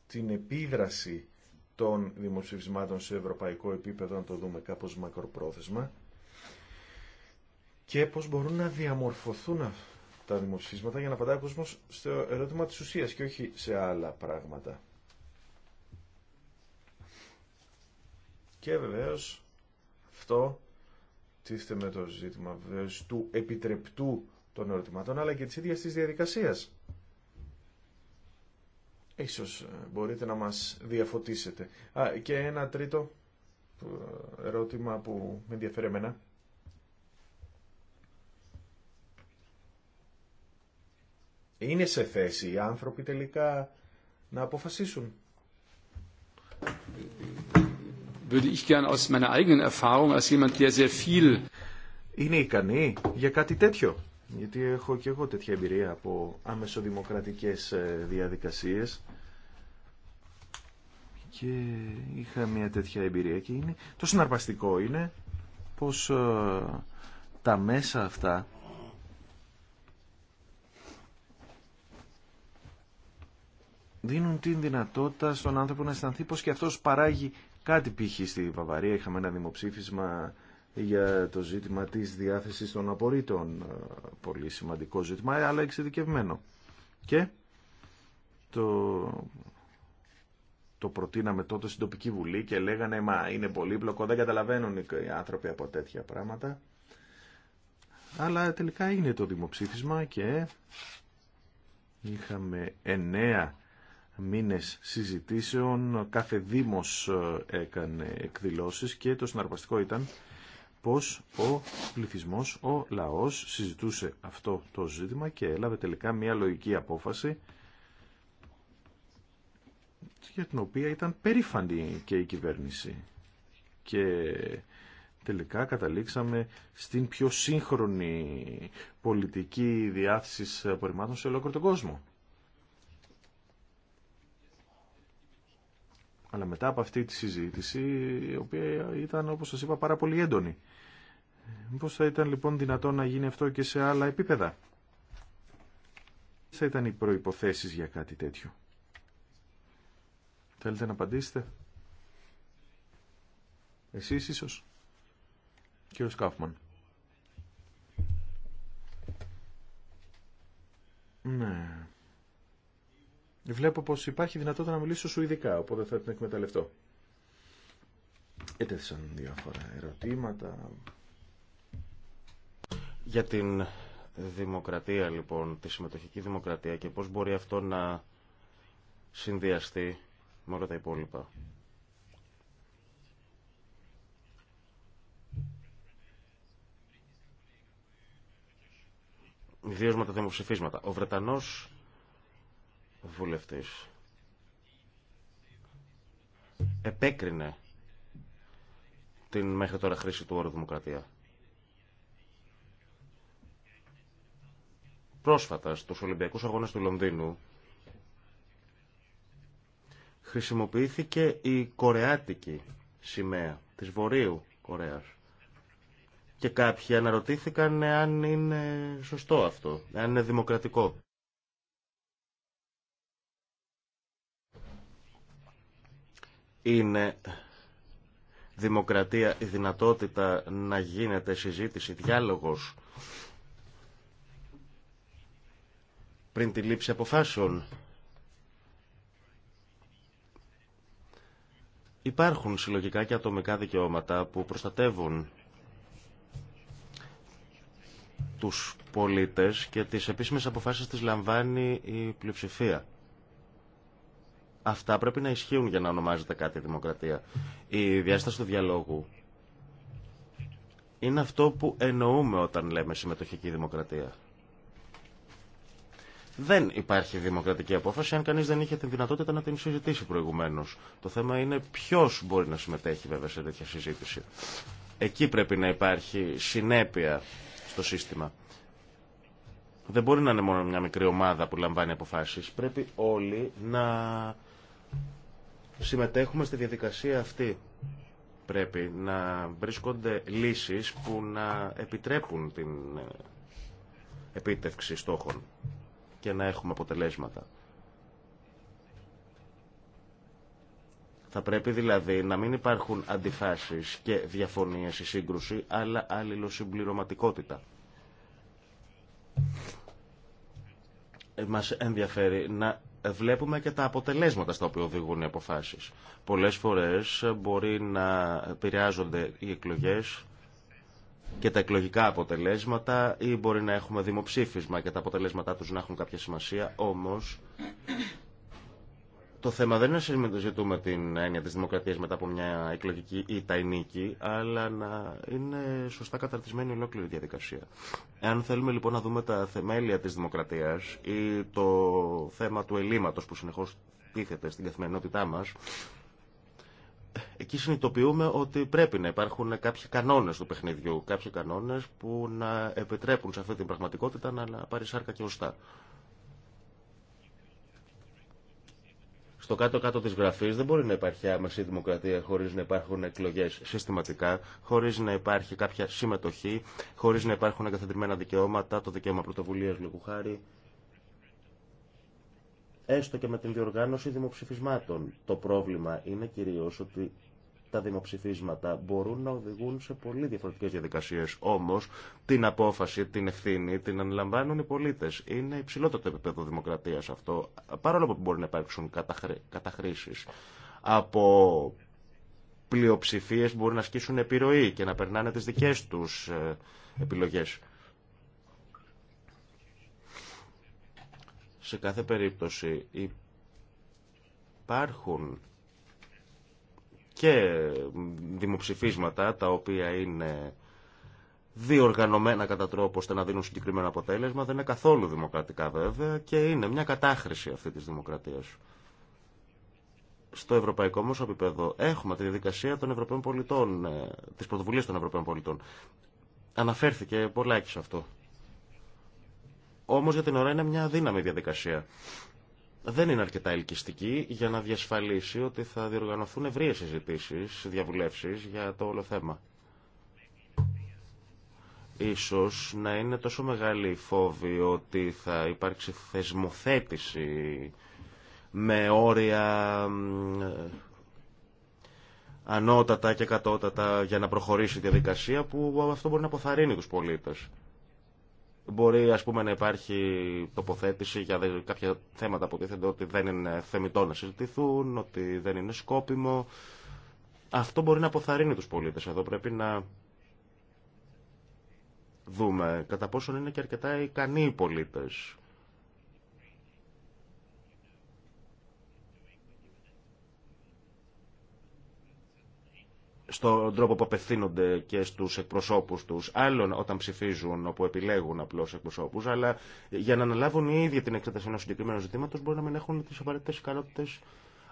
Speaker 1: την επίδραση των δημοψηφισμάτων σε ευρωπαϊκό επίπεδο, να το δούμε κάπως μακροπρόθεσμα, και πώς μπορούν να διαμορφωθούν τα δημοψηφίσματα για να απαντάει ο κόσμος στο ερώτημα της ουσίας και όχι σε άλλα πράγματα. Και βεβαίως αυτό τίθεται με το ζήτημα βεβαίω του επιτρεπτού των ερωτημάτων αλλά και τη ίδια τη διαδικασία. σω ε, μπορείτε να μας διαφωτίσετε. Α, και ένα τρίτο ε, ερώτημα που με ενδιαφέρει εμένα. Είναι σε θέση οι άνθρωποι τελικά να αποφασίσουν ich
Speaker 3: aus meiner eigenen Erfahrung als jemand, der sehr viel
Speaker 1: είναι ικανή για κάτι τέτοιο. Γιατί έχω και εγώ τέτοια εμπειρία από αμεσοδημοκρατικές ε, διαδικασίε και είχα μια τέτοια εμπειρία και είναι το συναρπαστικό είναι πως ε, τα μέσα αυτά δίνουν την δυνατότητα στον άνθρωπο να αισθανθεί πως και αυτός παράγει Κάτι πήχε στη Βαυαρία, είχαμε ένα δημοψήφισμα για το ζήτημα της διάθεσης των απορρίτων. Ε, πολύ σημαντικό ζήτημα, ε, αλλά εξειδικευμένο. Και το, το προτείναμε τότε στην τοπική βουλή και λέγανε «Μα είναι πολύπλοκο, δεν καταλαβαίνουν οι άνθρωποι από τέτοια πράγματα». Αλλά τελικά έγινε το δημοψήφισμα και είχαμε εννέα μήνες συζητήσεων, κάθε δήμος ε, έκανε εκδηλώσεις και το συναρπαστικό ήταν πως ο πληθυσμός, ο λαός συζητούσε αυτό το ζήτημα και έλαβε τελικά μια λογική απόφαση για την οποία ήταν περήφανη και η κυβέρνηση. Και τελικά καταλήξαμε στην πιο σύγχρονη πολιτική διάθεση απορριμμάτων σε ολόκληρο τον κόσμο. Αλλά μετά από αυτή τη συζήτηση, η οποία ήταν, όπως σας είπα, πάρα πολύ έντονη. Μήπως θα ήταν λοιπόν δυνατόν να γίνει αυτό και σε άλλα επίπεδα. Θα ήταν οι προϋποθέσεις για κάτι τέτοιο. Θέλετε να απαντήσετε. Εσείς ίσως. Κύριος Κάφμαν. Ναι. Βλέπω πως υπάρχει δυνατότητα να μιλήσω σου ειδικά, οπότε θα την εκμεταλλευτώ. Έτεθησαν διάφορα ερωτήματα.
Speaker 2: Για την δημοκρατία λοιπόν, τη συμμετοχική δημοκρατία και πώς μπορεί αυτό να συνδυαστεί με όλα τα υπόλοιπα. Ιδίως με τα δημοψηφίσματα. Ο Βρετανός βουλευτής επέκρινε την μέχρι τώρα χρήση του όρου δημοκρατία. Πρόσφατα στους Ολυμπιακούς Αγώνες του Λονδίνου χρησιμοποιήθηκε η κορεάτικη σημαία της Βορείου Κορέας. Και κάποιοι αναρωτήθηκαν αν είναι σωστό αυτό, αν είναι δημοκρατικό. είναι δημοκρατία η δυνατότητα να γίνεται συζήτηση, διάλογος πριν τη λήψη αποφάσεων. Υπάρχουν συλλογικά και ατομικά δικαιώματα που προστατεύουν τους πολίτες και τις επίσημες αποφάσεις τις λαμβάνει η πλειοψηφία. Αυτά πρέπει να ισχύουν για να ονομάζεται κάτι δημοκρατία. Η διάσταση του διαλόγου είναι αυτό που εννοούμε όταν λέμε συμμετοχική δημοκρατία. Δεν υπάρχει δημοκρατική απόφαση αν κανείς δεν είχε την δυνατότητα να την συζητήσει προηγουμένω. Το θέμα είναι ποιο μπορεί να συμμετέχει βέβαια σε τέτοια συζήτηση. Εκεί πρέπει να υπάρχει συνέπεια στο σύστημα. Δεν μπορεί να είναι μόνο μια μικρή ομάδα που λαμβάνει αποφάσεις. Πρέπει όλοι να συμμετέχουμε στη διαδικασία αυτή. Πρέπει να βρίσκονται λύσεις που να επιτρέπουν την ε, επίτευξη στόχων και να έχουμε αποτελέσματα. Θα πρέπει δηλαδή να μην υπάρχουν αντιφάσεις και διαφωνίες ή σύγκρουση, αλλά αλληλοσυμπληρωματικότητα. Μας ενδιαφέρει να βλέπουμε και τα αποτελέσματα στα οποία οδηγούν οι αποφάσεις. Πολλές φορές μπορεί να επηρεάζονται οι εκλογές και τα εκλογικά αποτελέσματα ή μπορεί να έχουμε δημοψήφισμα και τα αποτελέσματά τους να έχουν κάποια σημασία, όμως το θέμα δεν είναι να συζητούμε την έννοια της δημοκρατίας μετά από μια εκλογική ή ταϊνίκη, αλλά να είναι σωστά καταρτισμένη η ολόκληρη διαδικασία. Εάν θέλουμε λοιπόν να δούμε τα θεμέλια της δημοκρατίας ή το θέμα του ελλείμματος που συνεχώς τίθεται στην καθημερινότητά μας, εκεί συνειδητοποιούμε ότι πρέπει να υπάρχουν κάποιοι κανόνες του παιχνιδιού, κάποιοι κανόνες που να επιτρέπουν σε αυτή την πραγματικότητα να πάρει σάρκα και οστά. στο κάτω-κάτω της γραφής δεν μπορεί να υπάρχει άμεση δημοκρατία χωρίς να υπάρχουν εκλογές συστηματικά, χωρίς να υπάρχει κάποια συμμετοχή, χωρίς να υπάρχουν εγκαθεντρημένα δικαιώματα, το δικαίωμα πρωτοβουλίας λόγου χάρη, έστω και με την διοργάνωση δημοψηφισμάτων. Το πρόβλημα είναι κυρίως ότι τα δημοψηφίσματα μπορούν να οδηγούν σε πολύ διαφορετικές διαδικασίες. Όμως την απόφαση, την ευθύνη την αναλαμβάνουν οι πολίτες. Είναι υψηλότερο το επίπεδο δημοκρατίας αυτό, παρόλο που μπορεί να υπάρξουν καταχρήσεις από πλειοψηφίες μπορεί να ασκήσουν επιρροή και να περνάνε τις δικές τους ε, επιλογές. Σε κάθε περίπτωση υπάρχουν και δημοψηφίσματα τα οποία είναι διοργανωμένα κατά τρόπο ώστε να δίνουν συγκεκριμένο αποτέλεσμα δεν είναι καθόλου δημοκρατικά βέβαια και είναι μια κατάχρηση αυτή της δημοκρατίας. Στο ευρωπαϊκό όμω επίπεδο έχουμε τη διαδικασία των Ευρωπαίων πολιτών, ε, της πρωτοβουλίας των Ευρωπαίων πολιτών. Αναφέρθηκε πολλά και σε αυτό. Όμως για την ώρα είναι μια αδύναμη διαδικασία δεν είναι αρκετά ελκυστική για να διασφαλίσει ότι θα διοργανωθούν ευρείε συζητήσει, διαβουλεύσει για το όλο θέμα. Ίσως να είναι τόσο μεγάλη η φόβη ότι θα υπάρξει θεσμοθέτηση με όρια ανώτατα και κατώτατα για να προχωρήσει η διαδικασία που αυτό μπορεί να αποθαρρύνει τους πολίτες. Μπορεί ας πούμε να υπάρχει τοποθέτηση για κάποια θέματα που τίθενται ότι δεν είναι θεμητό να συζητηθούν, ότι δεν είναι σκόπιμο. Αυτό μπορεί να αποθαρρύνει τους πολίτες. Εδώ πρέπει να δούμε κατά πόσον είναι και αρκετά ικανοί οι πολίτες στον τρόπο που απευθύνονται και στους εκπροσώπους τους, άλλων όταν ψηφίζουν όπου επιλέγουν απλώς εκπροσώπους, αλλά για να αναλάβουν οι ίδιοι την εξέταση ενός συγκεκριμένου ζητήματος μπορεί να μην έχουν τις απαραίτητες ικανότητες.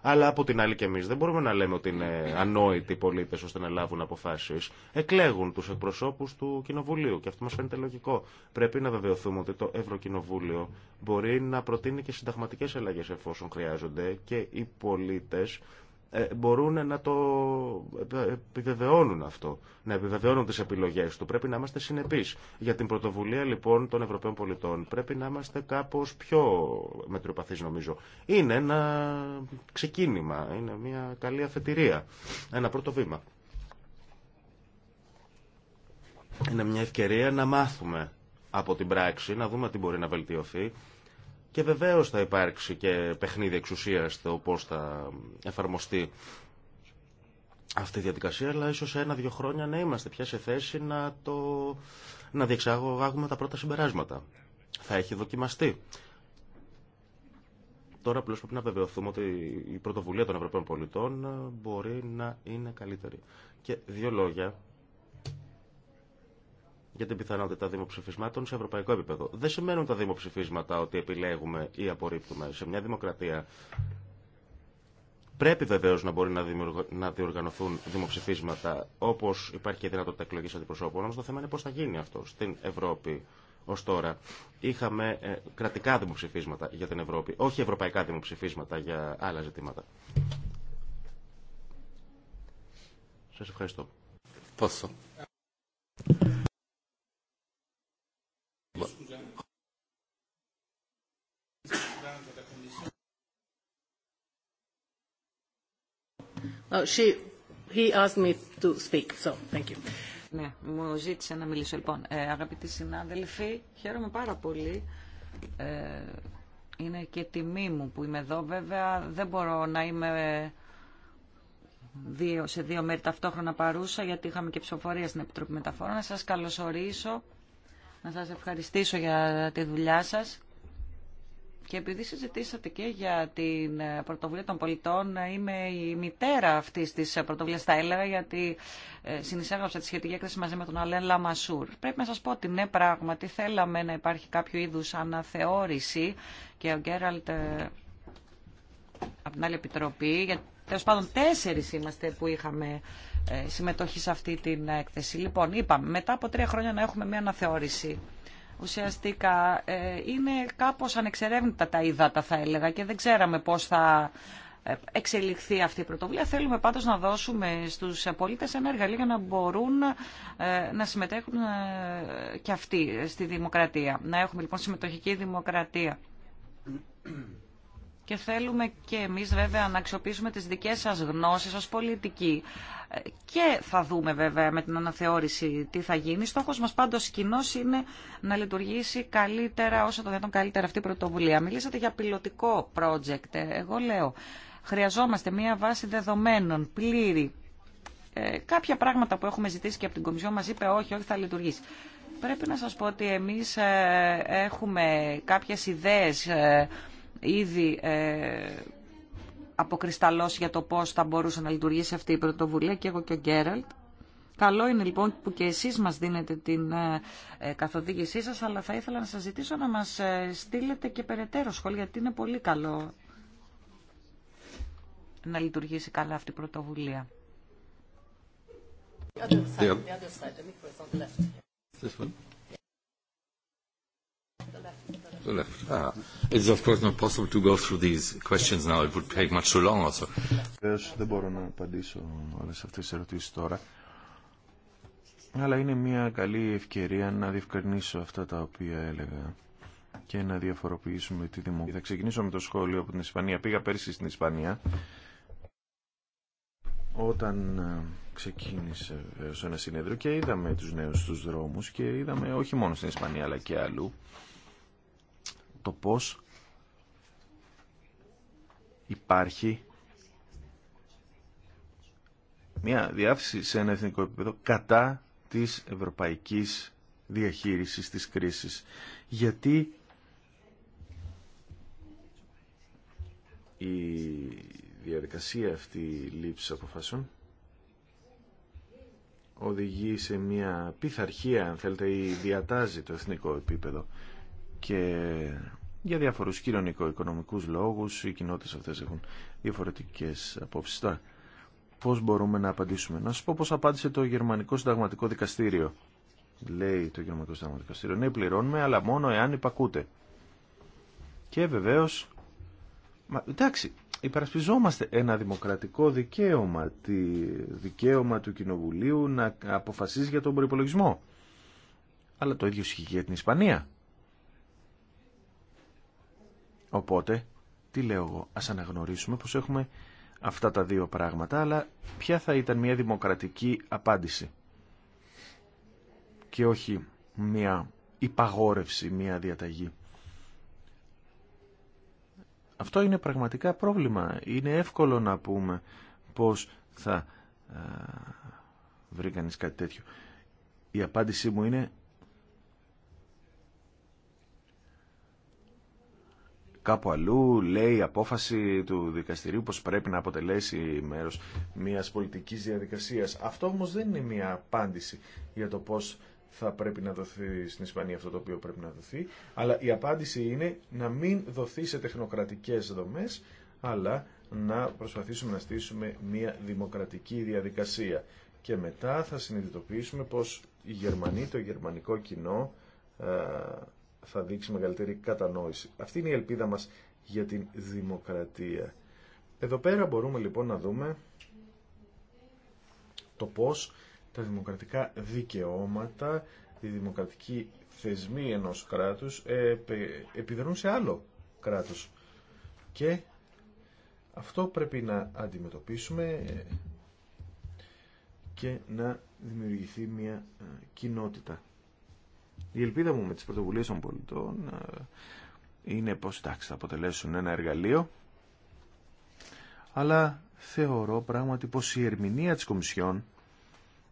Speaker 2: Αλλά από την άλλη και εμείς δεν μπορούμε να λέμε ότι είναι ανόητοι οι πολίτες ώστε να λάβουν αποφάσεις. Εκλέγουν τους εκπροσώπους του Κοινοβουλίου και αυτό μας φαίνεται λογικό. Πρέπει να βεβαιωθούμε ότι το Ευρωκοινοβούλιο μπορεί να προτείνει και συνταγματικές αλλαγές εφόσον χρειάζονται και οι πολίτες ε, μπορούν να το επιβεβαιώνουν αυτό, να επιβεβαιώνουν τις επιλογές του. Πρέπει να είμαστε συνεπείς. Για την πρωτοβουλία λοιπόν των Ευρωπαίων πολιτών πρέπει να είμαστε κάπως πιο μετριοπαθείς νομίζω. Είναι ένα ξεκίνημα, είναι μια καλή αφετηρία, ένα πρώτο βήμα. Είναι μια ευκαιρία να μάθουμε από την πράξη, να δούμε τι μπορεί να βελτιωθεί και βεβαίω θα υπάρξει και παιχνίδι εξουσία στο πώ θα εφαρμοστεί αυτή η διαδικασία, αλλά ίσω σε ένα-δύο χρόνια να είμαστε πια σε θέση να, το... να διεξάγουμε τα πρώτα συμπεράσματα. Θα έχει δοκιμαστεί. Τώρα απλώ πρέπει να βεβαιωθούμε ότι η πρωτοβουλία των Ευρωπαίων πολιτών μπορεί να είναι καλύτερη. Και δύο λόγια για την πιθανότητα δημοψηφισμάτων σε ευρωπαϊκό επίπεδο. Δεν σημαίνουν τα δημοψηφίσματα ότι επιλέγουμε ή απορρίπτουμε. Σε μια δημοκρατία πρέπει βεβαίω να μπορεί να, διοργανωθούν δημοψηφίσματα όπω υπάρχει και δυνατότητα εκλογή αντιπροσώπων. Όμω το θέμα είναι πώ θα γίνει αυτό στην Ευρώπη. Ω τώρα είχαμε ε, κρατικά δημοψηφίσματα για την Ευρώπη, όχι ευρωπαϊκά δημοψηφίσματα για άλλα ζητήματα. Σα ευχαριστώ. Πόσο.
Speaker 3: Ναι, μου ζήτησε να μιλήσω. Λοιπόν, ε, αγαπητοί συνάδελφοι, χαίρομαι πάρα πολύ. Ε, είναι και τιμή μου που είμαι εδώ. Βέβαια, δεν μπορώ να είμαι ε, δύο, σε δύο μέρη ταυτόχρονα παρούσα, γιατί είχαμε και ψηφοφορία στην Επιτροπή Μεταφορών. Να σας καλωσορίσω, να σας ευχαριστήσω για τη δουλειά σας. Και επειδή συζητήσατε και για την ε, πρωτοβουλία των πολιτών, ε, είμαι η μητέρα αυτή τη ε, πρωτοβουλία, θα έλεγα, γιατί συνεισέγραψα τη σχετική έκθεση μαζί με τον Αλέν Λαμασούρ. Πρέπει να σα πω ότι ναι, πράγματι θέλαμε να υπάρχει κάποιο είδου αναθεώρηση και ο Γκέραλτ από την άλλη επιτροπή, γιατί τέλο πάντων τέσσερι είμαστε που είχαμε συμμετοχή σε αυτή την έκθεση. Λοιπόν, είπαμε μετά από τρία χρόνια να έχουμε μια αναθεώρηση ουσιαστικά ε, είναι κάπως ανεξερεύνητα τα ύδατα θα έλεγα και δεν ξέραμε πώς θα ε, εξελιχθεί αυτή η πρωτοβουλία. Θέλουμε πάντως να δώσουμε στους πολίτες ένα εργαλείο για να μπορούν ε, να συμμετέχουν και αυτοί στη δημοκρατία. Να έχουμε λοιπόν συμμετοχική δημοκρατία και θέλουμε και εμείς βέβαια να αξιοποιήσουμε τις δικές σας γνώσεις ως πολιτικοί. Και θα δούμε βέβαια με την αναθεώρηση τι θα γίνει. Στόχος μας πάντως κοινό είναι να λειτουργήσει καλύτερα, όσο το δυνατόν καλύτερα αυτή η πρωτοβουλία. Μιλήσατε για πιλωτικό project. Εγώ λέω, χρειαζόμαστε μια βάση δεδομένων πλήρη. Ε, κάποια πράγματα που έχουμε ζητήσει και από την Κομισιό μας είπε όχι, όχι θα λειτουργήσει. Πρέπει να σας πω ότι εμείς ε, έχουμε κάποιες ιδέες ε, ήδη ε, αποκρισταλώσει για το πώς θα μπορούσε να λειτουργήσει αυτή η πρωτοβουλία και εγώ και ο Γκέραλτ. Καλό είναι λοιπόν που και εσείς μας δίνετε την ε, ε, καθοδήγησή σας, αλλά θα ήθελα να σας ζητήσω να μας στείλετε και περαιτέρω σχόλια, γιατί είναι πολύ καλό να λειτουργήσει καλά αυτή η πρωτοβουλία the left. Ah. It's of course not possible to go through these questions now.
Speaker 1: It would take much too long also. Δεν μπορώ να απαντήσω όλες αυτές τις ερωτήσεις τώρα. Αλλά είναι μια καλή ευκαιρία να διευκρινίσω αυτά τα οποία έλεγα και να διαφοροποιήσουμε τη δημοκρατία. Θα ξεκινήσω με το σχόλιο από την Ισπανία. Πήγα πέρσι στην Ισπανία όταν ε, ξεκίνησε ε, σε ένα συνέδριο και είδαμε τους νέους στους δρόμους και είδαμε όχι μόνο στην Ισπανία αλλά και αλλού το πώς υπάρχει μια διάθεση σε ένα εθνικό επίπεδο κατά της ευρωπαϊκής διαχείρισης της κρίσης. Γιατί η διαδικασία αυτή λήψη αποφάσεων οδηγεί σε μια πειθαρχία, αν θέλετε, ή διατάζει το εθνικό επίπεδο και για διάφορους κοινωνικο-οικονομικούς λόγους οι κοινότητες αυτές έχουν διαφορετικές απόψεις. Τα, πώς μπορούμε να απαντήσουμε. Να σα πω πώς απάντησε το Γερμανικό Συνταγματικό Δικαστήριο. Λέει το Γερμανικό Συνταγματικό Δικαστήριο. Ναι, πληρώνουμε, αλλά μόνο εάν υπακούτε. Και βεβαίως... Μα, εντάξει, υπερασπιζόμαστε ένα δημοκρατικό δικαίωμα, τη δικαίωμα του Κοινοβουλίου να αποφασίζει για τον προπολογισμό. Αλλά το ίδιο ισχύει για την Ισπανία. Οπότε, τι λέω εγώ, ας αναγνωρίσουμε πως έχουμε αυτά τα δύο πράγματα, αλλά ποια θα ήταν μια δημοκρατική απάντηση και όχι μια υπαγόρευση, μια διαταγή. Αυτό είναι πραγματικά πρόβλημα. Είναι εύκολο να πούμε πως θα βρει κανείς κάτι τέτοιο. Η απάντησή μου είναι Κάπου αλλού λέει η απόφαση του δικαστηρίου πως πρέπει να αποτελέσει μέρος μιας πολιτικής διαδικασίας. Αυτό όμως δεν είναι μια απάντηση για το πώς θα πρέπει να δοθεί στην Ισπανία αυτό το οποίο πρέπει να δοθεί, αλλά η απάντηση είναι να μην δοθεί σε τεχνοκρατικές δομές, αλλά να προσπαθήσουμε να στήσουμε μια δημοκρατική διαδικασία. Και μετά θα συνειδητοποιήσουμε πως οι Γερμανοί, το γερμανικό κοινό, ε, θα δείξει μεγαλύτερη κατανόηση. Αυτή είναι η ελπίδα μας για την δημοκρατία. Εδώ πέρα μπορούμε λοιπόν να δούμε το πώς τα δημοκρατικά δικαιώματα, τη δημοκρατική θεσμή ενός κράτους ε, επιδρούν σε άλλο κράτος. Και αυτό πρέπει να αντιμετωπίσουμε ε, και να δημιουργηθεί μια ε, κοινότητα. Η ελπίδα μου με τις πρωτοβουλίες των πολιτών ε, είναι πως εντάξει θα αποτελέσουν ένα εργαλείο αλλά θεωρώ πράγματι πως η ερμηνεία της Κομισιόν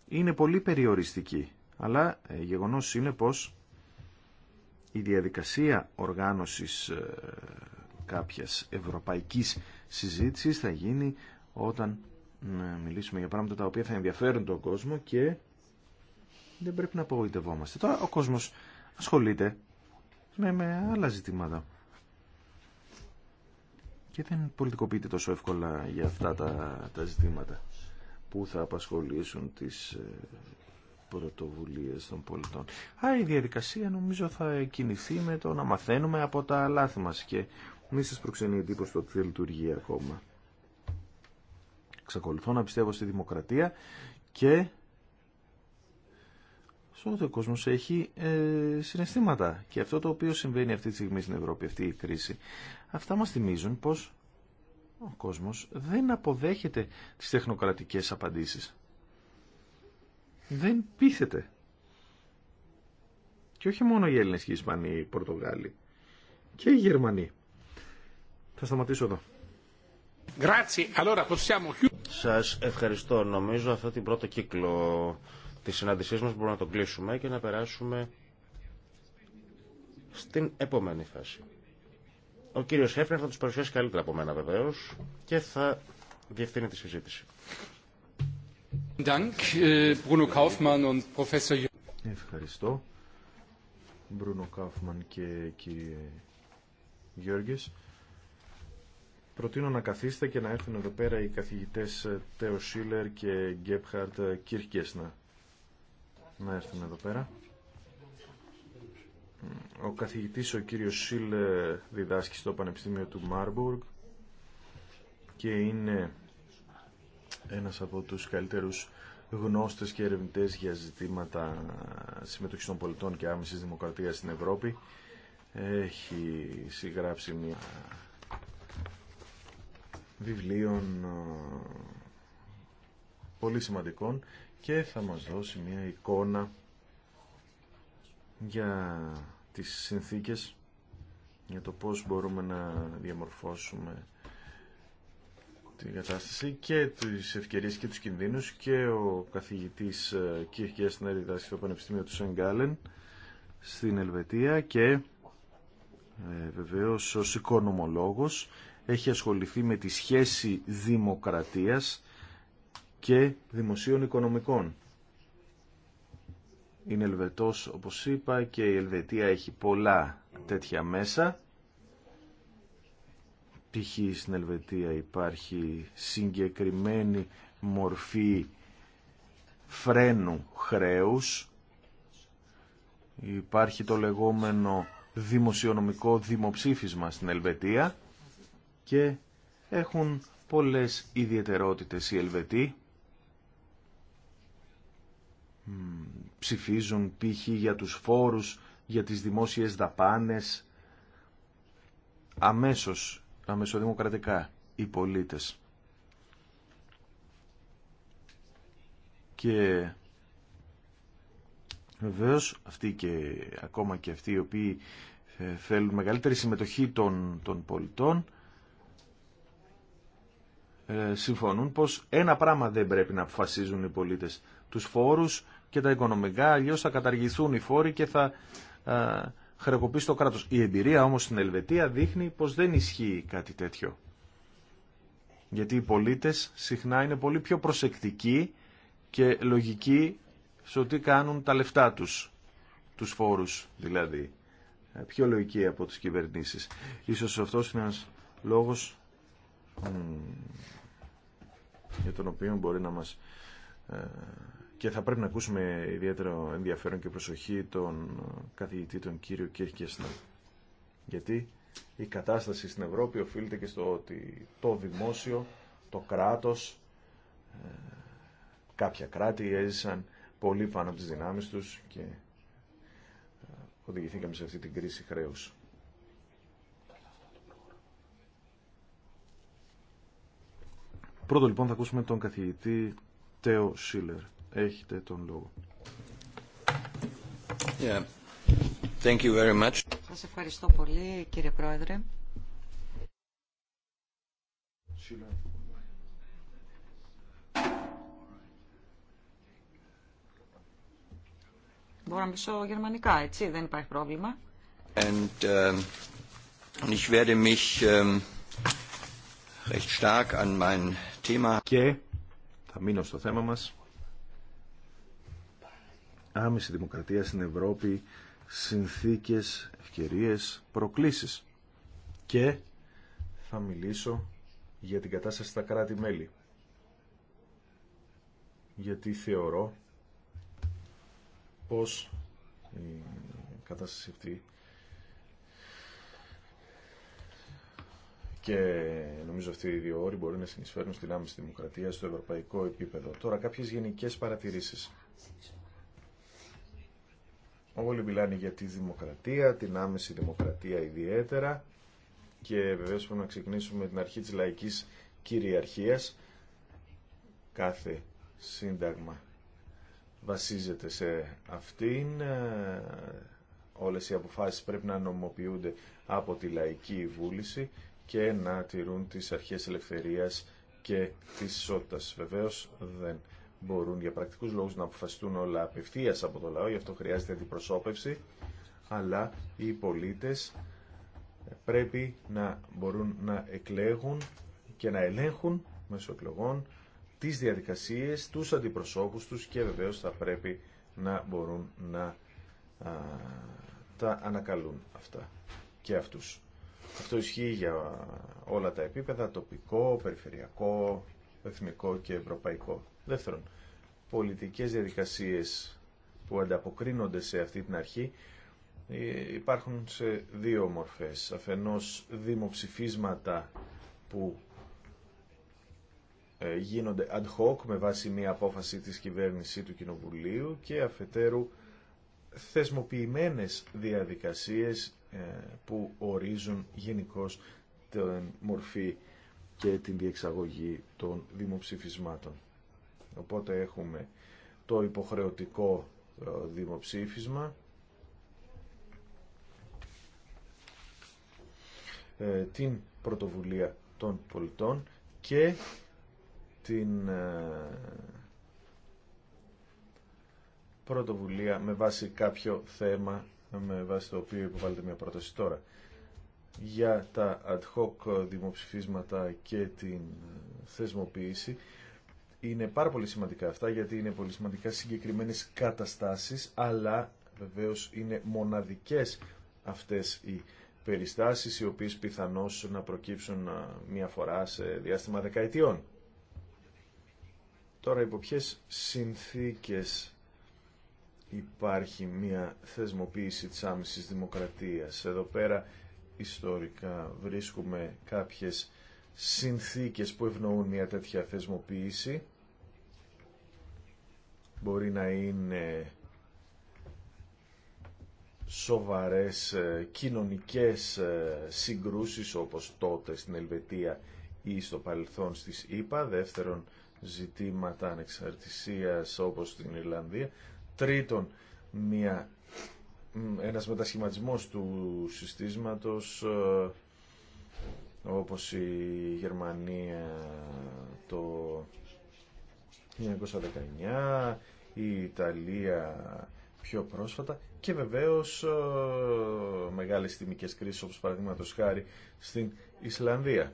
Speaker 1: είναι πολύ περιοριστική αλλά ε, γεγονός είναι πως η διαδικασία οργάνωσης ε, κάποιας ευρωπαϊκής συζήτησης θα γίνει όταν μιλήσουμε για πράγματα τα οποία θα ενδιαφέρουν τον κόσμο και δεν πρέπει να απογοητευόμαστε. Τώρα ο κόσμος ασχολείται με, με άλλα ζητήματα. Και δεν πολιτικοποιείται τόσο εύκολα για αυτά τα, τα ζητήματα που θα απασχολήσουν τις ε, πρωτοβουλίε των πολιτών. Άρα η διαδικασία νομίζω θα κινηθεί με το να μαθαίνουμε από τα λάθη μας και μη σας προξενεί εντύπωση το ότι δεν λειτουργεί ακόμα. Ξεκολουθώ να πιστεύω στη δημοκρατία και ότι ο κόσμος έχει ε, συναισθήματα και αυτό το οποίο συμβαίνει αυτή τη στιγμή στην Ευρώπη, αυτή η κρίση, αυτά μας θυμίζουν πως ο κόσμος δεν αποδέχεται τις τεχνοκρατικέ απαντήσεις. Δεν πείθεται. Και όχι μόνο οι Έλληνες και οι Ισπανοί,
Speaker 2: οι Πορτογάλοι. Και οι Γερμανοί. Θα σταματήσω εδώ. Σας ευχαριστώ. Νομίζω αυτό την πρώτο κύκλο Τις συναντησίες μας μπορούμε να τον κλείσουμε και να περάσουμε στην επόμενη φάση. Ο κύριος Χέφνερ θα τους παρουσιάσει καλύτερα από μένα βεβαίως και θα διευθύνει τη συζήτηση. Ε, Ευχαριστώ.
Speaker 1: Μπρούνο Κάφμαν και κύριε Γιώργης. Προτείνω να καθίσετε και να έρθουν εδώ πέρα οι καθηγητές Τέο ε, Σίλερ και Γκέπχαρτ Κίρκεσνα να έρθουν εδώ πέρα. Ο καθηγητής ο κύριος Σιλ ε, διδάσκει στο Πανεπιστήμιο του Μάρμπουργκ και είναι ένας από τους καλύτερους γνώστες και ερευνητές για ζητήματα συμμετοχής των πολιτών και άμεσης δημοκρατίας στην Ευρώπη. Έχει συγγράψει μια βιβλίων ε, πολύ σημαντικών και θα μας δώσει μια εικόνα για τις συνθήκες, για το πώς μπορούμε να διαμορφώσουμε την κατάσταση και τις ευκαιρίες και τους κινδύνους και ο καθηγητής ε, Κίρ στην στο Πανεπιστήμιο του Σενγκάλεν στην Ελβετία και ε, βεβαίως ως οικονομολόγος έχει ασχοληθεί με τη σχέση δημοκρατίας και δημοσίων οικονομικών. Είναι Ελβετός, όπως είπα, και η Ελβετία έχει πολλά τέτοια μέσα. Π.χ. στην Ελβετία υπάρχει συγκεκριμένη μορφή φρένου χρέους. Υπάρχει το λεγόμενο δημοσιονομικό δημοψήφισμα στην Ελβετία και έχουν πολλές ιδιαιτερότητες οι Ελβετοί ψηφίζουν π.χ. για τους φόρους, για τις δημόσιες δαπάνες, αμέσως, αμεσοδημοκρατικά οι πολίτες. Και βεβαίω αυτοί και ακόμα και αυτοί οι οποίοι ε, θέλουν μεγαλύτερη συμμετοχή των, των πολιτών ε, συμφωνούν πως ένα πράγμα δεν πρέπει να αποφασίζουν οι πολίτες. Τους φόρους και τα οικονομικά, αλλιώ θα καταργηθούν οι φόροι και θα χρεοκοπήσει το κράτος. Η εμπειρία όμως στην Ελβετία δείχνει πως δεν ισχύει κάτι τέτοιο. Γιατί οι πολίτες συχνά είναι πολύ πιο προσεκτικοί και λογικοί στο τι κάνουν τα λεφτά τους, τους φόρους δηλαδή. Ε, πιο λογικοί από τις κυβερνήσεις. Ίσως αυτός είναι ένας λόγος για τον οποίο μπορεί να μας ε, και θα πρέπει να ακούσουμε ιδιαίτερο ενδιαφέρον και προσοχή τον καθηγητή τον κύριο Κίρκεστα. Γιατί η κατάσταση στην Ευρώπη οφείλεται και στο ότι το δημόσιο, το κράτος, ε, κάποια κράτη έζησαν πολύ πάνω από τις δυνάμεις τους και ε, οδηγηθήκαμε σε αυτή την κρίση χρέους. Πρώτο λοιπόν θα ακούσουμε τον καθηγητή Τέο Σίλερ. Έχετε τον λόγο. Yeah. Thank you very much.
Speaker 3: Σας ευχαριστώ πολύ κύριε Πρόεδρε. Μπορώ να μιλήσω γερμανικά, έτσι, δεν υπάρχει πρόβλημα. And, uh, ich werde mich, uh, recht
Speaker 1: stark an mein Thema... Και θα μείνω στο θέμα μας άμεση δημοκρατία στην Ευρώπη, συνθήκες, ευκαιρίες, προκλήσεις. Και θα μιλήσω για την κατάσταση στα κράτη-μέλη. Γιατί θεωρώ πως η κατάσταση αυτή και νομίζω αυτοί οι δύο όροι μπορεί να συνεισφέρουν στην άμεση δημοκρατία στο ευρωπαϊκό επίπεδο. Τώρα κάποιες γενικές παρατηρήσεις. Όλοι μιλάνε για τη δημοκρατία, την άμεση δημοκρατία ιδιαίτερα και βεβαίως πρέπει να ξεκινήσουμε την αρχή της λαϊκής κυριαρχίας. Κάθε σύνταγμα βασίζεται σε αυτήν. Όλες οι αποφάσεις πρέπει να νομοποιούνται από τη λαϊκή βούληση και να τηρούν τις αρχές ελευθερίας και της ισότητας. Βεβαίως δεν μπορούν για πρακτικούς λόγους να αποφασιστούν όλα απευθεία από το λαό, γι' αυτό χρειάζεται αντιπροσώπευση, αλλά οι πολίτες πρέπει να μπορούν να εκλέγουν και να ελέγχουν μέσω εκλογών τις διαδικασίες, τους αντιπροσώπους τους και βεβαίω θα πρέπει να μπορούν να τα ανακαλούν αυτά και αυτούς. Αυτό ισχύει για όλα τα επίπεδα, τοπικό, περιφερειακό, εθνικό και ευρωπαϊκό. Δεύτερον, πολιτικές διαδικασίες που ανταποκρίνονται σε αυτή την αρχή ε, υπάρχουν σε δύο μορφές. Αφενός δημοψηφίσματα που ε, γίνονται ad hoc με βάση μία απόφαση της κυβέρνησης του Κοινοβουλίου και αφετέρου θεσμοποιημένες διαδικασίες ε, που ορίζουν γενικώ την μορφή και την διεξαγωγή των δημοψηφισμάτων. Οπότε έχουμε το υποχρεωτικό ε, δημοψήφισμα ε, την πρωτοβουλία των πολιτών και την ε, πρωτοβουλία με βάση κάποιο θέμα με βάση το οποίο υποβάλλεται μια πρόταση τώρα για τα ad hoc δημοψηφίσματα και την θεσμοποίηση είναι πάρα πολύ σημαντικά αυτά γιατί είναι πολύ σημαντικά συγκεκριμένες καταστάσεις αλλά βεβαίως είναι μοναδικές αυτές οι περιστάσεις οι οποίες πιθανώς να προκύψουν μια φορά σε διάστημα δεκαετιών. Τώρα υπό ποιες συνθήκες υπάρχει μια θεσμοποίηση της άμεσης δημοκρατίας. Εδώ πέρα ιστορικά βρίσκουμε κάποιες συνθήκες που ευνοούν μια τέτοια θεσμοποίηση μπορεί να είναι σοβαρές ε, κοινωνικές ε, συγκρούσεις όπως τότε στην Ελβετία ή στο παρελθόν στις ΗΠΑ, δεύτερον ζητήματα ανεξαρτησίας όπως στην Ιρλανδία, τρίτον μια, ένας μετασχηματισμός του συστήματος ε, όπως η Γερμανία το 1919 η Ιταλία πιο πρόσφατα και βεβαίως ε, μεγάλες τιμικές κρίσεις όπως παραδείγματος χάρη στην Ισλανδία.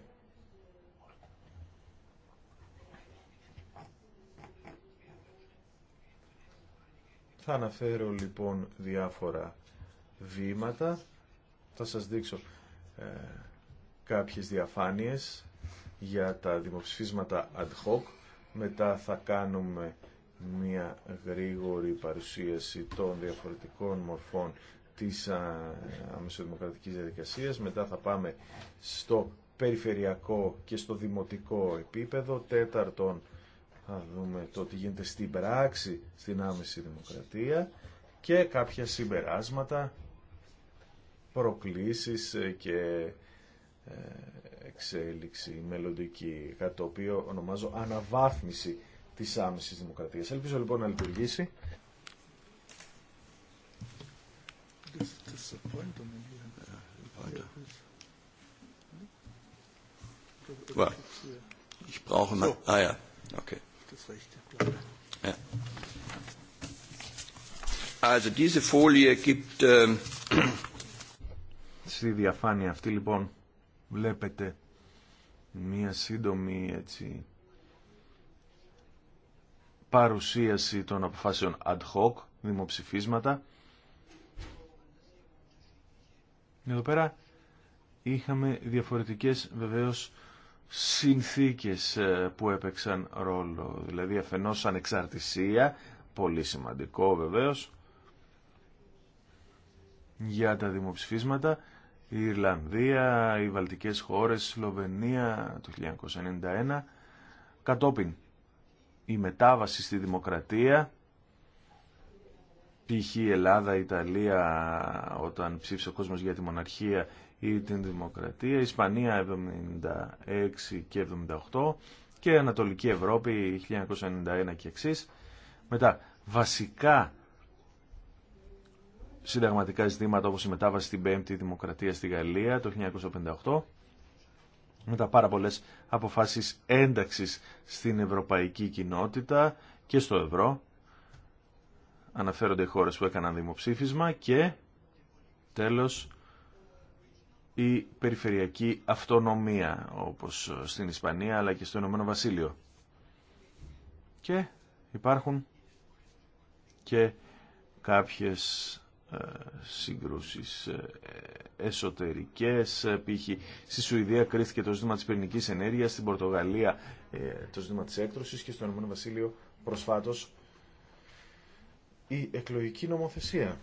Speaker 1: Θα αναφέρω λοιπόν διάφορα βήματα. Θα σας δείξω ε, κάποιες διαφάνειες για τα δημοψηφίσματα ad hoc. Μετά θα κάνουμε μια γρήγορη παρουσίαση των διαφορετικών μορφών της αμεσοδημοκρατικής διαδικασίας. Μετά θα πάμε στο περιφερειακό και στο δημοτικό επίπεδο. Τέταρτον, θα δούμε το τι γίνεται στην πράξη στην άμεση δημοκρατία και κάποια συμπεράσματα, προκλήσεις και ε, εξέλιξη μελλοντική, κάτι το οποίο ονομάζω αναβάθμιση Τη άμεση δημοκρατία. Ελπίζω λοιπόν να λειτουργήσει. Στη διαφάνεια αυτή λοιπόν βλέπετε μία σύντομη έτσι, παρουσίαση των αποφάσεων ad hoc, δημοψηφίσματα. Εδώ πέρα είχαμε διαφορετικές βεβαίως συνθήκες ε, που έπαιξαν ρόλο, δηλαδή αφενός ανεξαρτησία, πολύ σημαντικό βεβαίως, για τα δημοψηφίσματα, η Ιρλανδία, οι Βαλτικές χώρες, η Σλοβενία το 1991, κατόπιν η μετάβαση στη δημοκρατία π.χ. Ελλάδα, η Ιταλία όταν ψήφισε ο κόσμος για τη μοναρχία ή την δημοκρατία, η Ισπανία 76 και 78 και Ανατολική Ευρώπη 1991 και εξή. Μετά βασικά συνταγματικά ζητήματα όπως η μετάβαση στην Πέμπτη Δημοκρατία στη Γαλλία το 1958 τα πάρα πολλές αποφάσεις ένταξης στην ευρωπαϊκή κοινότητα και στο ευρώ. Αναφέρονται οι χώρες που έκαναν δημοψήφισμα και τέλος η περιφερειακή αυτονομία όπως στην Ισπανία αλλά και στο Ηνωμένο Βασίλειο. Και υπάρχουν και κάποιες ε, συγκρούσεις ε, εσωτερικές ε, π.χ. στη Σουηδία κρίθηκε το ζήτημα της πυρηνικής ενέργειας στην Πορτογαλία το ζήτημα της έκτρωσης και στον Ηνωμένο Βασίλειο προσφάτως η εκλογική νομοθεσία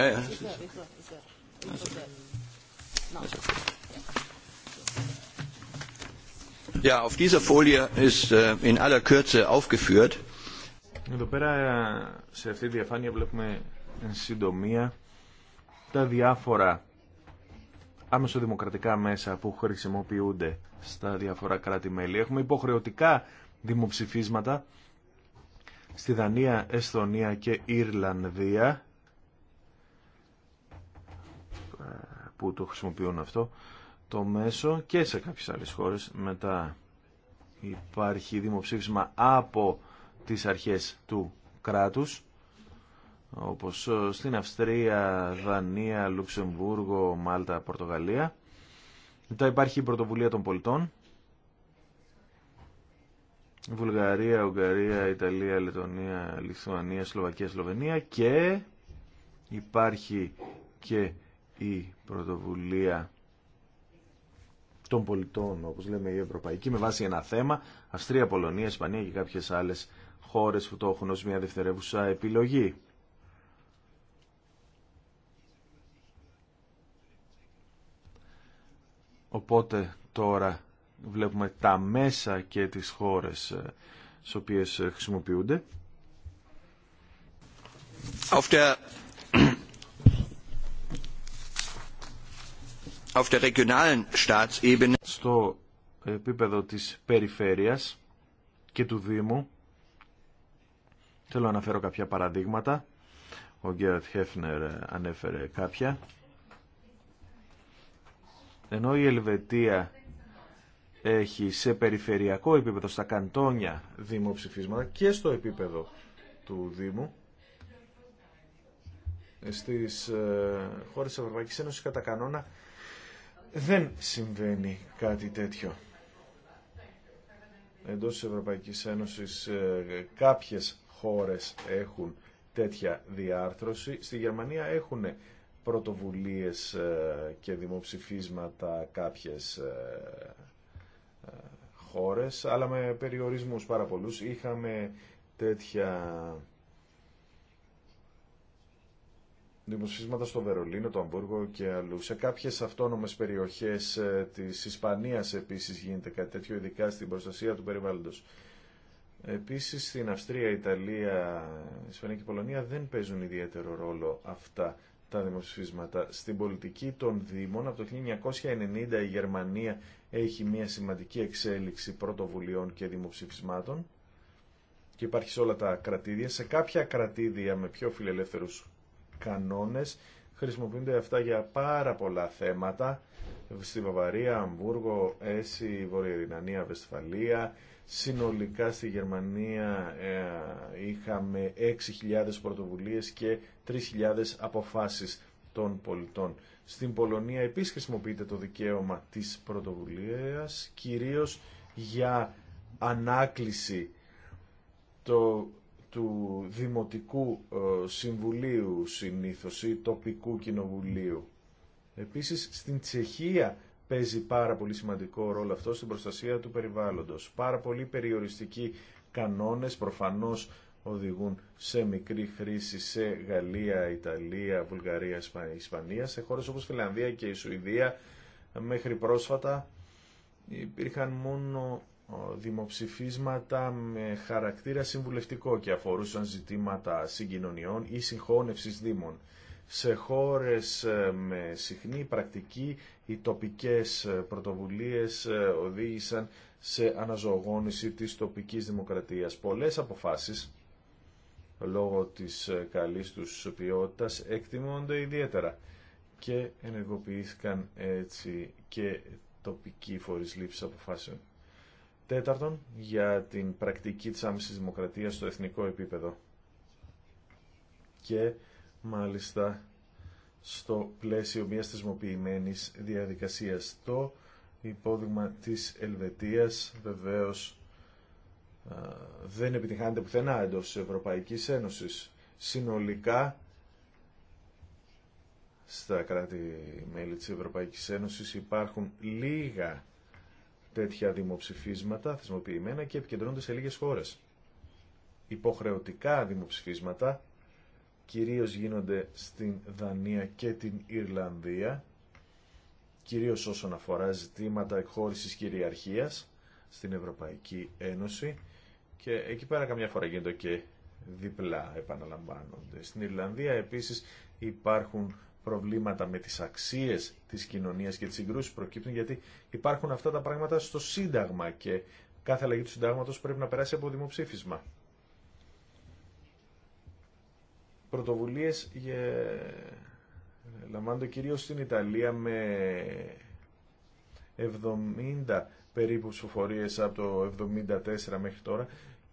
Speaker 3: Ε, ε. Ja, auf dieser Folie ist
Speaker 1: äh, in aller Kürze aufgeführt. Εδώ πέρα σε αυτή τη διαφάνεια βλέπουμε εν συντομία τα διάφορα άμεσο δημοκρατικά μέσα που χρησιμοποιούνται στα διάφορα κράτη-μέλη. Έχουμε υποχρεωτικά δημοψηφίσματα στη Δανία, Εσθονία και Ιρλανδία που το χρησιμοποιούν αυτό το μέσο και σε κάποιες άλλες χώρες μετά υπάρχει δημοψήφισμα από τις αρχές του κράτους όπως στην Αυστρία, Δανία, Λουξεμβούργο, Μάλτα, Πορτογαλία. Μετά υπάρχει η πρωτοβουλία των πολιτών. Βουλγαρία, Ουγγαρία, Ιταλία, Λετωνία, Λιθουανία, Σλοβακία, Σλοβενία και υπάρχει και η πρωτοβουλία των πολιτών, όπως λέμε η Ευρωπαϊκή, με βάση ένα θέμα, Αυστρία, Πολωνία, Ισπανία και κάποιες άλλες χώρες που το έχουν ως μια δευτερεύουσα επιλογή. Οπότε τώρα βλέπουμε τα μέσα και τις χώρες ε, στις οποίες ε, χρησιμοποιούνται. Auf der Στο επίπεδο της περιφέρειας και του Δήμου, θέλω να αναφέρω κάποια παραδείγματα, ο Γκέρατ Χέφνερ ανέφερε κάποια, ενώ η Ελβετία έχει σε περιφερειακό επίπεδο, στα καντόνια δημοψηφίσματα και στο επίπεδο του Δήμου, στις ε, χώρες της Ευρωπαϊκής Ένωσης κατά κανόνα δεν συμβαίνει κάτι τέτοιο. Εντός της Ευρωπαϊκή Ένωσης ε, κάποιες χώρες έχουν τέτοια διάρθρωση. Στη Γερμανία έχουν πρωτοβουλίες ε, και δημοψηφίσματα κάποιες ε, χώρες, αλλά με περιορισμούς πάρα πολλούς. Είχαμε τέτοια Δημοσφίσματα στο Βερολίνο, το Αμβούργο και αλλού. Σε κάποιες αυτόνομες περιοχές ε, της Ισπανίας επίσης γίνεται κάτι τέτοιο, ειδικά στην προστασία του περιβάλλοντος. Επίσης στην Αυστρία, Ιταλία, Ισπανία και Πολωνία δεν παίζουν ιδιαίτερο ρόλο αυτά τα δημοσφίσματα. Στην πολιτική των Δήμων από το 1990 η Γερμανία έχει μια σημαντική εξέλιξη πρωτοβουλειών και δημοψηφισμάτων και υπάρχει σε όλα τα κρατήδια. Σε κάποια κρατήδια με πιο φιλελεύθερους κανόνες. Χρησιμοποιούνται αυτά για πάρα πολλά θέματα. Στη Βαβαρία, Αμβούργο, Έση, Βόρεια Βεσφαλία. Συνολικά στη Γερμανία ε, είχαμε 6.000 πρωτοβουλίες και 3.000 αποφάσεις των πολιτών. Στην Πολωνία επίσης χρησιμοποιείται το δικαίωμα της πρωτοβουλίας, κυρίως για ανάκληση το του Δημοτικού ε, Συμβουλίου συνήθως ή τοπικού κοινοβουλίου. Επίσης στην Τσεχία παίζει πάρα πολύ σημαντικό ρόλο αυτό στην προστασία του περιβάλλοντος. Πάρα πολύ περιοριστικοί κανόνες προφανώς οδηγούν σε μικρή χρήση σε Γαλλία, Ιταλία, Βουλγαρία, Ισπανία, σε χώρες όπως Φιλανδία και η Σουηδία μέχρι πρόσφατα υπήρχαν μόνο δημοψηφίσματα με χαρακτήρα συμβουλευτικό και αφορούσαν ζητήματα συγκοινωνιών ή συγχώνευσης δήμων. Σε χώρες ε, με συχνή πρακτική, οι τοπικές ε, πρωτοβουλίες ε, οδήγησαν σε αναζωογόνηση της τοπικής δημοκρατίας. Πολλές αποφάσεις, λόγω της καλής τους ποιότητας, εκτιμώνται ιδιαίτερα και ενεργοποιήθηκαν έτσι και τοπικοί φορείς λήψης αποφάσεων. Τέταρτον, για την πρακτική της άμεσης δημοκρατίας στο εθνικό επίπεδο. Και μάλιστα στο πλαίσιο μιας θεσμοποιημένης διαδικασίας. Το υπόδειγμα της Ελβετίας βεβαίως δεν επιτυχάνεται πουθενά εντός της Ευρωπαϊκής Ένωσης. Συνολικά στα κράτη-μέλη της Ευρωπαϊκής Ένωσης υπάρχουν λίγα τέτοια δημοψηφίσματα θεσμοποιημένα και επικεντρώνονται σε λίγες χώρες. Υποχρεωτικά δημοψηφίσματα κυρίως γίνονται στην Δανία και την Ιρλανδία, κυρίως όσον αφορά ζητήματα εκχώρησης κυριαρχίας στην Ευρωπαϊκή Ένωση και εκεί πέρα καμιά φορά γίνονται και διπλά επαναλαμβάνονται. Στην Ιρλανδία επίσης υπάρχουν προβλήματα με τις αξίες της κοινωνίας και τις συγκρούσεις προκύπτουν γιατί υπάρχουν αυτά τα πράγματα στο Σύνταγμα και κάθε αλλαγή του Συντάγματος πρέπει να περάσει από δημοψήφισμα. Πρωτοβουλίες για... λαμβάνονται κυρίως στην Ιταλία με 70 περίπου ψηφοφορίες από το 1974 μέχρι τώρα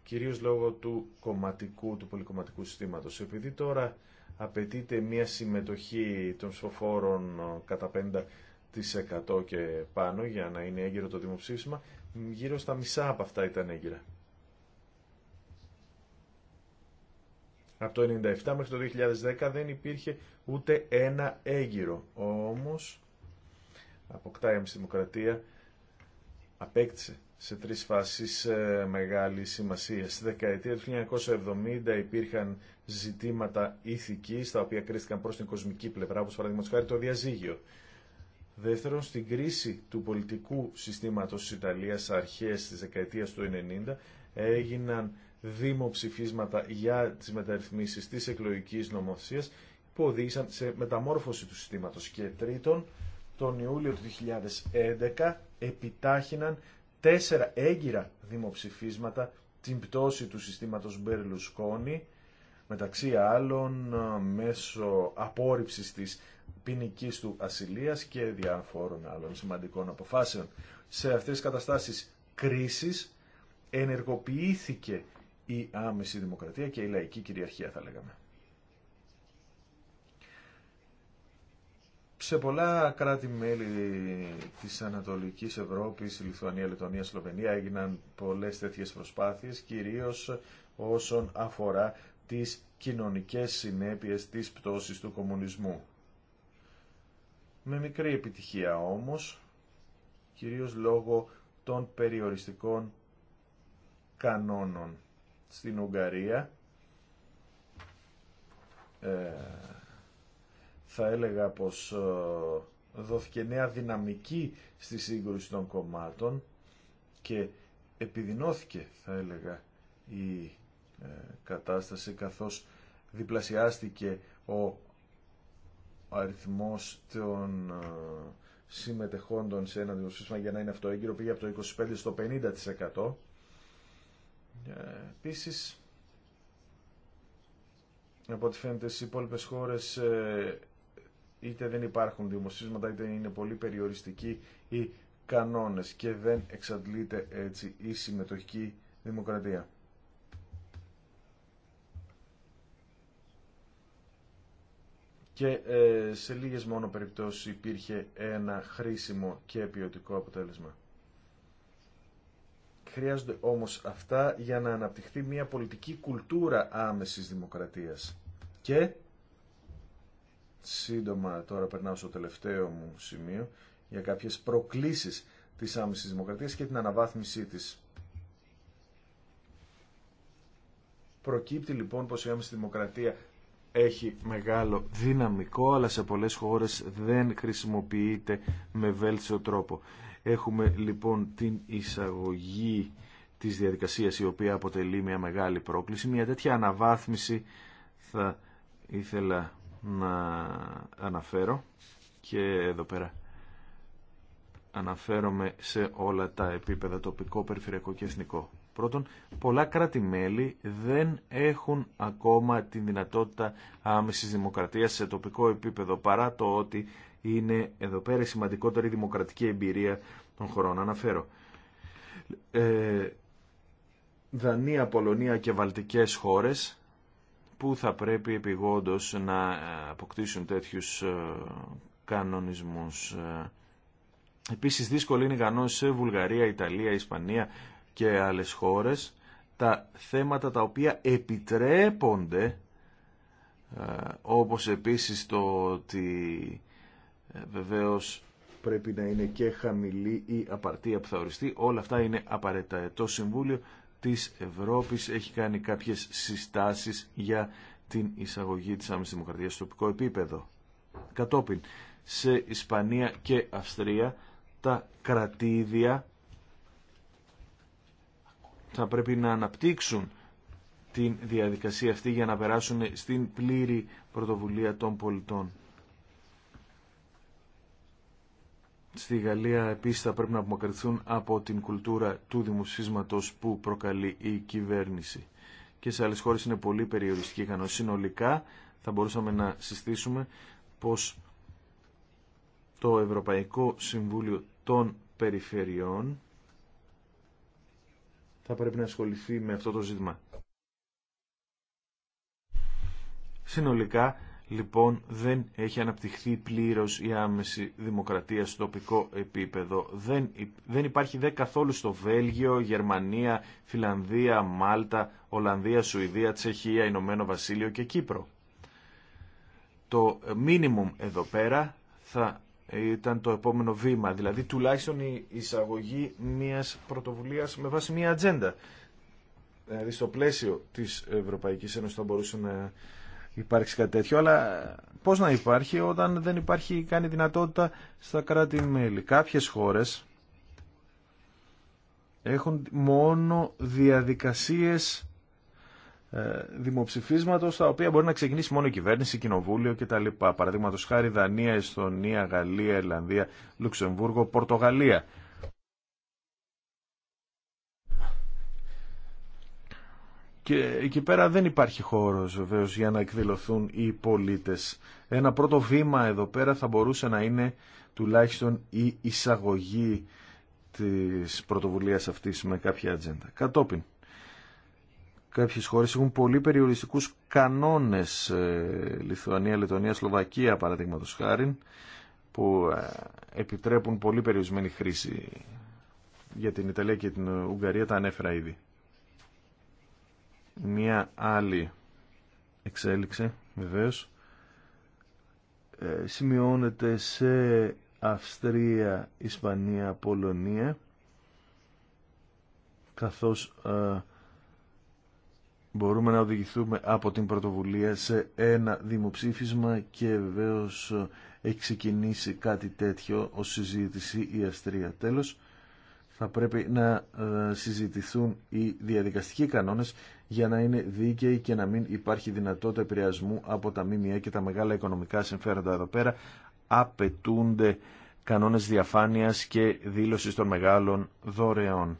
Speaker 1: κυρίως λόγω του κομματικού, του πολυκομματικού συστήματος. Επειδή τώρα απαιτείται μια συμμετοχή των ψηφοφόρων ε, κατά 50% και πάνω για να είναι έγκυρο το δημοψήφισμα. Γύρω στα μισά από αυτά ήταν έγκυρα. Από το 1997 μέχρι το 2010 δεν υπήρχε ούτε ένα έγκυρο. Όμως αποκτά η δημοκρατία. απέκτησε σε τρεις φάσεις ε, μεγάλη σημασία. Στη δεκαετία του 1970 υπήρχαν ζητήματα ηθικής, τα οποία κρίστηκαν προς την κοσμική πλευρά, όπως παραδείγματο, χάρη το διαζύγιο. Δεύτερον, στην κρίση του πολιτικού συστήματος της Ιταλίας αρχές της δεκαετίας του 1990 έγιναν δημοψηφίσματα για τις μεταρρυθμίσεις της εκλογικής νομοθεσίας που οδήγησαν σε μεταμόρφωση του συστήματος. Και τρίτον, τον Ιούλιο του 2011 επιτάχυναν τέσσερα έγκυρα δημοψηφίσματα την πτώση του συστήματος Μπερλουσκόνη, μεταξύ άλλων ε, μέσω απόρριψης της ποινική του ασυλίας και διάφορων άλλων σημαντικών αποφάσεων. Σε αυτές τις καταστάσεις κρίσης ενεργοποιήθηκε η άμεση δημοκρατία και η λαϊκή κυριαρχία θα λέγαμε. σε πολλά κράτη-μέλη της Ανατολικής Ευρώπης, Λιθουανία, Λετωνία, Σλοβενία έγιναν πολλές τέτοιες προσπάθειες, κυρίως όσον αφορά τις κοινωνικές συνέπειες της πτώσης του κομμουνισμού. Με μικρή επιτυχία όμως, κυρίως λόγω των περιοριστικών κανόνων στην Ουγγαρία, ε, θα έλεγα πως ε, δόθηκε νέα δυναμική στη σύγκρουση των κομμάτων και επιδεινώθηκε, θα έλεγα, η ε, κατάσταση καθώς διπλασιάστηκε ο αριθμός των ε, συμμετεχόντων σε ένα δημοσίσμα για να είναι αυτό έγκυρο πήγε από το 25% στο 50%. Ε, Επίση, από ό,τι φαίνεται στις υπόλοιπες χώρες είτε δεν υπάρχουν δημοσίσματα είτε είναι πολύ περιοριστικοί οι κανόνες και δεν εξαντλείται έτσι η συμμετοχική δημοκρατία. και ε, σε λίγες μόνο περιπτώσεις υπήρχε ένα χρήσιμο και ποιοτικό αποτέλεσμα. Χρειάζονται όμως αυτά για να αναπτυχθεί μια πολιτική κουλτούρα άμεσης δημοκρατίας. Και, σύντομα τώρα περνάω στο τελευταίο μου σημείο, για κάποιες προκλήσεις της άμεσης δημοκρατίας και την αναβάθμισή της. Προκύπτει λοιπόν πως η άμεση δημοκρατία έχει μεγάλο δυναμικό, αλλά σε πολλές χώρες δεν χρησιμοποιείται με βέλτιστο τρόπο. Έχουμε λοιπόν την εισαγωγή της διαδικασίας η οποία αποτελεί μια μεγάλη πρόκληση. Μια τέτοια αναβάθμιση θα ήθελα να αναφέρω και εδώ πέρα αναφέρομαι σε όλα τα επίπεδα τοπικό, περιφερειακό και εθνικό. Πρώτον, πολλά κράτη-μέλη δεν έχουν ακόμα την δυνατότητα άμεσης δημοκρατίας σε τοπικό επίπεδο, παρά το ότι είναι εδώ πέρα η σημαντικότερη δημοκρατική εμπειρία των χωρών. Αναφέρω. Ε, Δανία, Πολωνία και Βαλτικές χώρες που θα πρέπει επιγόντως να αποκτήσουν τέτοιους ε, κανονισμούς. Ε, επίσης δύσκολη είναι η σε Βουλγαρία, Ιταλία, Ισπανία, και άλλες χώρες τα θέματα τα οποία επιτρέπονται ε, όπως επίσης το ότι ε, βεβαίως πρέπει να είναι και χαμηλή η απαρτία που θα οριστεί. Όλα αυτά είναι απαραίτητα. Ε, το Συμβούλιο της Ευρώπης έχει κάνει κάποιες συστάσεις για την εισαγωγή της άμεσης δημοκρατίας στο τοπικό επίπεδο. Κατόπιν, σε Ισπανία και Αυστρία τα κρατήδια θα πρέπει να αναπτύξουν την διαδικασία αυτή για να περάσουν στην πλήρη πρωτοβουλία των πολιτών. Στη Γαλλία επίσης θα πρέπει να απομακρυνθούν από την κουλτούρα του δημοσίσματος που προκαλεί η κυβέρνηση. Και σε άλλες χώρες είναι πολύ περιοριστική η Συνολικά θα μπορούσαμε να συστήσουμε πως το Ευρωπαϊκό Συμβούλιο των Περιφερειών θα πρέπει να ασχοληθεί με αυτό το ζήτημα. Συνολικά, λοιπόν, δεν έχει αναπτυχθεί πλήρως η άμεση δημοκρατία στο τοπικό επίπεδο. Δεν, δεν υπάρχει δε καθόλου στο Βέλγιο, Γερμανία, Φιλανδία, Μάλτα, Ολλανδία, Σουηδία, Τσεχία, Ηνωμένο Βασίλειο και Κύπρο. Το μίνιμουμ εδώ πέρα θα ήταν το επόμενο βήμα. Δηλαδή τουλάχιστον η εισαγωγή μιας πρωτοβουλίας με βάση μια ατζέντα. Δηλαδή στο πλαίσιο της Ευρωπαϊκής Ένωσης θα μπορούσε να υπάρξει κάτι τέτοιο, αλλά πώς να υπάρχει όταν δεν υπάρχει καν δυνατότητα στα κράτη-μέλη. Κάποιες χώρες έχουν μόνο διαδικασίες ε, δημοψηφίσματος τα οποία μπορεί να ξεκινήσει μόνο η κυβέρνηση, κοινοβούλιο κτλ. Παραδείγματος χάρη Δανία, Εστονία, Γαλλία, Ιρλανδία, Λουξεμβούργο, Πορτογαλία. Και εκεί πέρα δεν υπάρχει χώρος βεβαίως για να εκδηλωθούν οι πολίτες. Ένα πρώτο βήμα εδώ πέρα θα μπορούσε να είναι τουλάχιστον η εισαγωγή της πρωτοβουλίας αυτής με κάποια ατζέντα. Κατόπιν. Κάποιε χώρες έχουν πολύ περιοριστικούς κανόνες, ε, Λιθουανία, Λετωνία, Σλοβακία παραδείγματο χάρη, που ε, επιτρέπουν πολύ περιορισμένη χρήση για την Ιταλία και την Ουγγαρία, τα ανέφερα ήδη. Μία άλλη εξέλιξη, βεβαίως, ε, σημειώνεται σε Αυστρία, Ισπανία, Πολωνία καθώς μπορούμε να οδηγηθούμε από την πρωτοβουλία σε ένα δημοψήφισμα και βεβαίω ξεκινήσει κάτι τέτοιο ως συζήτηση η αστρία. Τέλος, θα πρέπει να ε, συζητηθούν οι διαδικαστικοί κανόνες για να είναι δίκαιοι και να μην υπάρχει δυνατότητα επηρεασμού από τα ΜΜΕ και τα μεγάλα οικονομικά συμφέροντα εδώ πέρα. Απαιτούνται κανόνες διαφάνειας και δήλωση των μεγάλων δωρεών.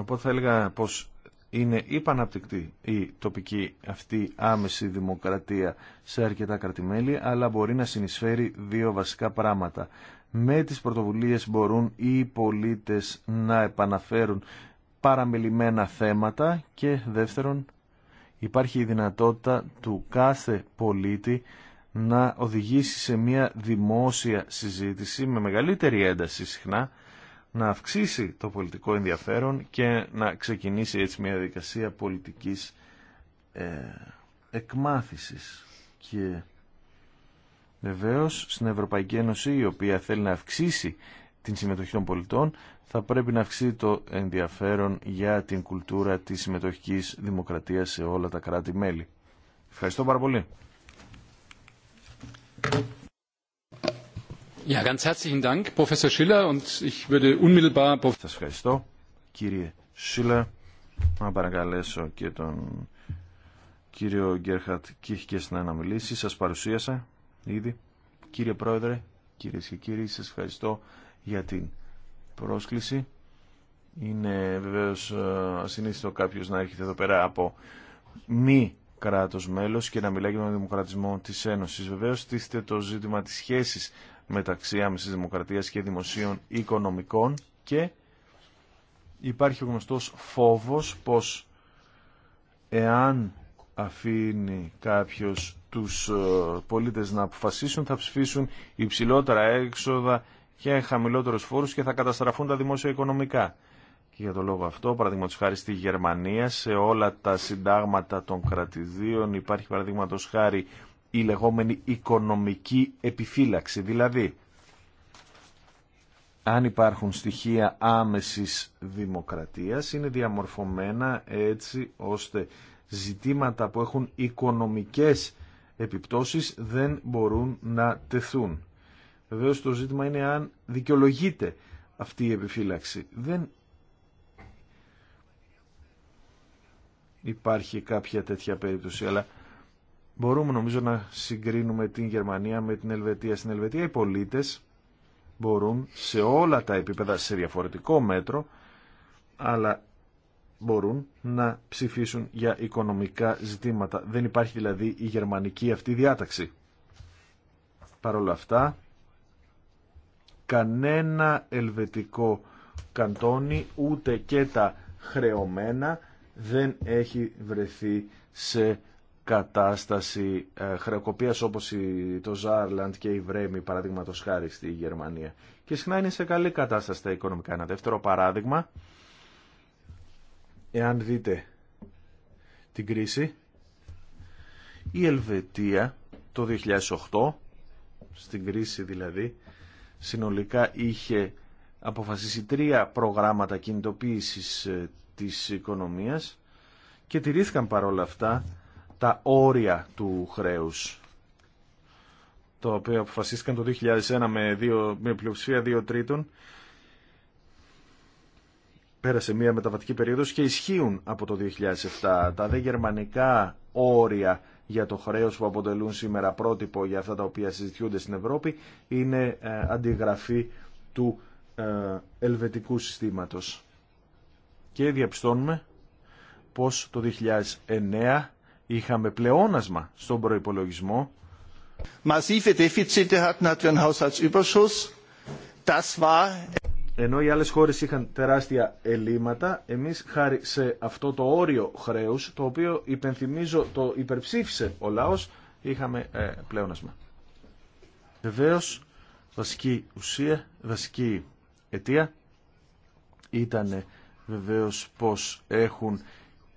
Speaker 1: Οπότε θα έλεγα πως είναι υπαναπτυκτή η τοπική αυτή άμεση δημοκρατία σε αρκετά κρατημέλη, αλλά μπορεί να συνεισφέρει δύο βασικά πράγματα. Με τις πρωτοβουλίες μπορούν οι πολίτες να επαναφέρουν παραμελημένα θέματα και δεύτερον υπάρχει η δυνατότητα του κάθε πολίτη να οδηγήσει σε μια δημόσια συζήτηση με μεγαλύτερη ένταση συχνά να αυξήσει το πολιτικό ενδιαφέρον και να ξεκινήσει έτσι μια διαδικασία πολιτικής ε, εκμάθησης. Και βεβαίως στην Ευρωπαϊκή Ένωση η οποία θέλει να αυξήσει την συμμετοχή των πολιτών θα πρέπει να αυξήσει το ενδιαφέρον για την κουλτούρα της συμμετοχικής δημοκρατίας σε όλα τα κράτη-μέλη.
Speaker 3: Ευχαριστώ πάρα πολύ ευχαριστώ,
Speaker 1: κύριε Σούλα. Να παρακαλέσω και τον κύριο Γκέρχατ και να αναμιλήσει. Σας παρουσίασα ήδη. Κύριε Πρόεδρε, κυρίες και κύριοι, σας ευχαριστώ για την πρόσκληση. Είναι βεβαίως ε, ασυνήθιστο κάποιος να έρχεται εδώ πέρα από μη κράτος μέλος και να μιλάει για τον δημοκρατισμό της Ένωσης. Βεβαίως τίθεται το ζήτημα της σχέσης μεταξύ άμεσης δημοκρατίας και δημοσίων οικονομικών και υπάρχει ο γνωστός φόβος πως εάν αφήνει κάποιος τους ε, πολίτες να αποφασίσουν θα ψηφίσουν υψηλότερα έξοδα και χαμηλότερους φόρους και θα καταστραφούν τα δημόσια οικονομικά. Και για τον λόγο αυτό, παραδείγματο χάρη στη Γερμανία, σε όλα τα συντάγματα των κρατηδίων υπάρχει παραδείγματο χάρη η λεγόμενη οικονομική επιφύλαξη. Δηλαδή, αν υπάρχουν στοιχεία άμεσης δημοκρατίας, είναι διαμορφωμένα έτσι ώστε ζητήματα που έχουν οικονομικές επιπτώσεις δεν μπορούν να τεθούν. Βεβαίως το ζήτημα είναι αν δικαιολογείται αυτή η επιφύλαξη. Δεν υπάρχει κάποια τέτοια περίπτωση, αλλά μπορούμε νομίζω να συγκρίνουμε την Γερμανία με την Ελβετία. Στην Ελβετία οι πολίτες μπορούν σε όλα τα επίπεδα, σε διαφορετικό μέτρο, αλλά μπορούν να ψηφίσουν για οικονομικά ζητήματα. Δεν υπάρχει δηλαδή η γερμανική αυτή διάταξη. Παρ' όλα αυτά, κανένα ελβετικό καντόνι, ούτε και τα χρεωμένα, δεν έχει βρεθεί σε κατάσταση ε, χρεοκοπίας όπως το Ζάρλαντ και η Βρέμη παραδείγματο χάρη στη Γερμανία. Και συχνά είναι σε καλή κατάσταση τα οικονομικά. Ένα δεύτερο παράδειγμα, εάν δείτε την κρίση, η Ελβετία το 2008, στην κρίση δηλαδή, συνολικά είχε αποφασίσει τρία προγράμματα κινητοποίησης ε, της οικονομίας και τηρήθηκαν παρόλα αυτά τα όρια του χρέους το οποίο αποφασίστηκαν το 2001 με, δύο, με πλειοψηφία δύο τρίτων πέρασε μια μεταβατική περίοδος και ισχύουν από το 2007 τα δε γερμανικά όρια για το χρέος που αποτελούν σήμερα πρότυπο για αυτά τα οποία συζητιούνται στην Ευρώπη είναι ε, αντιγραφή του ε, ελβετικού συστήματος. Και διαπιστώνουμε πως το 2009 είχαμε πλεόνασμα στον προϋπολογισμό. Ενώ οι άλλες χώρες είχαν τεράστια ελλείμματα, εμείς χάρη σε αυτό το όριο χρέους, το οποίο υπενθυμίζω το υπερψήφισε ο λαός, είχαμε ε, πλεόνασμα. Βεβαίως, βασική ουσία, βασική αιτία ήταν βεβαίως πως έχουν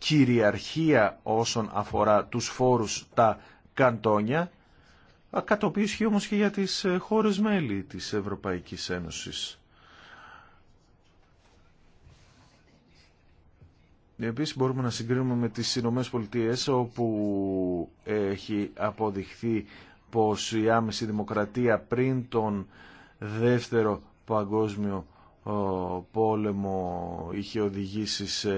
Speaker 1: κυριαρχία όσον αφορά τους φόρους τα καντόνια, κατά οποίο όμως και για τις ε, χώρες μέλη της Ευρωπαϊκής Ένωσης. Επίσης μπορούμε να συγκρίνουμε με τις Ηνωμένες Πολιτείες όπου έχει αποδειχθεί πως η άμεση δημοκρατία πριν τον δεύτερο παγκόσμιο πόλεμο είχε οδηγήσει σε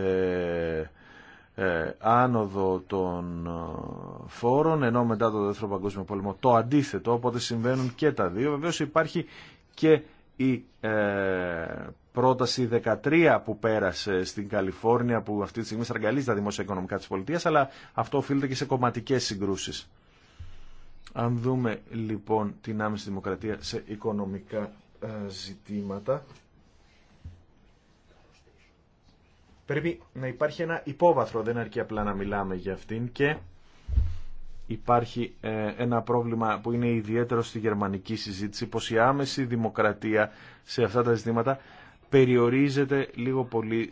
Speaker 1: ε, άνοδο των ε, φόρων ενώ μετά το δεύτερο παγκόσμιο πόλεμο το αντίθετο οπότε συμβαίνουν και τα δύο βεβαίως υπάρχει και η ε, πρόταση 13 που πέρασε στην Καλιφόρνια που αυτή τη στιγμή στραγγαλίζει τα δημόσια οικονομικά της πολιτείας αλλά αυτό οφείλεται και σε κομματικές συγκρούσεις αν δούμε λοιπόν την άμεση δημοκρατία σε οικονομικά ζητήματα Πρέπει να υπάρχει ένα υπόβαθρο, δεν αρκεί απλά να μιλάμε για αυτήν και υπάρχει ε, ένα πρόβλημα που είναι ιδιαίτερο στη γερμανική συζήτηση, πως η άμεση δημοκρατία σε αυτά τα ζητήματα περιορίζεται λίγο πολύ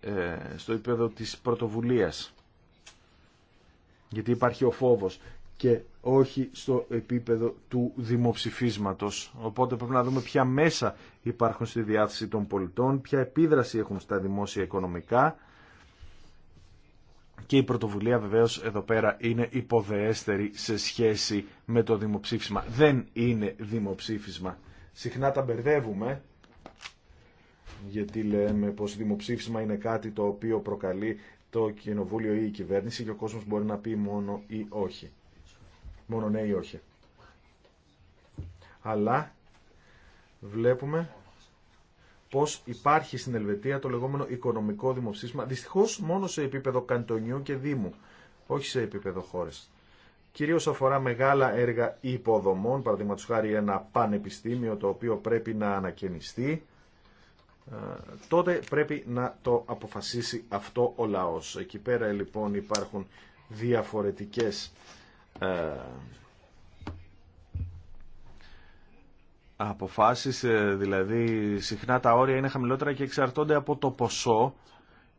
Speaker 1: ε, στο επίπεδο της πρωτοβουλίας. Γιατί υπάρχει ο φόβος και όχι στο επίπεδο του δημοψηφίσματος. Οπότε πρέπει να δούμε ποια μέσα υπάρχουν στη διάθεση των πολιτών, ποια επίδραση έχουν στα δημόσια οικονομικά και η πρωτοβουλία βεβαίως εδώ πέρα είναι υποδεέστερη σε σχέση με το δημοψήφισμα. Δεν είναι δημοψήφισμα. Συχνά τα μπερδεύουμε γιατί λέμε πως δημοψήφισμα είναι κάτι το οποίο προκαλεί το κοινοβούλιο ή η κυβέρνηση και ο κόσμος μπορεί να πει μόνο ή όχι μόνο ναι όχι. Αλλά βλέπουμε πως υπάρχει στην Ελβετία το λεγόμενο οικονομικό δημοψήφισμα, δυστυχώς μόνο σε επίπεδο καντονιού και δήμου, όχι σε επίπεδο χώρες. Κυρίως αφορά μεγάλα έργα υποδομών, παραδείγματος χάρη ένα πανεπιστήμιο το οποίο πρέπει να ανακαινιστεί, ε, τότε πρέπει να το αποφασίσει αυτό ο λαός. Εκεί πέρα λοιπόν υπάρχουν διαφορετικές ε, αποφάσεις, ε, δηλαδή συχνά τα όρια είναι χαμηλότερα και εξαρτώνται από το ποσό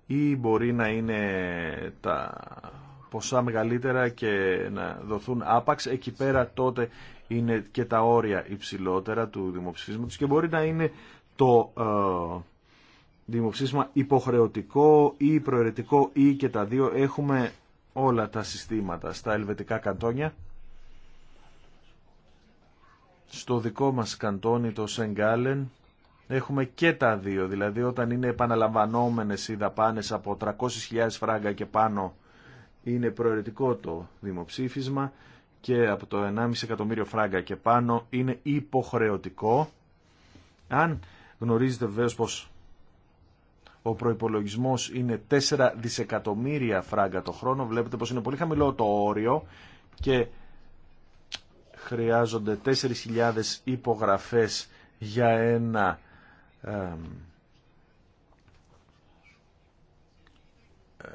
Speaker 1: ή μπορεί να είναι τα ποσά μεγαλύτερα και να δοθούν άπαξ. Εκεί πέρα τότε είναι και τα όρια υψηλότερα του δημοψηφίσματος και μπορεί να είναι το ε, δημοψήφισμα υποχρεωτικό ή προαιρετικό ή και τα δύο. Έχουμε όλα τα συστήματα στα ελβετικά καντόνια. Στο δικό μας καντόνι, το Σενγκάλεν, έχουμε και τα δύο. Δηλαδή όταν είναι επαναλαμβανόμενες οι δαπάνες από 300.000 φράγκα και πάνω είναι προαιρετικό το δημοψήφισμα και από το 1,5 εκατομμύριο φράγκα και πάνω είναι υποχρεωτικό. Αν γνωρίζετε βεβαίως πως ο προπολογισμό είναι 4 δισεκατομμύρια φράγκα το χρόνο. Βλέπετε πως είναι πολύ χαμηλό το όριο και χρειάζονται 4.000 υπογραφές για ένα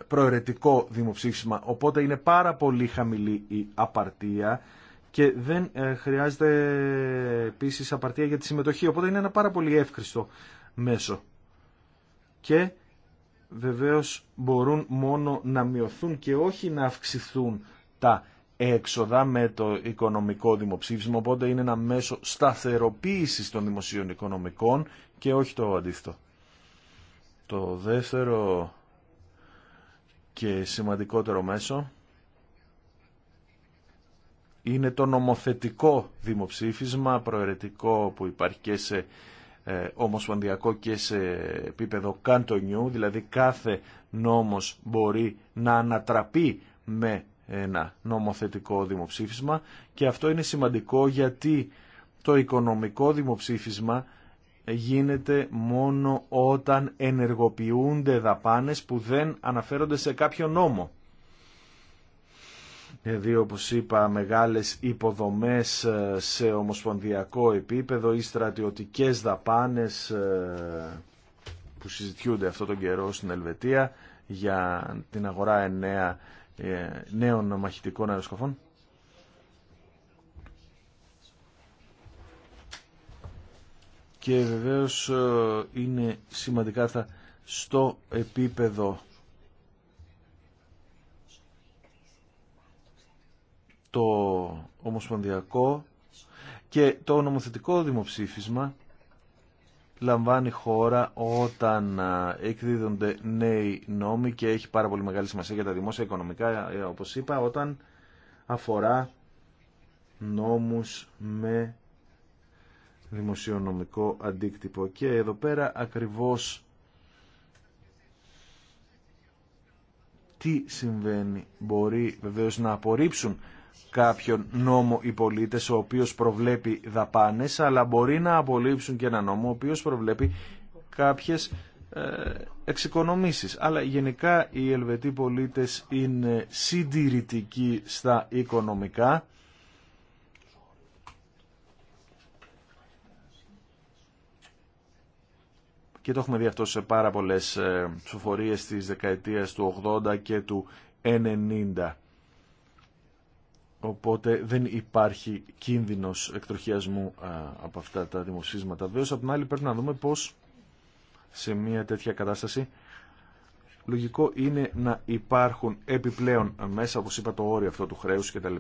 Speaker 1: προαιρετικό δημοψήφισμα. Οπότε είναι πάρα πολύ χαμηλή η απαρτία και δεν ε, χρειάζεται επίσης απαρτία για τη συμμετοχή. Οπότε είναι ένα πάρα πολύ εύκριστο μέσο και βεβαίως μπορούν μόνο να μειωθούν και όχι να αυξηθούν τα έξοδα με το οικονομικό δημοψήφισμα, οπότε είναι ένα μέσο σταθεροποίησης των δημοσίων οικονομικών και όχι το αντίθετο. Το δεύτερο και σημαντικότερο μέσο είναι το νομοθετικό δημοψήφισμα προαιρετικό που υπάρχει και σε ε, ομοσπονδιακό και σε επίπεδο καντονιού, δηλαδή κάθε νόμος μπορεί να ανατραπεί με ένα νομοθετικό δημοψήφισμα και αυτό είναι σημαντικό γιατί το οικονομικό δημοψήφισμα γίνεται μόνο όταν ενεργοποιούνται δαπάνες που δεν αναφέρονται σε κάποιο νόμο δύο όπως είπα μεγάλες υποδομές ε, σε ομοσπονδιακό επίπεδο ή στρατιωτικές δαπάνες ε, που συζητιούνται αυτό τον καιρό στην Ελβετία για την αγορά εννέα, ε, νέων μαχητικών αεροσκοφών. Και βεβαίως είναι σημαντικά θα στο επίπεδο το Ομοσπονδιακό και το νομοθετικό δημοψήφισμα λαμβάνει χώρα όταν εκδίδονται νέοι νόμοι και έχει πάρα πολύ μεγάλη σημασία για τα δημόσια οικονομικά, ε, όπως είπα, όταν αφορά νόμους με δημοσιονομικό αντίκτυπο. Και εδώ πέρα ακριβώς τι συμβαίνει. Μπορεί βεβαίως να απορρίψουν κάποιον νόμο οι πολίτες ο οποίος προβλέπει δαπάνες αλλά μπορεί να απολύψουν και ένα νόμο ο οποίος προβλέπει κάποιες ε, εξοικονομήσεις. Αλλά γενικά οι Ελβετοί πολίτες είναι συντηρητικοί στα οικονομικά. Και το έχουμε δει αυτό σε πάρα πολλές ε, ψηφοφορίες της δεκαετίας του 80 και του 90. Οπότε δεν υπάρχει κίνδυνος εκτροχιασμού από αυτά τα δημοσίσματα. Βέβαια, από την άλλη πρέπει να δούμε πώς σε μια τέτοια κατάσταση λογικό είναι να υπάρχουν επιπλέον μέσα, όπως είπα, το όριο αυτό του χρέους κτλ.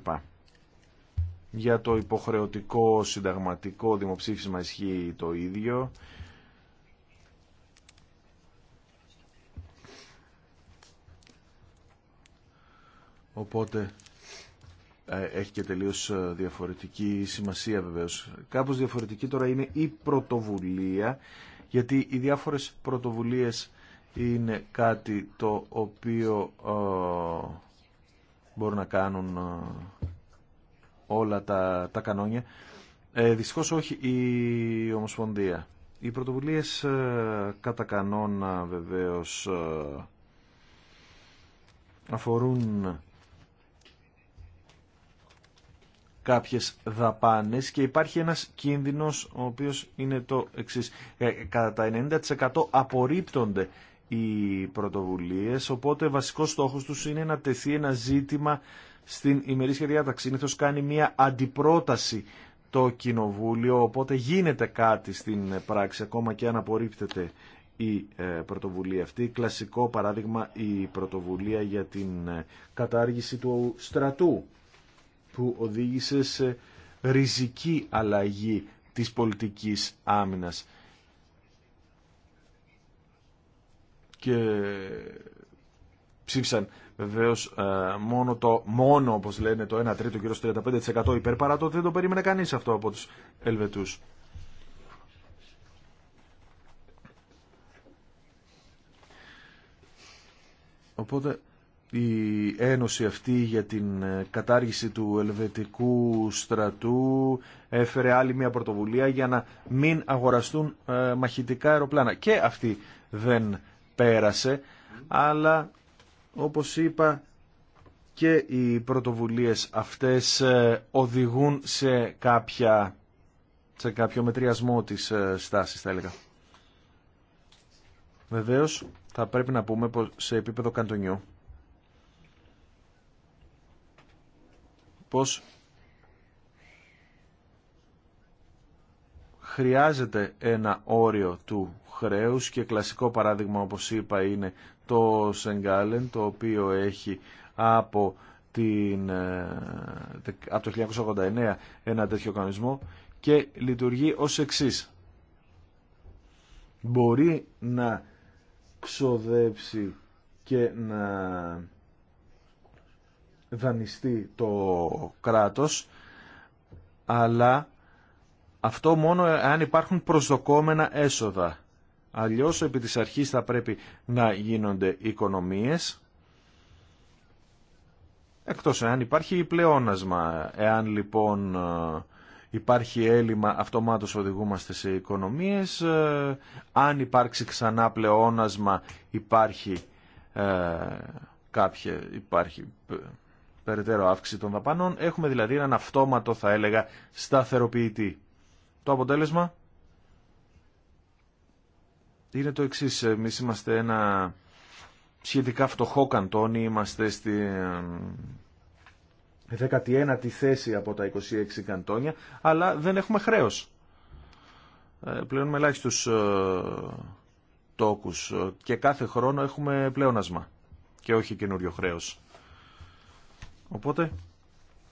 Speaker 1: Για το υποχρεωτικό συνταγματικό δημοψήφισμα ισχύει το ίδιο. Οπότε ε, έχει και τελείως ε, διαφορετική σημασία βεβαίως. Κάπω διαφορετική τώρα είναι η πρωτοβουλία, γιατί οι διάφορες πρωτοβουλίε είναι κάτι το οποίο ε, μπορούν να κάνουν ε, όλα τα, τα κανόνια. Ε, όχι η Ομοσπονδία. Οι πρωτοβουλίε κατά κανόνα βεβαίως αφορούν κάποιες δαπάνες και υπάρχει ένας κίνδυνος ο οποίος είναι το εξής. Ε, κατά τα 90% απορρίπτονται οι πρωτοβουλίες, οπότε βασικός στόχος τους είναι να τεθεί ένα ζήτημα στην ημερήσια διάταξη. Συνήθως κάνει μια αντιπρόταση το Κοινοβούλιο, οπότε γίνεται κάτι στην πράξη, ακόμα και αν απορρίπτεται η ε, πρωτοβουλία αυτή. Κλασικό παράδειγμα η πρωτοβουλία για την ε, κατάργηση του στρατού που οδήγησε σε ριζική αλλαγή της πολιτικής άμυνας. Και ψήφισαν βεβαίω ε, μόνο το μόνο, όπως λένε, το 1 τρίτο, και 35% υπέρ, παρά το δεν το περίμενε κανείς αυτό από τους Ελβετούς. Οπότε η ένωση αυτή για την ε, κατάργηση του ελβετικού στρατού έφερε άλλη μια πρωτοβουλία για να μην αγοραστούν ε, μαχητικά αεροπλάνα. Και αυτή δεν πέρασε, αλλά όπως είπα και οι πρωτοβουλίες αυτές ε, οδηγούν σε, κάποια, σε κάποιο μετριασμό της στάσης θα έλεγα. Βεβαίως θα πρέπει να πούμε πως σε επίπεδο καντονιού πως χρειάζεται ένα όριο του χρέους και κλασικό παράδειγμα όπως είπα είναι το Σενγκάλεν το οποίο έχει από, την, ε, από το 1989 ένα τέτοιο κανονισμό και λειτουργεί ως εξής. Μπορεί να ξοδέψει και να δανειστεί το κράτος, αλλά αυτό μόνο αν υπάρχουν προσδοκόμενα έσοδα. Αλλιώς επί της αρχής θα πρέπει να γίνονται οικονομίες, εκτός εάν υπάρχει πλεόνασμα. Εάν λοιπόν υπάρχει έλλειμμα, αυτομάτως οδηγούμαστε σε οικονομίες. Ε, αν υπάρξει ξανά πλεόνασμα, υπάρχει, ε, κάποια, υπάρχει ε, περαιτέρω αύξηση των δαπανών. Έχουμε δηλαδή έναν αυτόματο, θα έλεγα, σταθεροποιητή. Το αποτέλεσμα είναι το εξή. Εμεί είμαστε ένα σχετικά φτωχό καντόνι, είμαστε στη 19η ε, θέση από τα 26 καντόνια, αλλά δεν έχουμε χρέος. Ε, Πλέον με ελάχιστους ε, τόκους και κάθε χρόνο έχουμε πλεόνασμα και όχι καινούριο χρέος. Οπότε,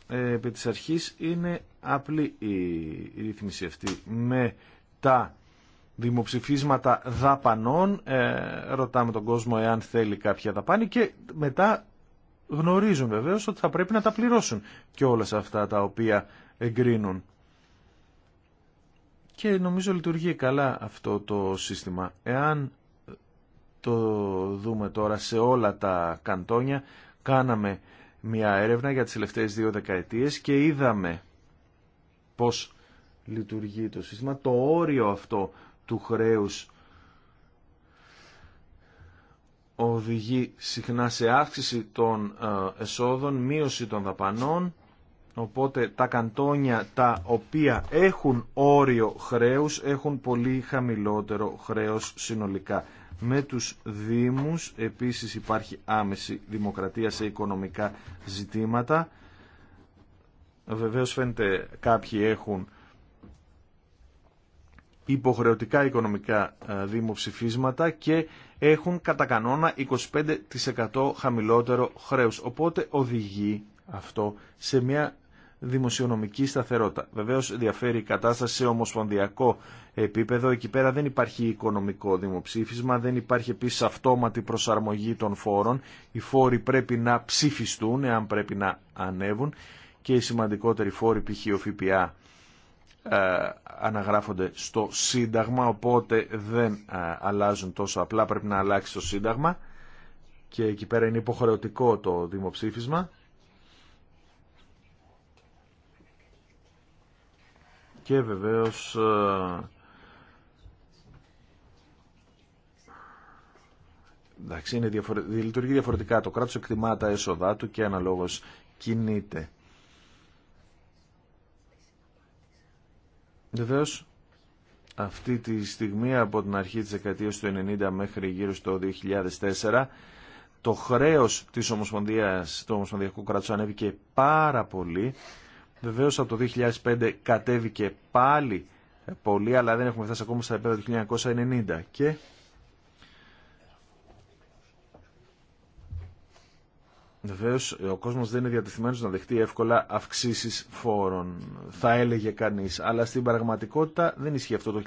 Speaker 1: ε, επί της αρχής είναι απλή η ρύθμιση αυτή. Με τα δημοψηφίσματα δαπανών ε, ρωτάμε τον κόσμο εάν θέλει κάποια δαπάνη και μετά γνωρίζουν βεβαίως ότι θα πρέπει να τα πληρώσουν και όλα αυτά τα οποία εγκρίνουν. Και νομίζω λειτουργεί καλά αυτό το σύστημα. Εάν το δούμε τώρα σε όλα τα καντόνια, κάναμε μια έρευνα για τις τελευταίες δύο δεκαετίες και είδαμε πώς λειτουργεί το σύστημα. Το όριο αυτό του χρέους οδηγεί συχνά σε αύξηση των ε, εσόδων, μείωση των δαπανών, οπότε τα καντόνια τα οποία έχουν όριο χρέους έχουν πολύ χαμηλότερο χρέος συνολικά με τους Δήμους. Επίσης υπάρχει άμεση δημοκρατία σε οικονομικά ζητήματα. Βεβαίως φαίνεται κάποιοι έχουν υποχρεωτικά οικονομικά ε, δημοψηφίσματα και έχουν κατά κανόνα 25% χαμηλότερο χρέος. Οπότε οδηγεί αυτό σε μια δημοσιονομική σταθερότητα. Βεβαίω διαφέρει η κατάσταση σε ομοσπονδιακό επίπεδο. Εκεί πέρα δεν υπάρχει οικονομικό δημοψήφισμα, δεν υπάρχει επίση αυτόματη προσαρμογή των φόρων. Οι φόροι πρέπει να ψηφιστούν, εάν πρέπει να ανέβουν και οι σημαντικότεροι φόροι π.χ. ο ΦΠΑ ε, αναγράφονται στο Σύνταγμα, οπότε δεν ε, αλλάζουν τόσο απλά, πρέπει να αλλάξει το Σύνταγμα και εκεί πέρα είναι υποχρεωτικό το δημοψήφισμα και βεβαίως ε, εντάξει, είναι διαφορε... λειτουργεί διαφορετικά. Το κράτος εκτιμά τα έσοδά του και αναλόγως κινείται. Βεβαίως, αυτή τη στιγμή από την αρχή της δεκαετίας του 90 μέχρι γύρω στο 2004 το χρέος της Ομοσπονδίας, του Ομοσπονδιακού κράτους ανέβηκε πάρα πολύ Βεβαίω από το 2005 κατέβηκε πάλι πολύ, αλλά δεν έχουμε φτάσει ακόμα στα επίπεδα του 1990. Και Βεβαίω, ο κόσμο δεν είναι διατεθειμένο να δεχτεί εύκολα αυξήσει φόρων, θα έλεγε κανεί. Αλλά στην πραγματικότητα δεν ισχύει αυτό. Το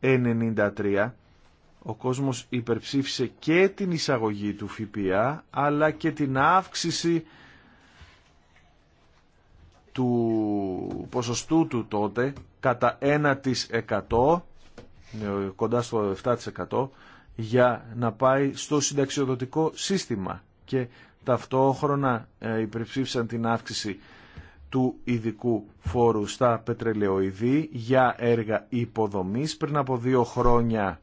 Speaker 1: 1993 ο κόσμο υπερψήφισε και την εισαγωγή του ΦΠΑ αλλά και την αύξηση του ποσοστού του τότε κατά 1% κοντά στο 7% για να πάει στο συνταξιοδοτικό σύστημα και ταυτόχρονα ε, υπερψήφισαν την αύξηση του ειδικού φόρου στα πετρελαιοειδή για έργα υποδομής. Πριν από δύο χρόνια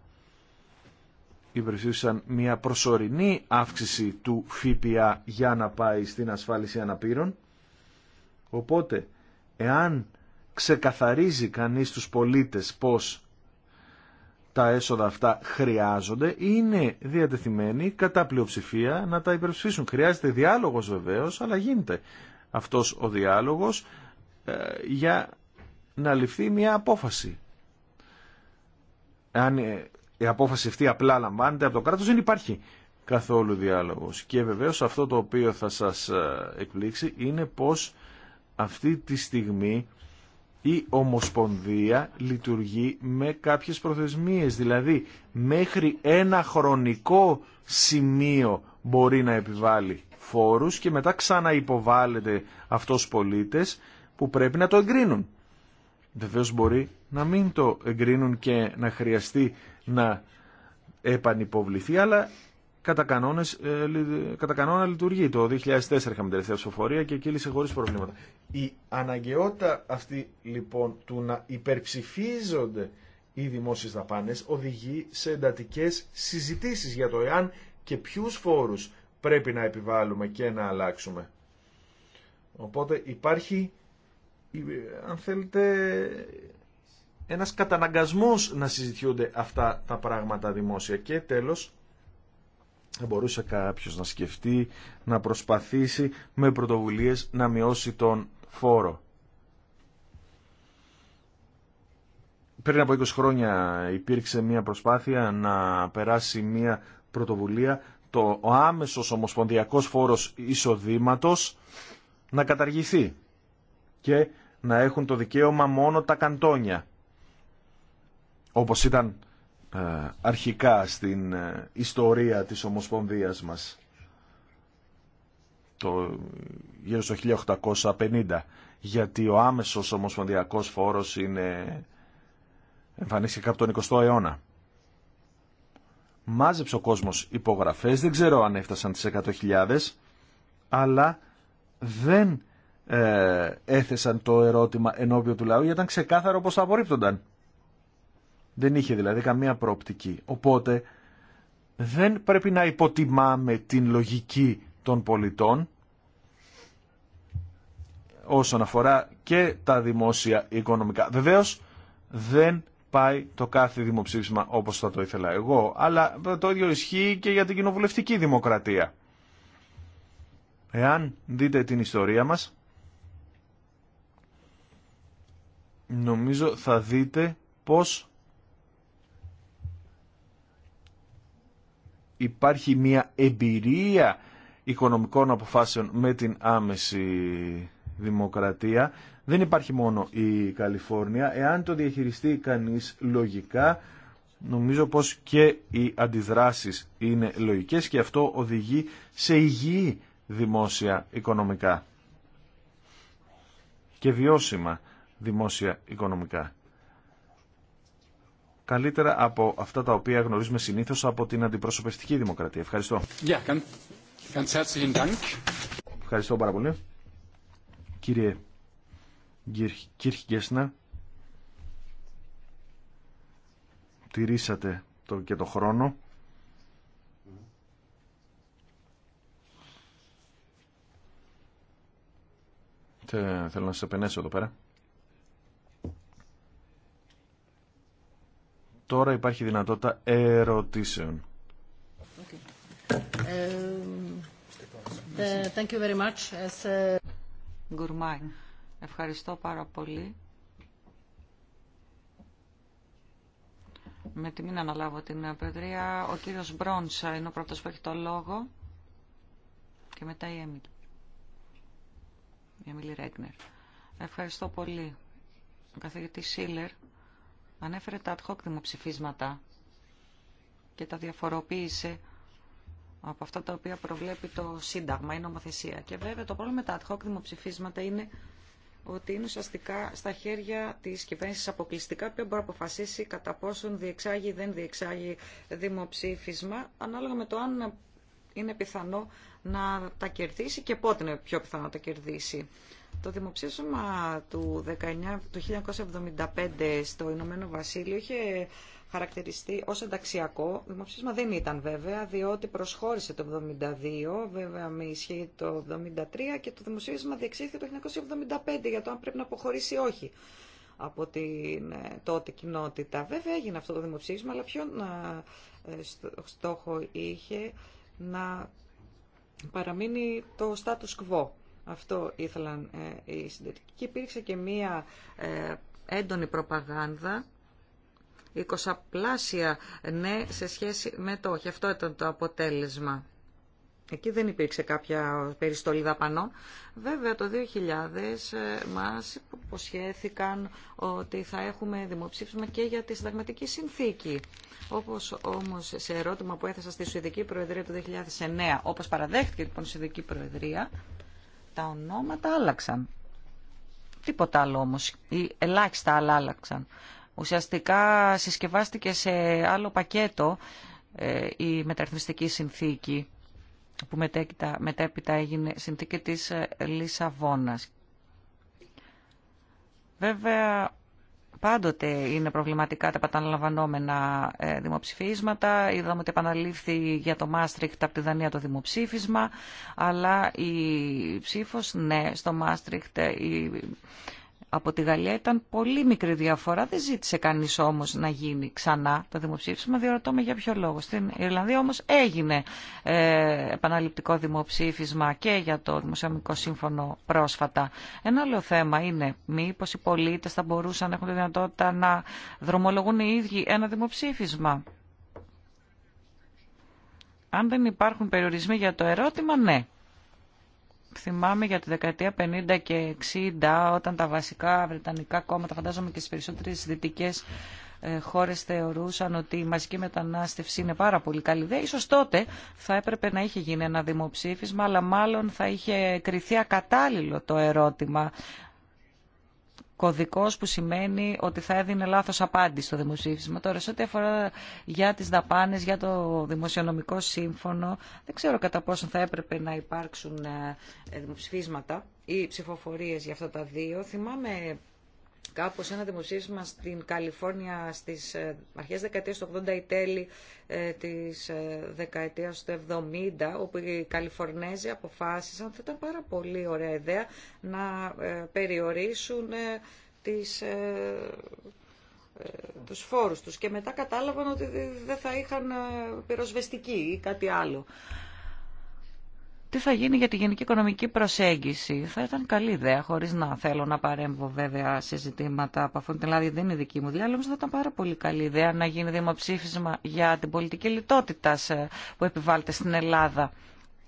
Speaker 1: υπερψήφισαν μια προσωρινή αύξηση του ΦΠΑ για να πάει στην ασφάλιση αναπήρων. Οπότε, εάν ξεκαθαρίζει κανείς τους πολίτες πως τα έσοδα αυτά χρειάζονται, είναι διατεθειμένοι κατά πλειοψηφία να τα υπερψηφίσουν. Χρειάζεται διάλογος βεβαίως, αλλά γίνεται αυτός ο διάλογος ε, για να ληφθεί μια απόφαση. Αν ε, η απόφαση αυτή απλά λαμβάνεται από το κράτος, δεν υπάρχει καθόλου διάλογος. Και βεβαίως αυτό το οποίο θα σας ε, εκπλήξει είναι πως αυτή τη στιγμή η Ομοσπονδία λειτουργεί με κάποιες προθεσμίες. Δηλαδή, μέχρι ένα χρονικό σημείο μπορεί να επιβάλλει φόρους και μετά ξαναυποβάλλεται αυτός πολίτες που πρέπει να το εγκρίνουν. Βεβαίω μπορεί να μην το εγκρίνουν και να χρειαστεί να επανυποβληθεί, αλλά κατά, κανόνες, ε, κατά κανόνα λειτουργεί. Το 2004 είχαμε τελευταία ψηφοφορία και εκεί χωρί προβλήματα. Η αναγκαιότητα αυτή λοιπόν του να υπερψηφίζονται οι δημόσιες δαπάνες οδηγεί σε εντατικέ συζητήσεις για το εάν και ποιου φόρους πρέπει να επιβάλλουμε και να αλλάξουμε. Οπότε υπάρχει, ε, αν θέλετε, ένας καταναγκασμός να συζητιούνται αυτά τα πράγματα δημόσια. Και τέλος, θα μπορούσε κάποιος να σκεφτεί, να προσπαθήσει με πρωτοβουλίες να μειώσει τον φόρο. Πριν από 20 χρόνια υπήρξε μια προσπάθεια να περάσει μια πρωτοβουλία το ο άμεσος ομοσπονδιακός φόρος εισοδήματος να καταργηθεί και να έχουν το δικαίωμα μόνο τα καντόνια. Όπως ήταν ε, αρχικά στην ε, ιστορία της Ομοσπονδίας μας το, γύρω στο 1850 γιατί ο άμεσος ομοσπονδιακός φόρος είναι εμφανίστηκε από τον 20ο αιώνα μάζεψε ο κόσμος υπογραφές δεν ξέρω αν έφτασαν τις 100.000 αλλά δεν ε, έθεσαν το ερώτημα ενώπιον του λαού γιατί ήταν ξεκάθαρο πως θα απορρίπτονταν δεν είχε δηλαδή καμία προοπτική. Οπότε δεν πρέπει να υποτιμάμε την λογική των πολιτών όσον αφορά και τα δημόσια οικονομικά. Βεβαίως δεν πάει το κάθε δημοψήφισμα όπως θα το ήθελα εγώ, αλλά το ίδιο ισχύει και για την κοινοβουλευτική δημοκρατία. Εάν δείτε την ιστορία μας, νομίζω θα δείτε πως υπάρχει μια εμπειρία οικονομικών αποφάσεων με την άμεση δημοκρατία. Δεν υπάρχει μόνο η Καλιφόρνια. Εάν το διαχειριστεί κανείς λογικά, νομίζω πως και οι αντιδράσεις είναι λογικές και αυτό οδηγεί σε υγιή δημόσια οικονομικά και βιώσιμα δημόσια οικονομικά καλύτερα από αυτά τα οποία γνωρίζουμε συνήθως από την αντιπροσωπευτική δημοκρατία. Ευχαριστώ.
Speaker 3: ganz herzlichen Dank.
Speaker 1: Ευχαριστώ πάρα πολύ. Κύριε Κύρχη Γκέσνα, τηρήσατε το, και το χρόνο. Θέλω να σε επενέσω εδώ πέρα. Τώρα υπάρχει δυνατότητα ερωτήσεων.
Speaker 3: Okay. Uh, thank you very much. As... Ε, Ευχαριστώ πάρα πολύ. Με τιμή να αναλάβω την Προεδρία. Ο κύριος Μπρόνσα είναι ο πρώτος που έχει το λόγο. Και μετά η Έμιλη. Η Έμιλη Ρέγνερ. Ευχαριστώ πολύ. Ο καθηγητής Σίλερ ανέφερε τα ad hoc δημοψηφίσματα και τα διαφοροποίησε από αυτά τα οποία προβλέπει το Σύνταγμα, η νομοθεσία. Και βέβαια το πρόβλημα με τα ad hoc δημοψηφίσματα είναι ότι είναι ουσιαστικά στα χέρια τη κυβέρνηση αποκλειστικά που μπορεί να αποφασίσει κατά πόσον διεξάγει ή δεν διεξάγει δημοψήφισμα, ανάλογα με το αν είναι πιθανό να τα κερδίσει και πότε είναι πιο πιθανό να τα κερδίσει. Το δημοψήφισμα του, 1975 στο Ηνωμένο Βασίλειο είχε χαρακτηριστεί ως ενταξιακό. Δημοψήφισμα δεν ήταν βέβαια, διότι προσχώρησε το 72, βέβαια με ισχύ το 73 και το δημοψήφισμα διεξήχθη το 1975 για το αν πρέπει να αποχωρήσει ή όχι από την ε, τότε κοινότητα. Βέβαια έγινε αυτό το δημοψήφισμα, αλλά ποιον ε, ε, στόχο είχε να παραμείνει το status quo. Αυτό ήθελαν ε, οι συντηρητικοί. Και υπήρξε και μία ε, έντονη προπαγάνδα 20 πλάσια ναι σε σχέση με το όχι. Αυτό ήταν το αποτέλεσμα. Εκεί δεν υπήρξε κάποια περιστολή δαπανών. Βέβαια το 2000 ε, μας υποσχέθηκαν ότι θα έχουμε δημοψήφισμα και για τη συνταγματική συνθήκη. Όπως όμως σε ερώτημα που έθεσα στη Σουηδική Προεδρία το 2009, όπως παραδέχτηκε λοιπόν η Σουηδική Προεδρία, τα ονόματα άλλαξαν. Τίποτα άλλο όμως, ή ελάχιστα άλλα άλλαξαν. Ουσιαστικά συσκευάστηκε σε άλλο πακέτο ε, μεταρρυθμιστική συνθήκη που μετέπειτα, μετέπειτα έγινε συνθήκη της Λισαβόνας. Βέβαια, Πάντοτε είναι προβληματικά τα επαναλαμβανόμενα ε, δημοψηφίσματα. Είδαμε ότι επαναλήφθη για το Μάστριχτ από τη Δανία το δημοψήφισμα, αλλά η ψήφος, ναι, στο Μάστριχτ ε, η από τη Γαλλία ήταν πολύ μικρή διαφορά. Δεν ζήτησε κανεί όμω να γίνει ξανά το δημοψήφισμα. Διερωτώ με για ποιο λόγο. Στην Ιρλανδία όμω έγινε ε, επαναληπτικό δημοψήφισμα και για το Δημοσιονομικό Σύμφωνο πρόσφατα. Ένα άλλο θέμα είναι μήπω οι πολίτε θα μπορούσαν να έχουν τη δυνατότητα να δρομολογούν οι ίδιοι ένα δημοψήφισμα. Αν δεν υπάρχουν περιορισμοί για το ερώτημα, ναι. Θυμάμαι για τη δεκαετία 50 και 60 όταν τα βασικά βρετανικά κόμματα, φαντάζομαι και στις περισσότερες δυτικές ε, χώρες θεωρούσαν ότι η μαζική μετανάστευση είναι πάρα πολύ καλή ιδέα. Ίσως τότε θα έπρεπε να είχε γίνει ένα δημοψήφισμα, αλλά μάλλον θα είχε κριθεί ακατάλληλο το ερώτημα κωδικός που σημαίνει ότι θα έδινε λάθος απάντηση στο δημοψήφισμα. Τώρα, σε ό,τι αφορά για τις δαπάνες, για το δημοσιονομικό σύμφωνο, δεν ξέρω κατά πόσο θα έπρεπε να υπάρξουν ε, δημοψηφίσματα ή ψηφοφορίες για αυτά τα δύο. Θυμάμαι κάπως ένα δημοσίευμα στην Καλιφόρνια στις ε, αρχές δεκαετίας του 80 ή τέλη ε, της ε, δεκαετίας του 70 όπου οι Καλιφορνέζοι αποφάσισαν ότι ήταν πάρα πολύ ωραία ιδέα να περιορίσουν τις, τους φόρους τους και μετά κατάλαβαν ότι δεν θα είχαν πυροσβεστική ή κάτι άλλο τι θα γίνει για τη γενική οικονομική προσέγγιση. Θα ήταν καλή ιδέα, χωρί να θέλω να παρέμβω βέβαια σε ζητήματα από αυτόν την δηλαδή, Ελλάδα, δεν είναι δική μου διάλογο. Θα ήταν πάρα πολύ καλή ιδέα να γίνει δημοψήφισμα για την πολιτική λιτότητα ε, που επιβάλλεται στην Ελλάδα.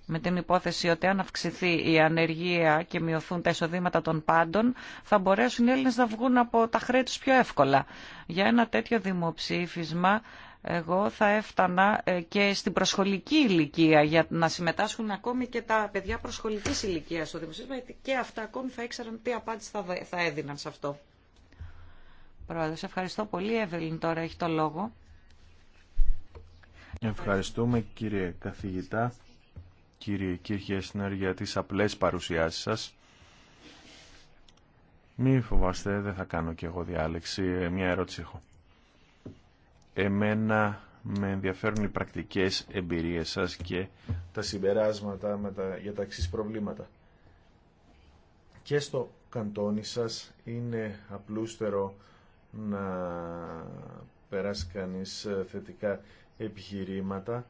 Speaker 3: Με την υπόθεση ότι αν αυξηθεί η ανεργία και μειωθούν τα εισοδήματα των πάντων, θα μπορέσουν οι Έλληνε να βγουν από τα χρέη του πιο εύκολα. Για ένα τέτοιο δημοψήφισμα εγώ θα έφτανα ε, και στην προσχολική ηλικία για να συμμετάσχουν ακόμη και τα παιδιά προσχολικής ηλικίας στο δημοσίευμα και αυτά ακόμη θα ήξεραν τι απάντηση θα έδιναν σε αυτό. σε ευχαριστώ πολύ. Εύελιν τώρα έχει το λόγο.
Speaker 1: Ευχαριστούμε κύριε καθηγητά, κύριε Κύρχεσνερ για τις απλές παρουσιάσεις σας. Μη φοβάστε, δεν θα κάνω κι εγώ διάλεξη. Ε, μια ερώτηση έχω. Εμένα με ενδιαφέρουν οι πρακτικές εμπειρίες σας και τα συμπεράσματα με για τα εξή προβλήματα. Και στο καντόνι σας είναι απλούστερο να περάσει κανείς ε, θετικά επιχειρήματα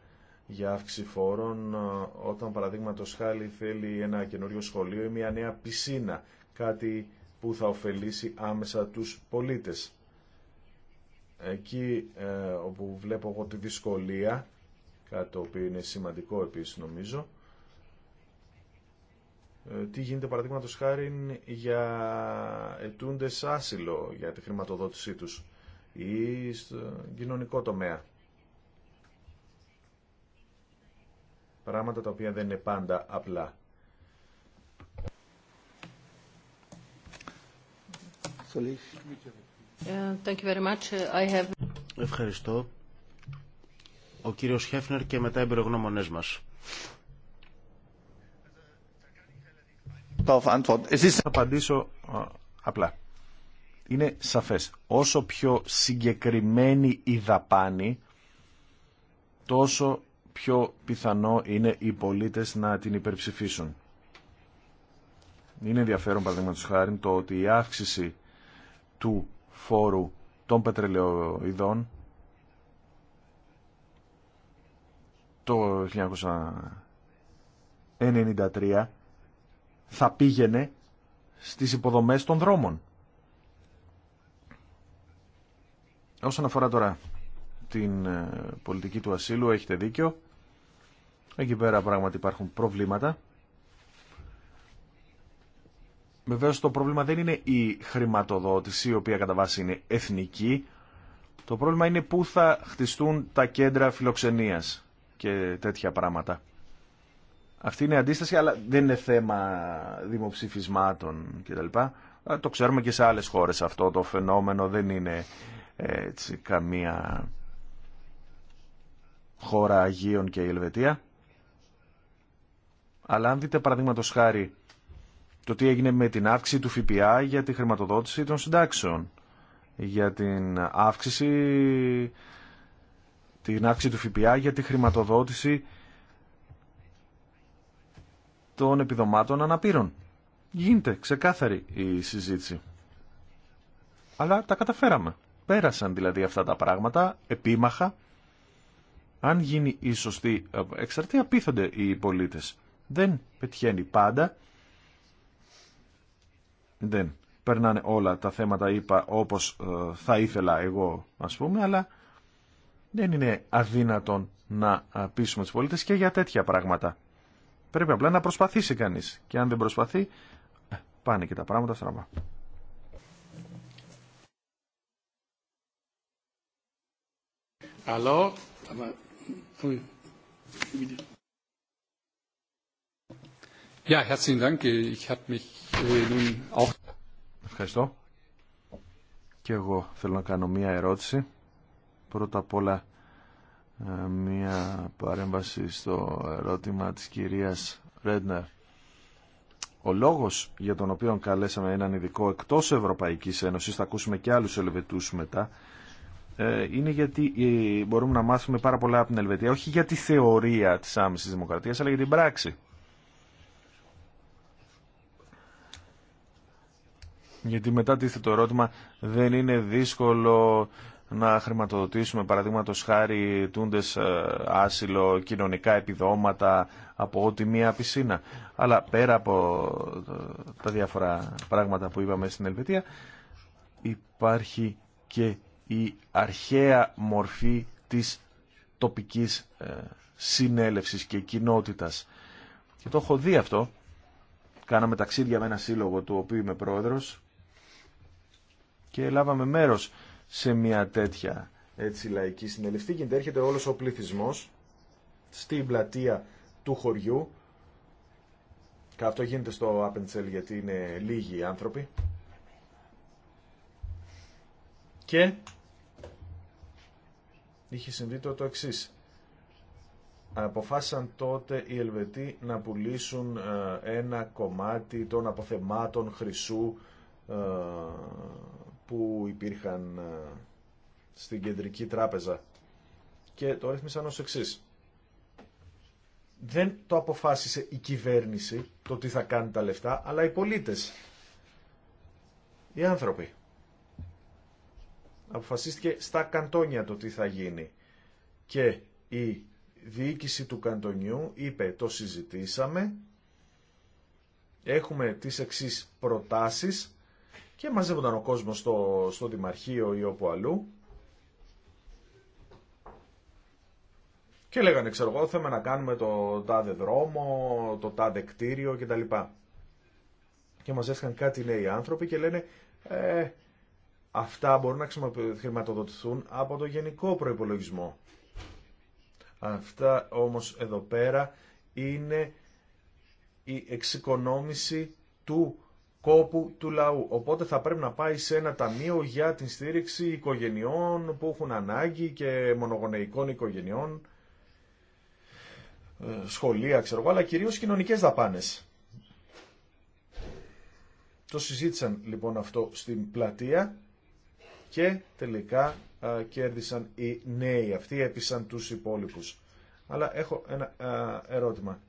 Speaker 1: για αύξηση φόρων ε, όταν παραδείγματο χάλη θέλει ένα καινούριο σχολείο ή μια νέα πισίνα, κάτι που θα ωφελήσει άμεσα τους πολίτες εκεί ε, όπου βλέπω εγώ τη δυσκολία, κάτι το οποίο είναι σημαντικό επίσης νομίζω, ε, τι γίνεται παραδείγματο χάρη για ετούντες άσυλο για τη χρηματοδότησή τους ή στο κοινωνικό τομέα. Πράγματα τα οποία δεν είναι πάντα απλά.
Speaker 2: Ευχαριστώ. Ο κύριος Χέφνερ και μετά εμπειρογνώμονές μας. Θα
Speaker 1: απαντήσω απλά. Είναι σαφές. Όσο πιο συγκεκριμένη η δαπάνη, τόσο πιο πιθανό είναι οι πολίτες να την υπερψηφίσουν. Είναι ενδιαφέρον παραδείγματο χάρη το ότι η αύξηση του φόρου των πετρελαιοειδών το 1993 θα πήγαινε στις υποδομές των δρόμων. Όσον αφορά τώρα την ε, πολιτική του ασύλου, έχετε δίκιο. Εκεί πέρα πράγματι υπάρχουν προβλήματα. Βεβαίως το πρόβλημα δεν είναι η χρηματοδότηση, η οποία κατά βάση είναι εθνική. Το πρόβλημα είναι πού θα χτιστούν τα κέντρα φιλοξενίας και τέτοια πράγματα. Αυτή είναι αντίσταση, αλλά δεν είναι θέμα δημοψηφισμάτων κτλ. Το ξέρουμε και σε άλλες χώρες αυτό το φαινόμενο, δεν είναι ε, έτσι καμία χώρα Αγίων και η Ελβετία. Αλλά αν δείτε παραδείγματο χάρη το τι έγινε με την αύξηση του ΦΠΑ για τη χρηματοδότηση των συντάξεων, για την αύξηση, την αύξηση του ΦΠΑ για τη χρηματοδότηση των επιδομάτων αναπήρων. Γίνεται ξεκάθαρη η συζήτηση. Αλλά τα καταφέραμε. Πέρασαν δηλαδή αυτά τα πράγματα επίμαχα. Αν γίνει η σωστή ε, εξαρτία, πείθονται οι πολίτες. Δεν πετυχαίνει πάντα δεν περνάνε όλα τα θέματα είπα όπως ε, θα ήθελα εγώ ας πούμε αλλά δεν είναι αδύνατον να ε, πείσουμε τους πολίτες και για τέτοια πράγματα. Πρέπει απλά να προσπαθήσει κανείς και αν δεν προσπαθεί ε, πάνε και τα πράγματα στραβά.
Speaker 3: Alors, Äh,
Speaker 1: Ευχαριστώ. Και εγώ θέλω να κάνω μία ερώτηση. Πρώτα απ' όλα ε, μία παρέμβαση στο ερώτημα της κυρίας Ρέντνερ. Ο λόγος για τον οποίο καλέσαμε έναν ειδικό εκτός Ευρωπαϊκής Ένωσης, θα ακούσουμε και άλλους Ελβετούς μετά, ε, είναι γιατί ε, μπορούμε να μάθουμε πάρα πολλά από την Ελβετία, όχι για τη θεωρία της άμεσης δημοκρατίας, αλλά για την πράξη. Γιατί μετά τίθεται το ερώτημα, δεν είναι δύσκολο να χρηματοδοτήσουμε παραδείγματο χάρη τούντες ε, άσυλο, κοινωνικά επιδόματα από ό,τι μία πισίνα. Αλλά πέρα από ε, τα διάφορα πράγματα που είπαμε στην Ελβετία υπάρχει και η αρχαία μορφή της τοπικής ε, συνέλευσης και κοινότητας. Και το έχω δει αυτό. Κάναμε ταξίδια με ένα σύλλογο του οποίου είμαι πρόεδρος και λάβαμε μέρος σε μια τέτοια έτσι, λαϊκή συνελευτή. Γίνεται έρχεται όλος ο πληθυσμός στην πλατεία του χωριού. Αυτό γίνεται στο Απεντσέλ γιατί είναι λίγοι άνθρωποι. Και είχε συμβεί το, το εξή. Αποφάσισαν τότε οι Ελβετοί να πουλήσουν ε, ένα κομμάτι των αποθεμάτων χρυσού ε, που υπήρχαν ε, στην κεντρική τράπεζα και το ρύθμισαν ως εξής. Δεν το αποφάσισε η κυβέρνηση το τι θα κάνει τα λεφτά, αλλά οι πολίτες, οι άνθρωποι. Αποφασίστηκε στα καντόνια το τι θα γίνει και η διοίκηση του καντονιού είπε το συζητήσαμε, έχουμε τις εξής προτάσεις, και μαζεύονταν ο κόσμος στο, στο Δημαρχείο ή όπου αλλού και λέγανε ξέρω εγώ να κάνουμε το τάδε δρόμο, το τάδε κτίριο κτλ. Και έσκαν κάτι νέοι άνθρωποι και λένε ε, αυτά μπορούν να χρηματοδοτηθούν από το γενικό προϋπολογισμό. Αυτά όμως εδώ πέρα είναι η εξοικονόμηση του κόπου του λαού. Οπότε θα πρέπει να πάει σε ένα ταμείο για την στήριξη οικογενειών που έχουν ανάγκη και μονογονεϊκών οικογενειών, ε, σχολεία ξέρω εγώ, αλλά κυρίως κοινωνικές δαπάνες. Το συζήτησαν λοιπόν αυτό στην πλατεία και τελικά ε, κέρδισαν οι νέοι. Αυτοί έπεισαν τους υπόλοιπους. Αλλά έχω ένα ε, ερώτημα.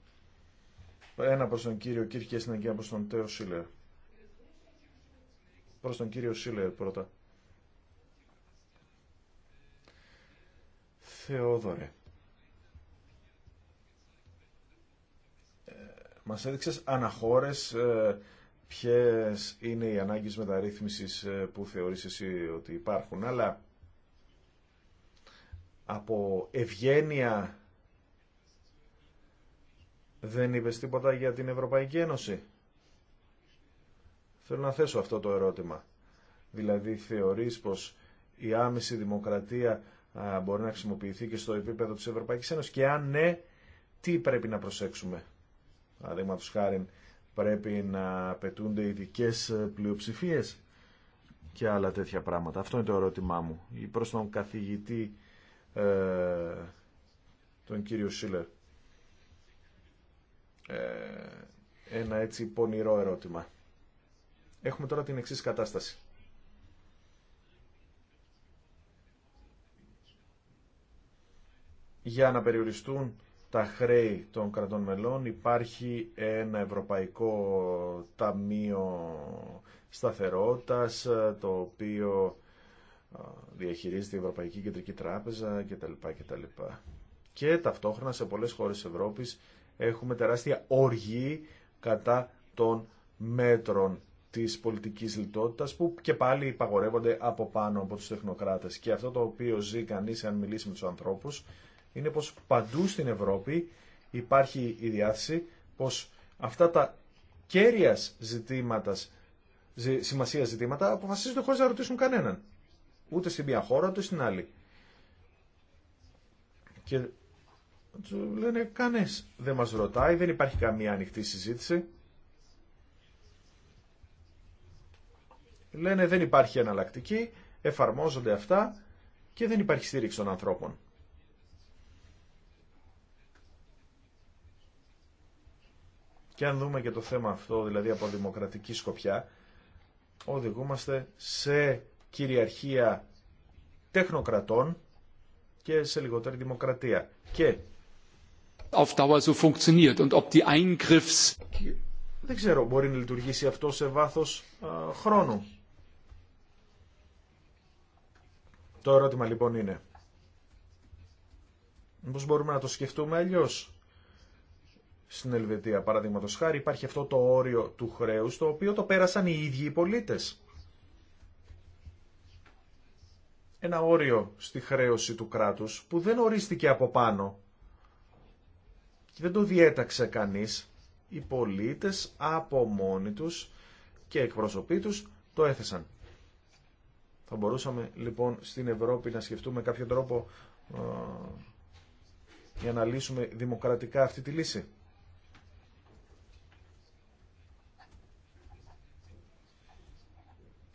Speaker 1: Ένα προς τον κύριο Κύρκη και ένα προς τον Τέο Σίλερ προς τον κύριο Σίλερ πρώτα. Θεόδωρε. Ε, μας έδειξες αναχώρες ε, ποιες είναι οι ανάγκες μεταρρύθμισης ε, που θεωρείς εσύ ότι υπάρχουν, αλλά από ευγένεια δεν είπες τίποτα για την Ευρωπαϊκή Ένωση. Θέλω να θέσω αυτό το ερώτημα. Δηλαδή θεωρείς πως η άμεση δημοκρατία μπορεί να χρησιμοποιηθεί και στο επίπεδο της Ευρωπαϊκής Ένωσης και αν ναι, τι πρέπει να προσέξουμε. τους χάρη πρέπει να απαιτούνται ειδικέ ε, πλειοψηφίε και άλλα τέτοια πράγματα. Αυτό είναι το ερώτημά μου. Ή προς τον καθηγητή ε, τον κύριο Σίλερ. Ε, ένα έτσι πονηρό ερώτημα. Έχουμε τώρα την εξής κατάσταση. Για να περιοριστούν τα χρέη των κρατών μελών υπάρχει ένα ευρωπαϊκό ταμείο σταθερότητας το οποίο διαχειρίζεται η Ευρωπαϊκή Κεντρική Τράπεζα κτλ. Και ταυτόχρονα σε πολλές χώρες Ευρώπης έχουμε τεράστια οργή κατά των μέτρων της πολιτικής λιτότητας που και πάλι υπαγορεύονται από πάνω από τους τεχνοκράτες. Και αυτό το οποίο ζει κανείς αν μιλήσει με τους ανθρώπους είναι πως παντού στην Ευρώπη υπάρχει η διάθεση πως αυτά τα κέρια ζητήματα, σημασία ζητήματα αποφασίζονται χωρίς να ρωτήσουν κανέναν. Ούτε στην μία χώρα, ούτε στην άλλη. Και του λένε κανείς δεν μας ρωτάει, δεν υπάρχει καμία ανοιχτή συζήτηση. λένε δεν υπάρχει εναλλακτική, εφαρμόζονται αυτά και δεν υπάρχει στήριξη των ανθρώπων. Και αν δούμε και το θέμα αυτό, δηλαδή από δημοκρατική σκοπιά, οδηγούμαστε σε κυριαρχία τεχνοκρατών και σε λιγότερη δημοκρατία. Και
Speaker 3: auf Dauer so funktioniert und ob die Eingriffs...
Speaker 1: Δεν ξέρω, μπορεί να λειτουργήσει αυτό σε βάθος χρόνου. Το ερώτημα λοιπόν είναι, Πώ μπορούμε να το σκεφτούμε αλλιώ. Στην Ελβετία, παραδείγματο χάρη, υπάρχει αυτό το όριο του χρέου, το οποίο το πέρασαν οι ίδιοι οι πολίτες. Ένα όριο στη χρέωση του κράτους που δεν ορίστηκε από πάνω και δεν το διέταξε κανείς. Οι πολίτες από μόνοι τους και εκπροσωποί τους το έθεσαν. Θα μπορούσαμε λοιπόν στην Ευρώπη να σκεφτούμε κάποιο τρόπο ε, για να λύσουμε δημοκρατικά αυτή τη λύση.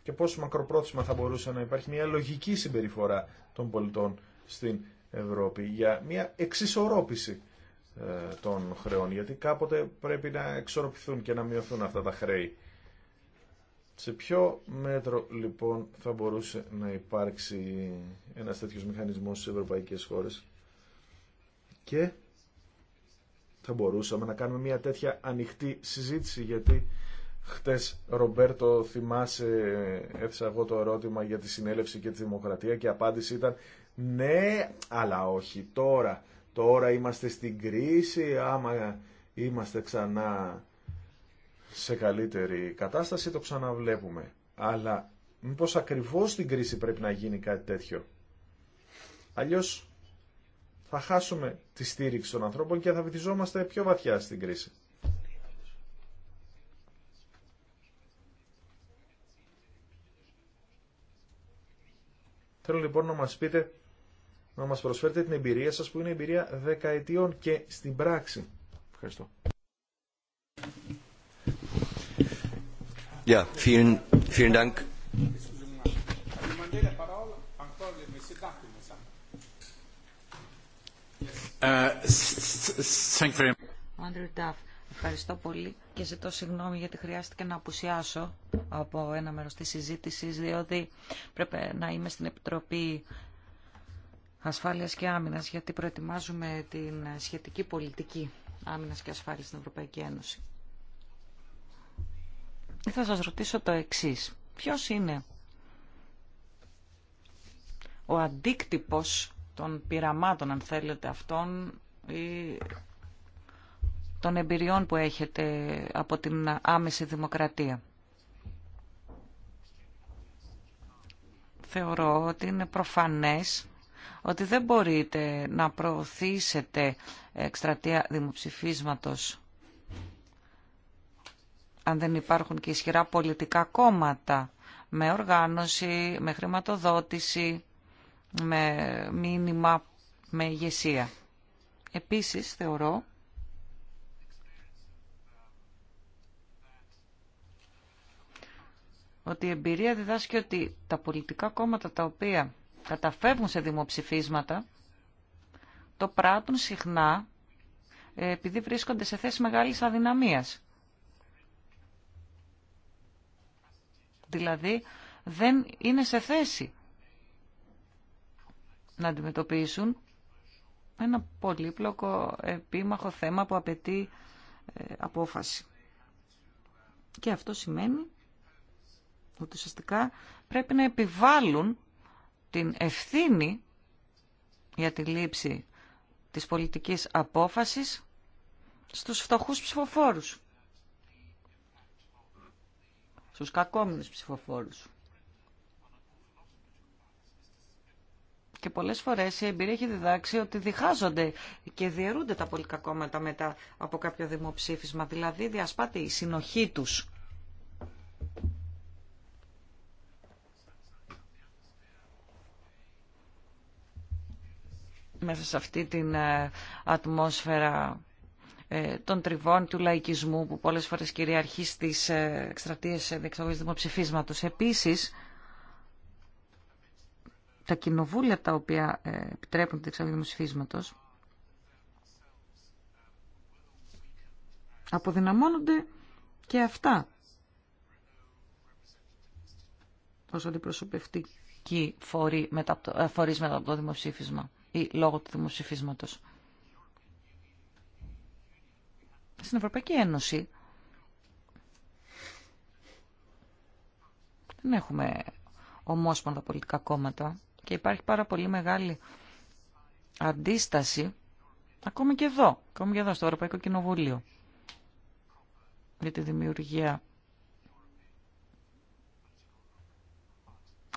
Speaker 1: Και πόσο μακροπρόθεσμα θα μπορούσε να υπάρχει μια λογική συμπεριφορά των πολιτών στην Ευρώπη για μια εξισορρόπηση ε, των χρεών. Γιατί κάποτε πρέπει να εξορροπηθούν και να μειωθούν αυτά τα χρέη. Σε ποιο μέτρο λοιπόν θα μπορούσε να υπάρξει ένας τέτοιος μηχανισμός στις ευρωπαϊκές χώρες και θα μπορούσαμε να κάνουμε μια τέτοια ανοιχτή συζήτηση γιατί χτες Ρομπέρτο θυμάσαι έθεσα εγώ το ερώτημα για τη συνέλευση και τη δημοκρατία και η απάντηση ήταν ναι αλλά όχι τώρα τώρα είμαστε στην κρίση άμα είμαστε ξανά σε καλύτερη κατάσταση, το ξαναβλέπουμε. Αλλά μήπως ακριβώς στην κρίση πρέπει να γίνει κάτι τέτοιο. Αλλιώς θα χάσουμε τη στήριξη των ανθρώπων και θα βυθιζόμαστε πιο βαθιά στην κρίση. Θέλω λοιπόν να μας πείτε, να μας προσφέρετε την εμπειρία σας που είναι εμπειρία δεκαετιών και στην πράξη. Ευχαριστώ.
Speaker 2: Uh,
Speaker 3: ευχαριστώ πολύ και ζητώ συγγνώμη γιατί χρειάστηκε να απουσιάσω από ένα μέρος της συζήτησης διότι πρέπει να είμαι στην Επιτροπή Ασφάλειας και Άμυνας γιατί προετοιμάζουμε την σχετική πολιτική άμυνας και ασφάλειας στην Ευρωπαϊκή Ένωση θα σας ρωτήσω το εξής. Ποιος είναι ο αντίκτυπος των πειραμάτων, αν θέλετε, αυτών ή των εμπειριών που έχετε από την άμεση δημοκρατία. Θεωρώ ότι είναι προφανές ότι δεν μπορείτε να προωθήσετε εκστρατεία δημοψηφίσματος αν δεν υπάρχουν και ισχυρά πολιτικά κόμματα με οργάνωση, με χρηματοδότηση, με μήνυμα, με ηγεσία. Επίσης θεωρώ ότι η εμπειρία διδάσκει ότι τα πολιτικά κόμματα τα οποία καταφεύγουν σε δημοψηφίσματα το πράττουν συχνά ε, επειδή βρίσκονται σε θέση μεγάλης αδυναμίας. δηλαδή δεν είναι σε θέση να αντιμετωπίσουν ένα πολύπλοκο επίμαχο θέμα που απαιτεί ε, απόφαση. Και αυτό σημαίνει ότι ουσιαστικά πρέπει να επιβάλλουν την ευθύνη για τη λήψη της πολιτικής απόφασης στους φτωχούς ψηφοφόρους στους κακόμενους ψηφοφόρους. Και πολλές φορές η εμπειρία έχει διδάξει ότι διχάζονται και διαιρούνται τα πολιτικά κόμματα μετά από κάποιο δημοψήφισμα. Δηλαδή διασπάται η συνοχή τους. Μέσα σε αυτή την ε, ατμόσφαιρα ε, των τριβών του λαϊκισμού που πολλές φορές κυριαρχεί στις ε, εκστρατείες ε, διεξαγωγής δημοψηφίσματος. Επίσης, τα κοινοβούλια τα οποία επιτρέπουν τη διεξαγωγή δημοψηφίσματος αποδυναμώνονται και αυτά ως αντιπροσωπευτικοί φορείς μετά από το δημοψήφισμα ή λόγω του δημοψηφίσματος. στην Ευρωπαϊκή Ένωση δεν έχουμε ομόσπονδα πολιτικά κόμματα και υπάρχει πάρα πολύ μεγάλη αντίσταση ακόμη και εδώ, ακόμη και εδώ στο Ευρωπαϊκό Κοινοβούλιο για τη δημιουργία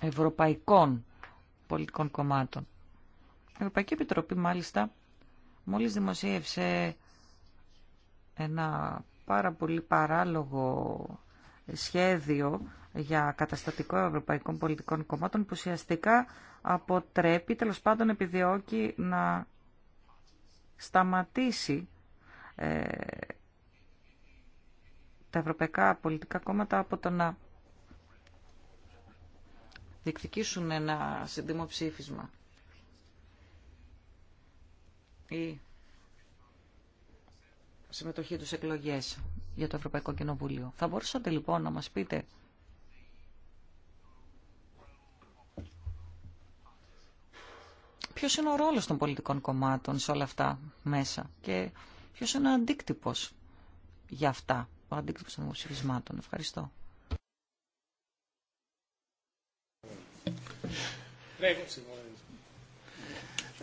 Speaker 3: ευρωπαϊκών πολιτικών κομμάτων. Η Ευρωπαϊκή Επιτροπή μάλιστα μόλις δημοσίευσε ένα πάρα πολύ παράλογο σχέδιο για καταστατικό ευρωπαϊκών πολιτικών κομμάτων που ουσιαστικά αποτρέπει, τέλος πάντων επιδιώκει να σταματήσει ε, τα ευρωπαϊκά πολιτικά κόμματα από το να διεκδικήσουν ένα συντημοψήφισμα συμμετοχή τους εκλογές για το Ευρωπαϊκό Κοινοβούλιο. Θα μπορούσατε λοιπόν να μας πείτε ποιος είναι ο ρόλος των πολιτικών κομμάτων σε όλα αυτά μέσα και ποιος είναι ο αντίκτυπος για αυτά, ο αντίκτυπος των δημοψηφισμάτων. Ευχαριστώ.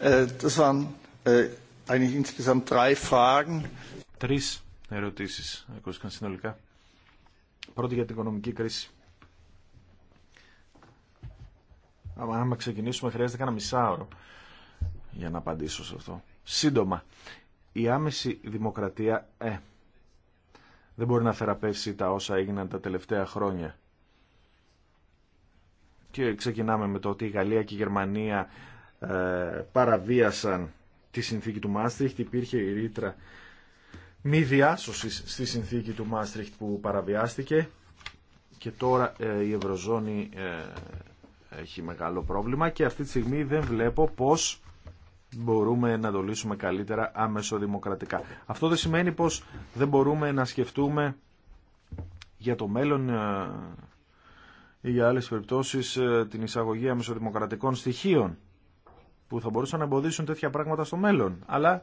Speaker 3: Äh,
Speaker 1: das waren äh, eigentlich insgesamt drei Fragen. Τρεις ερωτήσεις ακούστηκαν συνολικά. Πρώτη για την οικονομική κρίση. Αν ξεκινήσουμε χρειάζεται κανένα μισάωρο για να απαντήσω σε αυτό. Σύντομα, η άμεση δημοκρατία ε, δεν μπορεί να θεραπεύσει τα όσα έγιναν τα τελευταία χρόνια. Και ξεκινάμε με το ότι η Γαλλία και η Γερμανία ε, παραβίασαν τη συνθήκη του Μάστριχτ, υπήρχε η ρήτρα μη διάσωση στη συνθήκη του Μάστριχτ που παραβιάστηκε και τώρα ε, η Ευρωζώνη ε, έχει μεγάλο πρόβλημα και αυτή τη στιγμή δεν βλέπω πώς μπορούμε να το λύσουμε καλύτερα αμεσοδημοκρατικά. Αυτό δεν σημαίνει πως δεν μπορούμε να σκεφτούμε για το μέλλον ε, ή για άλλες περιπτώσεις την εισαγωγή αμεσοδημοκρατικών στοιχείων που θα μπορούσαν να εμποδίσουν τέτοια πράγματα στο μέλλον. Αλλά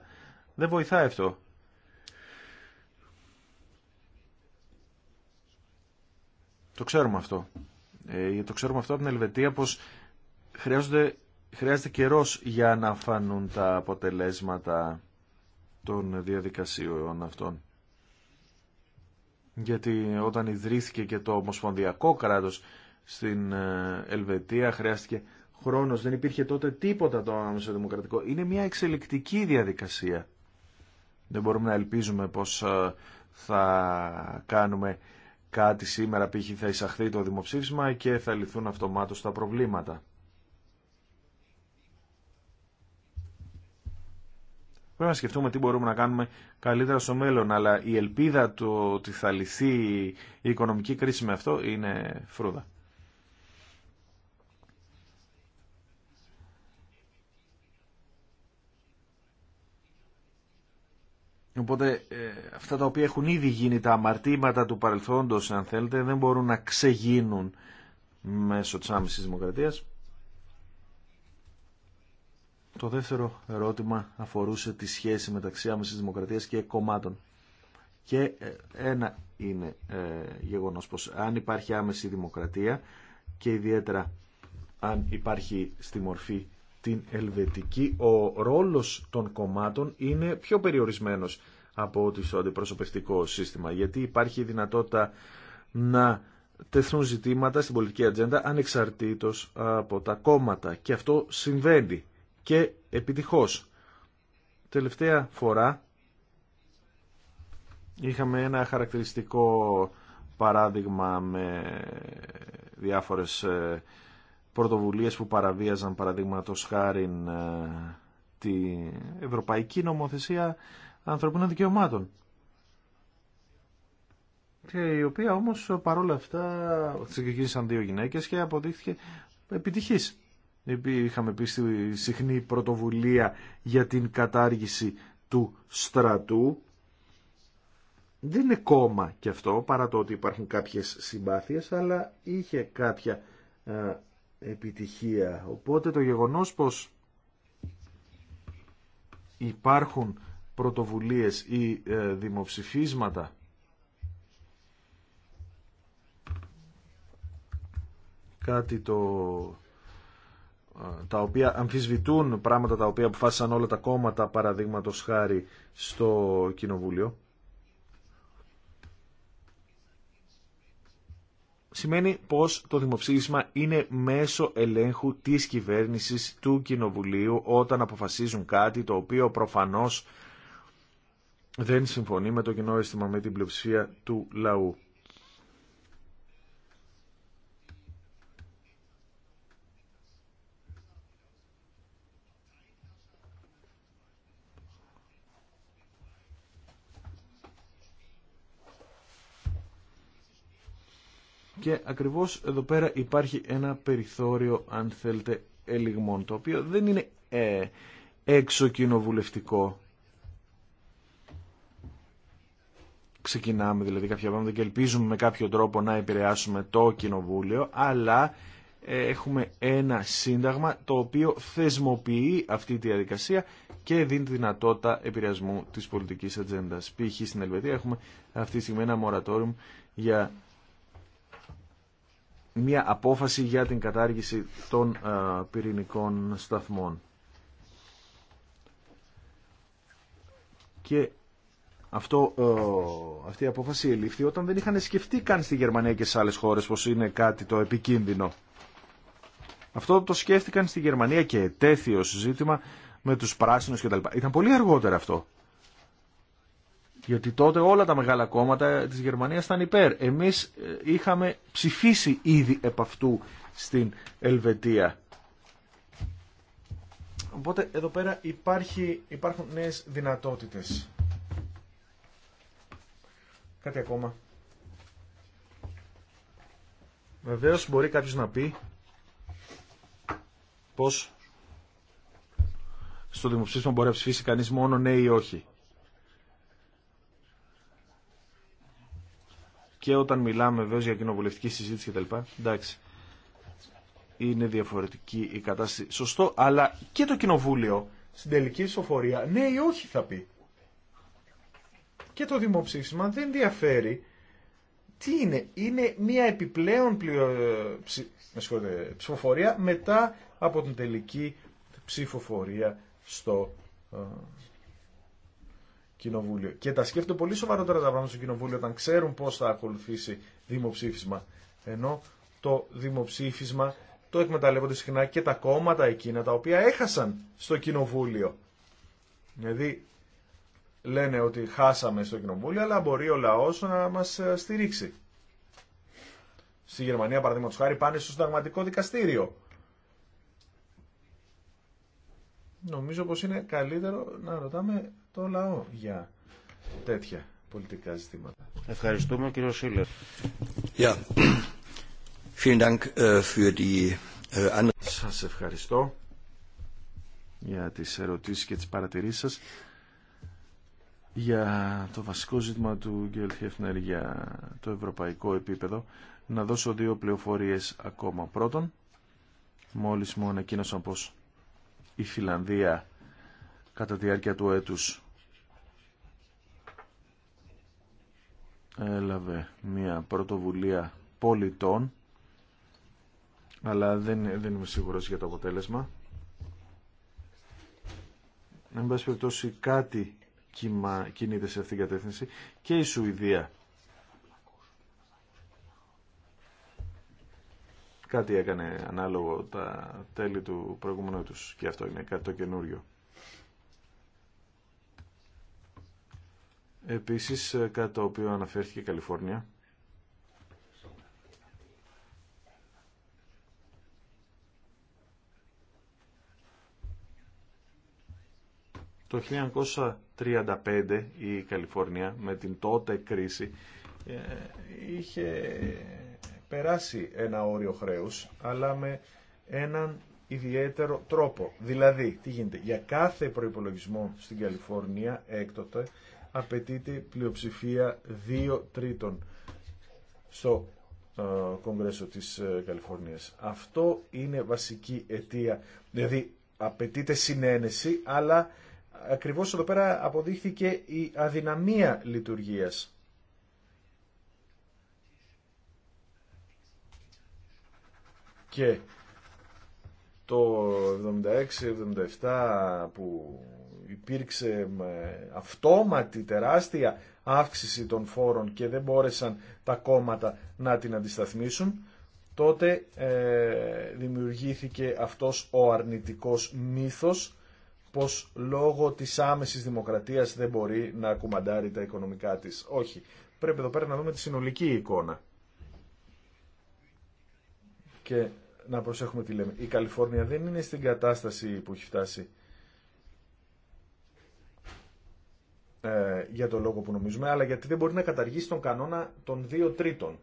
Speaker 1: δεν βοηθάει αυτό. Το ξέρουμε αυτό. Ε, το ξέρουμε αυτό από την Ελβετία πως χρειάζεται καιρός για να φανούν τα αποτελέσματα των διαδικασίων αυτών. Γιατί όταν ιδρύθηκε και το Ομοσπονδιακό κράτος στην ε, Ελβετία χρειάστηκε χρόνος, δεν υπήρχε τότε τίποτα το δημοκρατικό. Είναι μια εξελικτική διαδικασία. Δεν μπορούμε να ελπίζουμε πως ε, θα κάνουμε κάτι σήμερα π.χ. θα εισαχθεί το δημοψήφισμα και θα λυθούν αυτομάτως τα προβλήματα. Πρέπει να σκεφτούμε τι μπορούμε να κάνουμε καλύτερα στο μέλλον, αλλά η ελπίδα του ότι θα λυθεί η οικονομική κρίση με αυτό είναι φρούδα. Οπότε ε, αυτά τα οποία έχουν ήδη γίνει τα αμαρτήματα του παρελθόντος αν θέλετε δεν μπορούν να ξεγίνουν μέσω της άμεσης δημοκρατίας. Το δεύτερο ερώτημα αφορούσε τη σχέση μεταξύ άμεσης δημοκρατίας και κομμάτων. Και ε, ένα είναι ε, γεγονός πως αν υπάρχει άμεση δημοκρατία και ιδιαίτερα αν υπάρχει στη μορφή την Ελβετική ο ρόλος των κομμάτων είναι πιο περιορισμένος από ό,τι στο αντιπροσωπευτικό σύστημα γιατί υπάρχει δυνατότητα να τεθούν ζητήματα στην πολιτική ατζέντα ανεξαρτήτως από τα κόμματα και αυτό συμβαίνει και επιτυχώς. Τελευταία φορά είχαμε ένα χαρακτηριστικό παράδειγμα με διάφορες ε, πρωτοβουλίες που παραβίαζαν παραδείγματο χάρη ε, την Ευρωπαϊκή Νομοθεσία Ανθρωπίνων Δικαιωμάτων. Και η οποία όμως παρόλα αυτά ξεκίνησαν δύο γυναίκες και αποδείχθηκε επιτυχής. Είχαμε πει στη συχνή πρωτοβουλία για την κατάργηση του στρατού. Δεν είναι κόμμα και αυτό, παρά το ότι υπάρχουν κάποιες συμπάθειες, αλλά είχε κάποια ε, επιτυχία. Οπότε το γεγονός πως υπάρχουν πρωτοβουλίες ή ε, δημοψηφίσματα κάτι το ε, τα οποία αμφισβητούν πράγματα τα οποία αποφάσισαν όλα τα κόμματα παραδείγματο χάρη στο Κοινοβούλιο. σημαίνει πως το δημοψήφισμα είναι μέσω ελέγχου της κυβέρνησης του Κοινοβουλίου όταν αποφασίζουν κάτι το οποίο προφανώς δεν συμφωνεί με το κοινό αίσθημα με την πλειοψηφία του λαού. Και ακριβώς εδώ πέρα υπάρχει ένα περιθώριο, αν θέλετε, ελιγμών, το οποίο δεν είναι ε, έξω κοινοβουλευτικό. Ξεκινάμε δηλαδή κάποια πράγματα και ελπίζουμε με κάποιο τρόπο να επηρεάσουμε το κοινοβούλιο, αλλά ε, έχουμε ένα σύνταγμα το οποίο θεσμοποιεί αυτή τη διαδικασία και δίνει δυνατότητα επηρεασμού της πολιτικής ατζέντας. Π.χ. στην Ελβετία έχουμε αυτή τη στιγμή ένα μορατόριο για μια απόφαση για την κατάργηση των ε, πυρηνικών σταθμών. Και αυτό, ε, αυτή η απόφαση ελήφθη όταν δεν είχαν σκεφτεί καν στη Γερμανία και σε άλλες χώρες πως είναι κάτι το επικίνδυνο. Αυτό το σκέφτηκαν στη Γερμανία και ετέθη ως ζήτημα με τους πράσινους κτλ. Ήταν πολύ αργότερα αυτό γιατί τότε όλα τα μεγάλα κόμματα της Γερμανίας ήταν υπέρ. Εμείς ε, είχαμε ψηφίσει ήδη επ' αυτού στην Ελβετία. Οπότε εδώ πέρα υπάρχει, υπάρχουν νέες δυνατότητες. Κάτι ακόμα. Βεβαίως μπορεί κάποιος να πει πως στο δημοψήφισμα μπορεί να ψηφίσει κανείς μόνο ναι ή όχι. και όταν μιλάμε βέβαια για κοινοβουλευτική συζήτηση κτλ. Εντάξει, είναι διαφορετική η κατάσταση. Σωστό, αλλά και το κοινοβούλιο στην τελική ψηφοφορία, ναι ή όχι θα πει. Και το δημοψήφισμα δεν διαφέρει. Τι είναι, είναι μια επιπλέον πλειο... Ε, ψηφοφορία μετά από την τελική ψηφοφορία στο ε, Κοινοβούλιο. Και τα σκέφτονται πολύ σοβαρότερα τα πράγματα στο Κοινοβούλιο όταν ξέρουν πώς θα ακολουθήσει δημοψήφισμα. Ενώ το δημοψήφισμα το εκμεταλλεύονται συχνά και τα κόμματα εκείνα τα οποία έχασαν στο Κοινοβούλιο. Δηλαδή λένε ότι χάσαμε στο Κοινοβούλιο αλλά μπορεί ο λαό να μας ε, στηρίξει. Στη Γερμανία παραδείγματο χάρη πάνε στο συνταγματικό δικαστήριο. Νομίζω πως είναι καλύτερο να ρωτάμε το λαό για τέτοια πολιτικά ζητήματα.
Speaker 2: Ευχαριστούμε κύριο Σίλερ.
Speaker 1: Σα äh, äh, Σας ευχαριστώ για τις ερωτήσεις και τις παρατηρήσεις σας για το βασικό ζήτημα του Γκέλ Χεφνερ για το ευρωπαϊκό επίπεδο να δώσω δύο πληροφορίες ακόμα πρώτον μόλις μου ανακοίνωσαν πως η Φιλανδία κατά τη διάρκεια του έτους έλαβε μια πρωτοβουλία πολιτών αλλά δεν, δεν είμαι σίγουρος για το αποτέλεσμα. Εν πάση περιπτώσει κάτι κυμα, κινείται σε αυτήν την κατεύθυνση και η Σουηδία κάτι έκανε ανάλογο τα τέλη του προηγούμενου τους και αυτό είναι κάτι το καινούριο. Επίσης, ε, κάτι το οποίο αναφέρθηκε η Καλιφόρνια, Το 1935 η Καλιφόρνια με την τότε κρίση ε, είχε περάσει ένα όριο χρέους αλλά με έναν ιδιαίτερο τρόπο. Δηλαδή, τι γίνεται, για κάθε προϋπολογισμό στην Καλιφόρνια έκτοτε απαιτείται πλειοψηφία δύο τρίτων στο ε, Κογκρέσο της ε, Καλιφόρνιας. Αυτό είναι βασική αιτία. Δηλαδή απαιτείται συνένεση, αλλά ακριβώς εδώ πέρα αποδείχθηκε η αδυναμία λειτουργίας. Και το 76-77 που υπήρξε ε, αυτόματη τεράστια αύξηση των φόρων και δεν μπόρεσαν τα κόμματα να την αντισταθμίσουν, τότε ε, δημιουργήθηκε αυτός ο αρνητικός μύθος πως λόγω της άμεσης δημοκρατίας δεν μπορεί να κουμαντάρει τα οικονομικά της. Όχι. Πρέπει εδώ πέρα να δούμε τη συνολική εικόνα. Και να προσέχουμε τι λέμε. Η Καλιφόρνια δεν είναι στην κατάσταση που έχει φτάσει Ε, για τον λόγο που νομίζουμε, αλλά γιατί δεν μπορεί να καταργήσει τον κανόνα των δύο τρίτων.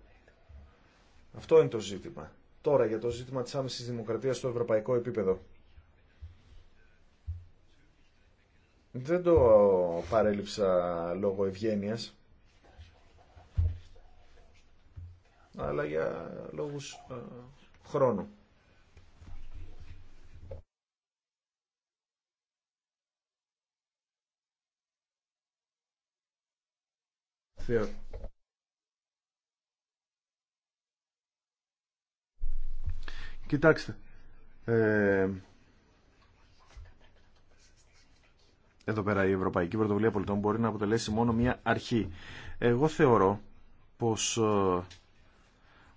Speaker 1: Αυτό είναι το ζήτημα. Τώρα για το ζήτημα της άμεσης δημοκρατίας στο ευρωπαϊκό επίπεδο. Δεν το παρέλειψα λόγω ευγένειας, αλλά για λόγους ε, χρόνου. Κοιτάξτε. Ε... Εδώ πέρα η Ευρωπαϊκή Πρωτοβουλία Πολιτών μπορεί να αποτελέσει μόνο μία αρχή. Εγώ θεωρώ πως ε,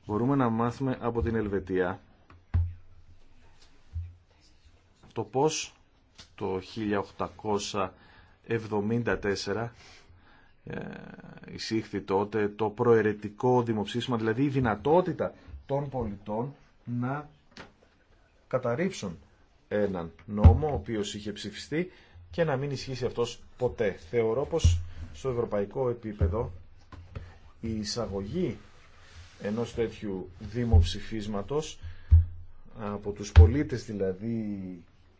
Speaker 1: μπορούμε να μάθουμε από την Ελβετία το πως το 1874 ε, εισήχθη τότε το προαιρετικό δημοψήφισμα, δηλαδή η δυνατότητα των πολιτών να καταρρίψουν έναν νόμο ο οποίος είχε ψηφιστεί και να μην ισχύσει αυτός ποτέ. Θεωρώ πως στο ευρωπαϊκό επίπεδο η εισαγωγή ενός τέτοιου δημοψηφίσματος από τους πολίτες δηλαδή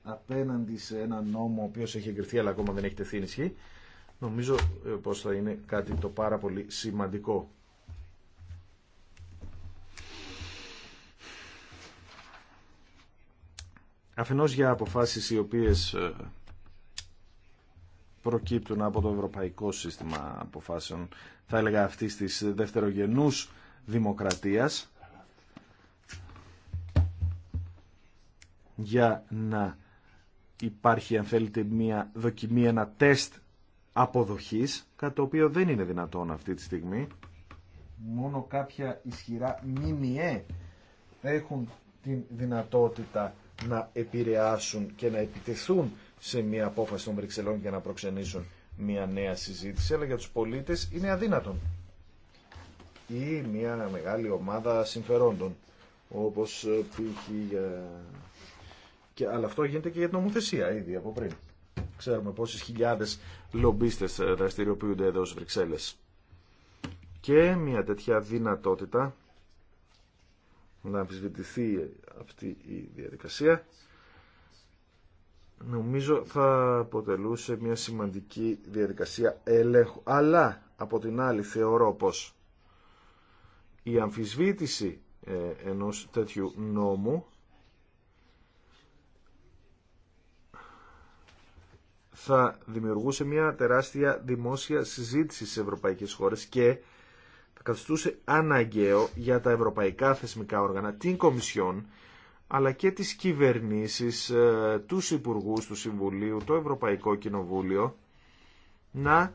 Speaker 1: απέναντι σε έναν νόμο ο οποίος έχει εγκριθεί αλλά ακόμα δεν έχει τεθεί νομίζω ε, πως θα είναι κάτι το πάρα πολύ σημαντικό. Αφενός για αποφάσεις οι οποίες ε, προκύπτουν από το ευρωπαϊκό σύστημα αποφάσεων, θα έλεγα αυτή της δευτερογενούς δημοκρατίας, για να υπάρχει αν θέλετε μια δοκιμή, ένα τεστ αποδοχής, κάτι το οποίο δεν είναι δυνατόν αυτή τη στιγμή. Μόνο κάποια ισχυρά μήνυε έχουν την δυνατότητα να επηρεάσουν και να επιτεθούν σε μια απόφαση των Βρυξελών για να προξενήσουν μια νέα συζήτηση, αλλά για τους πολίτες είναι αδύνατον. Ή μια μεγάλη ομάδα συμφερόντων, όπως ε, π.χ. Αλλά αυτό γίνεται και για την Ομοθεσία ήδη από πριν. Ξέρουμε πόσες χιλιάδες λομπίστες ε, δραστηριοποιούνται εδώ στις Βρυξέλλες. Και μια τέτοια δυνατότητα να αμφισβητηθεί αυτή η διαδικασία νομίζω θα αποτελούσε μια σημαντική διαδικασία ελέγχου. Αλλά από την άλλη θεωρώ πως η αμφισβήτηση ε, ενός τέτοιου νόμου θα δημιουργούσε μια τεράστια δημόσια συζήτηση στις ευρωπαϊκές χώρες και θα καθιστούσε αναγκαίο για τα ευρωπαϊκά θεσμικά όργανα, την Κομισιόν, αλλά και τις κυβερνήσεις, ε, τους υπουργούς του Συμβουλίου, το Ευρωπαϊκό Κοινοβούλιο, να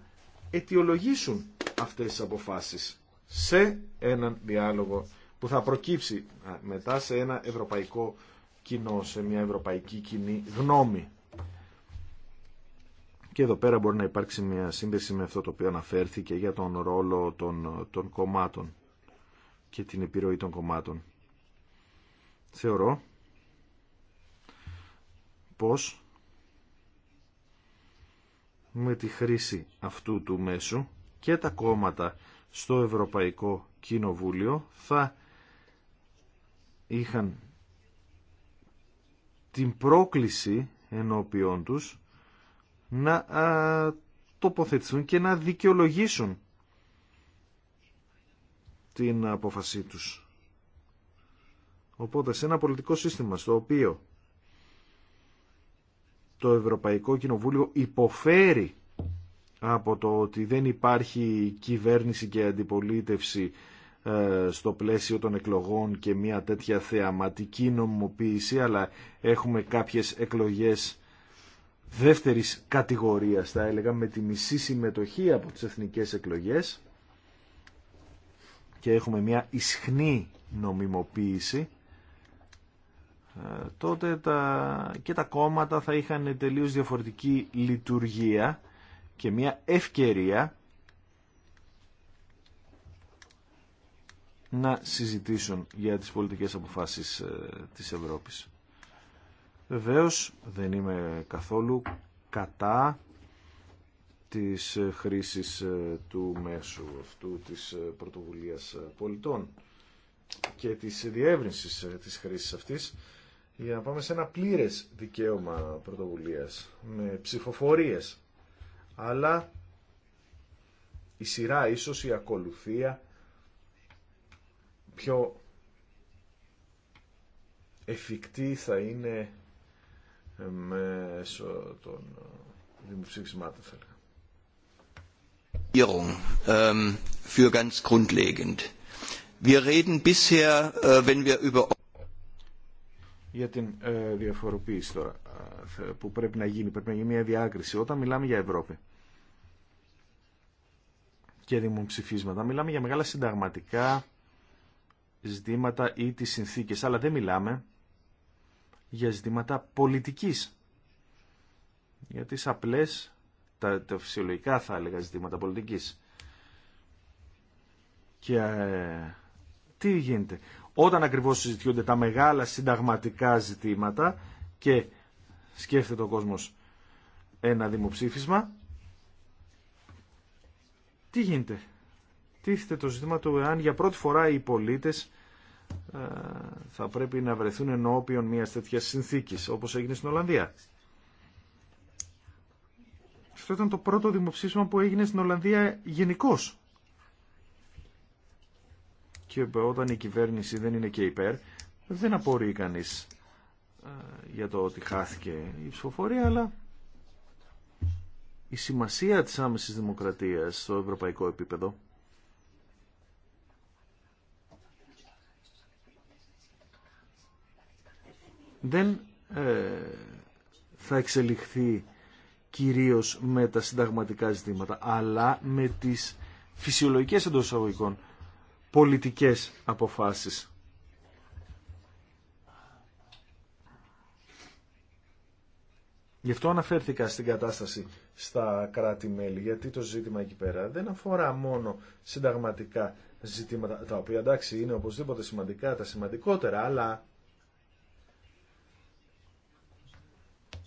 Speaker 1: αιτιολογήσουν αυτές τις αποφάσεις σε έναν διάλογο που θα προκύψει μετά σε ένα ευρωπαϊκό κοινό, σε μια ευρωπαϊκή κοινή γνώμη. Και εδώ πέρα μπορεί να υπάρξει μια σύνδεση με αυτό το οποίο αναφέρθηκε για τον ρόλο των, κομμάτων και την επιρροή των κομμάτων. Θεωρώ πως με τη χρήση αυτού του μέσου και τα κόμματα στο Ευρωπαϊκό Κοινοβούλιο θα είχαν την πρόκληση ενώπιόν τους να τοποθετηθούν και να δικαιολογήσουν την απόφασή τους. Οπότε σε ένα πολιτικό σύστημα στο οποίο το Ευρωπαϊκό Κοινοβούλιο υποφέρει από το ότι δεν υπάρχει κυβέρνηση και αντιπολίτευση ε, στο πλαίσιο των εκλογών και μια τέτοια θεαματική νομοποίηση, αλλά έχουμε κάποιες εκλογές δεύτερης κατηγορίας θα έλεγα με τη μισή συμμετοχή από τις εθνικές εκλογές και έχουμε μια ισχνή νομιμοποίηση ε, τότε και τα κόμματα θα είχαν τελείως διαφορετική λειτουργία και μια ευκαιρία να συζητήσουν για τις πολιτικές αποφάσεις ε, της Ευρώπης. Βεβαίως δεν είμαι καθόλου κατά της χρήσης ε, του μέσου αυτού της ε, πρωτοβουλίας ε, πολιτών και της διεύρυνσης της χρήσης αυτής για να πάμε σε ένα πλήρες δικαίωμα πρωτοβουλίας με ψηφοφορίες αλλά η σειρά ίσως η ακολουθία πιο εφικτή θα είναι μέσω των ε, δημοψήφισμάτων θα έλεγα. για την ε, διαφοροποίηση τώρα ε, που πρέπει να γίνει. Πρέπει να γίνει μια διάκριση όταν μιλάμε για Ευρώπη και δημοψηφίσματα. Μιλάμε για μεγάλα συνταγματικά ζητήματα ή τις συνθήκες, αλλά δεν μιλάμε για ζητήματα πολιτικής. Για τις απλές, τα, τα φυσιολογικά θα έλεγα ζητήματα πολιτικής. Και ε, τι γίνεται. Όταν ακριβώς συζητιούνται τα μεγάλα συνταγματικά ζητήματα και σκέφτεται ο κόσμος ένα δημοψήφισμα, τι γίνεται. Τίθεται το ζήτημα του εάν για πρώτη φορά οι πολίτες ε, θα πρέπει να βρεθούν ενώπιον μία τέτοιας συνθήκης, όπως έγινε στην Ολλανδία. Αυτό ήταν το πρώτο δημοψήφισμα που έγινε στην Ολλανδία γενικώ. Και όταν η κυβέρνηση δεν είναι και υπέρ, δεν απορεί κανείς ε, για το ότι χάθηκε η ψηφοφορία, αλλά η σημασία της άμεσης δημοκρατίας στο ευρωπαϊκό επίπεδο δεν ε, θα εξελιχθεί κυρίως με τα συνταγματικά ζητήματα, αλλά με τις φυσιολογικές εντό εισαγωγικών πολιτικές αποφάσεις. Γι' αυτό αναφέρθηκα στην κατάσταση στα κράτη-μέλη, γιατί το ζήτημα εκεί πέρα δεν αφορά μόνο συνταγματικά ζητήματα, τα οποία εντάξει είναι οπωσδήποτε σημαντικά, τα σημαντικότερα, αλλά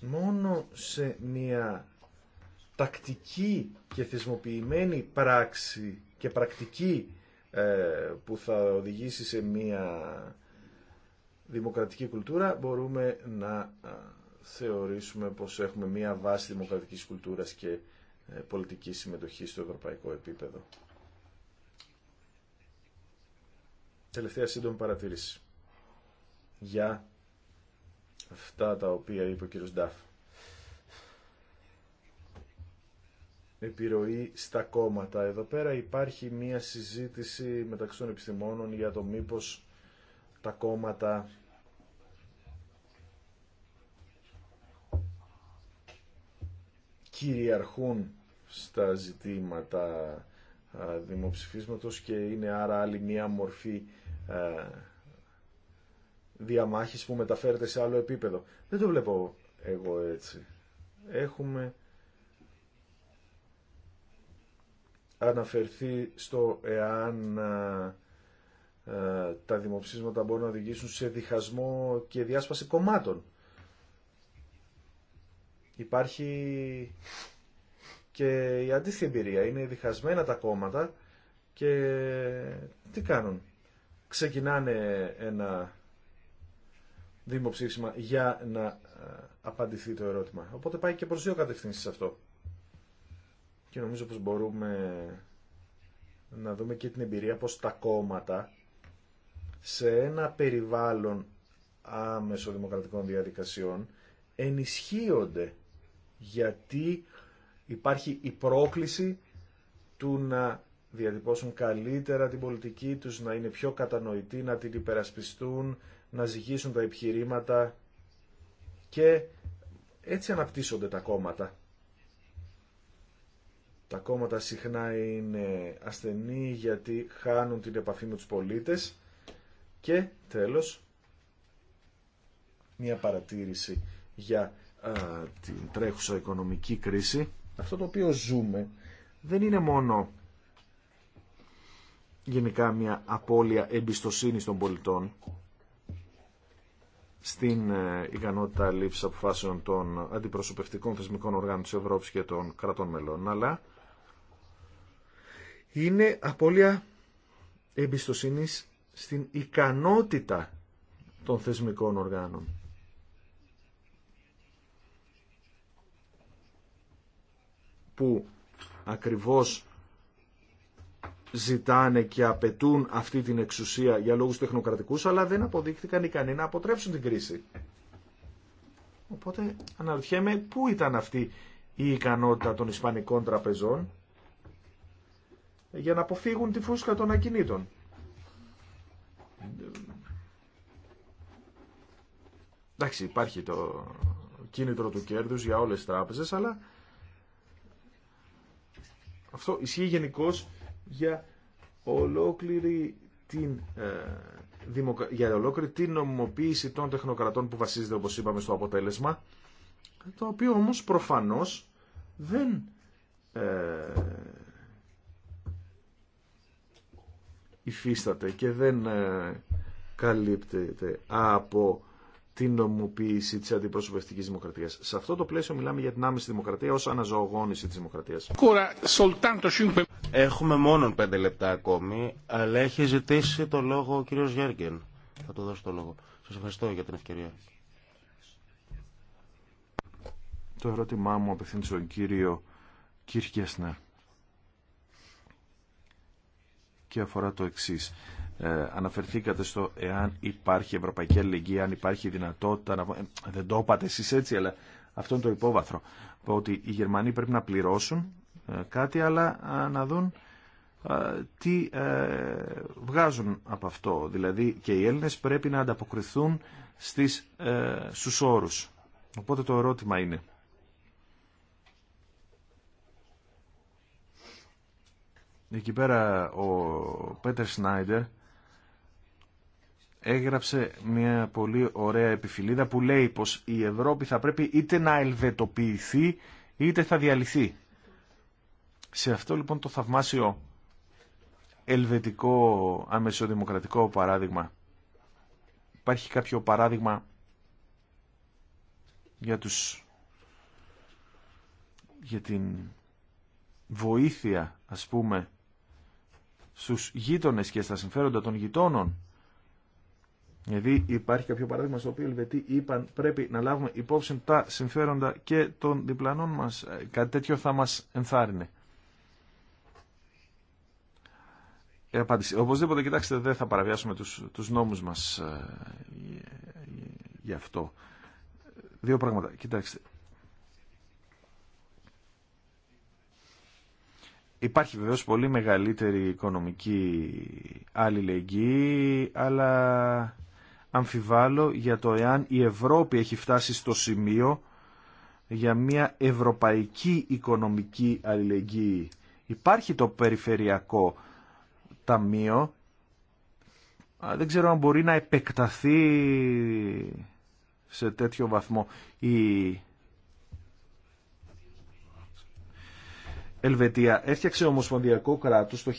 Speaker 1: μόνο σε μια τακτική και θεσμοποιημένη πράξη και πρακτική ε, που θα οδηγήσει σε μια δημοκρατική κουλτούρα μπορούμε να ε, θεωρήσουμε πως έχουμε μια βάση δημοκρατικής κουλτούρας και ε, πολιτική συμμετοχή στο ευρωπαϊκό επίπεδο. Τελευταία σύντομη παρατήρηση για αυτά τα οποία είπε ο κύριος Ντάφ. Επιρροή στα κόμματα. Εδώ πέρα υπάρχει μία συζήτηση μεταξύ των επιστημόνων για το μήπως τα κόμματα κυριαρχούν στα ζητήματα δημοψηφίσματος και είναι άρα άλλη μία μορφή διαμάχης που μεταφέρεται σε άλλο επίπεδο. Δεν το βλέπω εγώ έτσι. Έχουμε αναφερθεί στο εάν τα δημοψίσματα μπορούν να οδηγήσουν σε διχασμό και διάσπαση κομμάτων. Υπάρχει και η αντίστοιχη εμπειρία. Είναι διχασμένα τα κόμματα και τι κάνουν. Ξεκινάνε ένα δημοψήφισμα για να ε, απαντηθεί το ερώτημα. Οπότε πάει και προς δύο κατευθύνσεις αυτό. Και νομίζω πως μπορούμε να δούμε και την εμπειρία πως τα κόμματα σε ένα περιβάλλον άμεσο δημοκρατικών διαδικασιών ενισχύονται γιατί υπάρχει η πρόκληση του να διατυπώσουν καλύτερα την πολιτική τους, να είναι πιο κατανοητοί, να την υπερασπιστούν, να ζυγίσουν τα επιχειρήματα και έτσι αναπτύσσονται τα κόμματα. Τα κόμματα συχνά είναι ασθενή γιατί χάνουν την επαφή με τους πολίτες και τέλος μια παρατήρηση για την τρέχουσα οικονομική κρίση. Αυτό το οποίο ζούμε δεν είναι μόνο γενικά μια απώλεια εμπιστοσύνης των πολιτών στην ε, ικανότητα λήψη αποφάσεων των αντιπροσωπευτικών θεσμικών οργάνων της Ευρώπης και των κρατών μελών, αλλά είναι απώλεια εμπιστοσύνης στην ικανότητα των θεσμικών οργάνων. που ακριβώς ζητάνε και απαιτούν αυτή την εξουσία για λόγους τεχνοκρατικούς, αλλά δεν αποδείχθηκαν ικανοί να αποτρέψουν την κρίση. Οπότε αναρωτιέμαι πού ήταν αυτή η ικανότητα των Ισπανικών τραπεζών για να αποφύγουν τη φούσκα των ακινήτων. Εντάξει, υπάρχει το κίνητρο του κέρδους για όλες τις τράπεζες, αλλά αυτό ισχύει γενικώ για ολόκληρη την, ε, για ολόκληρη την νομιμοποίηση των τεχνοκρατών που βασίζεται όπως είπαμε στο αποτέλεσμα το οποίο όμως προφανώς δεν ε, υφίσταται και δεν ε, καλύπτεται από την νομοποίηση τη αντιπροσωπευτική δημοκρατία. Σε αυτό το
Speaker 2: πλαίσιο μιλάμε για την άμεση δημοκρατία ω αναζωογόνηση τη δημοκρατία. Έχουμε μόνο πέντε λεπτά ακόμη, αλλά έχει ζητήσει το λόγο ο κύριος Γιέργεν. Θα του δώσω το λόγο. Σα ευχαριστώ για την ευκαιρία.
Speaker 1: Το ερώτημά μου απευθύνει στον κύριο Κύρκιασνα και αφορά το εξής. Ε, αναφερθήκατε στο εάν υπάρχει ευρωπαϊκή αλληλεγγύη, αν υπάρχει δυνατότητα να... Ε, δεν το είπατε εσείς έτσι, αλλά αυτό είναι το υπόβαθρο. Ότι οι Γερμανοί πρέπει να πληρώσουν ε, κάτι, αλλά να δουν τι βγάζουν από αυτό. Δηλαδή και οι Έλληνες πρέπει να ανταποκριθούν στις, στους όρους. Οπότε το ερώτημα είναι... Εκεί πέρα ο Πέτερ Σνάιντερ έγραψε μια πολύ ωραία επιφυλίδα που λέει πως η Ευρώπη θα πρέπει είτε να ελβετοποιηθεί είτε θα διαλυθεί. Σε αυτό λοιπόν το θαυμάσιο ελβετικό αμεσοδημοκρατικό παράδειγμα υπάρχει κάποιο παράδειγμα για τους για την βοήθεια ας πούμε στους γείτονες και στα συμφέροντα των γειτόνων Δηλαδή υπάρχει κάποιο παράδειγμα στο οποίο οι Ελβετοί είπαν πρέπει να λάβουμε υπόψη τα συμφέροντα και των διπλανών μας. Ε, κάτι τέτοιο θα μας ενθάρρυνε. Ε, απάντηση. Οπωσδήποτε, κοιτάξτε, δεν θα παραβιάσουμε τους, τους νόμους μας ε, γι' αυτό. Δύο πράγματα. Κοιτάξτε. Υπάρχει βεβαίως πολύ μεγαλύτερη οικονομική αλληλεγγύη, αλλά αμφιβάλλω για το εάν η Ευρώπη έχει φτάσει στο σημείο για μια ευρωπαϊκή οικονομική αλληλεγγύη. Υπάρχει το περιφερειακό ταμείο, δεν ξέρω αν μπορεί να επεκταθεί σε τέτοιο βαθμό. Η Ελβετία έφτιαξε ομοσπονδιακό κράτος το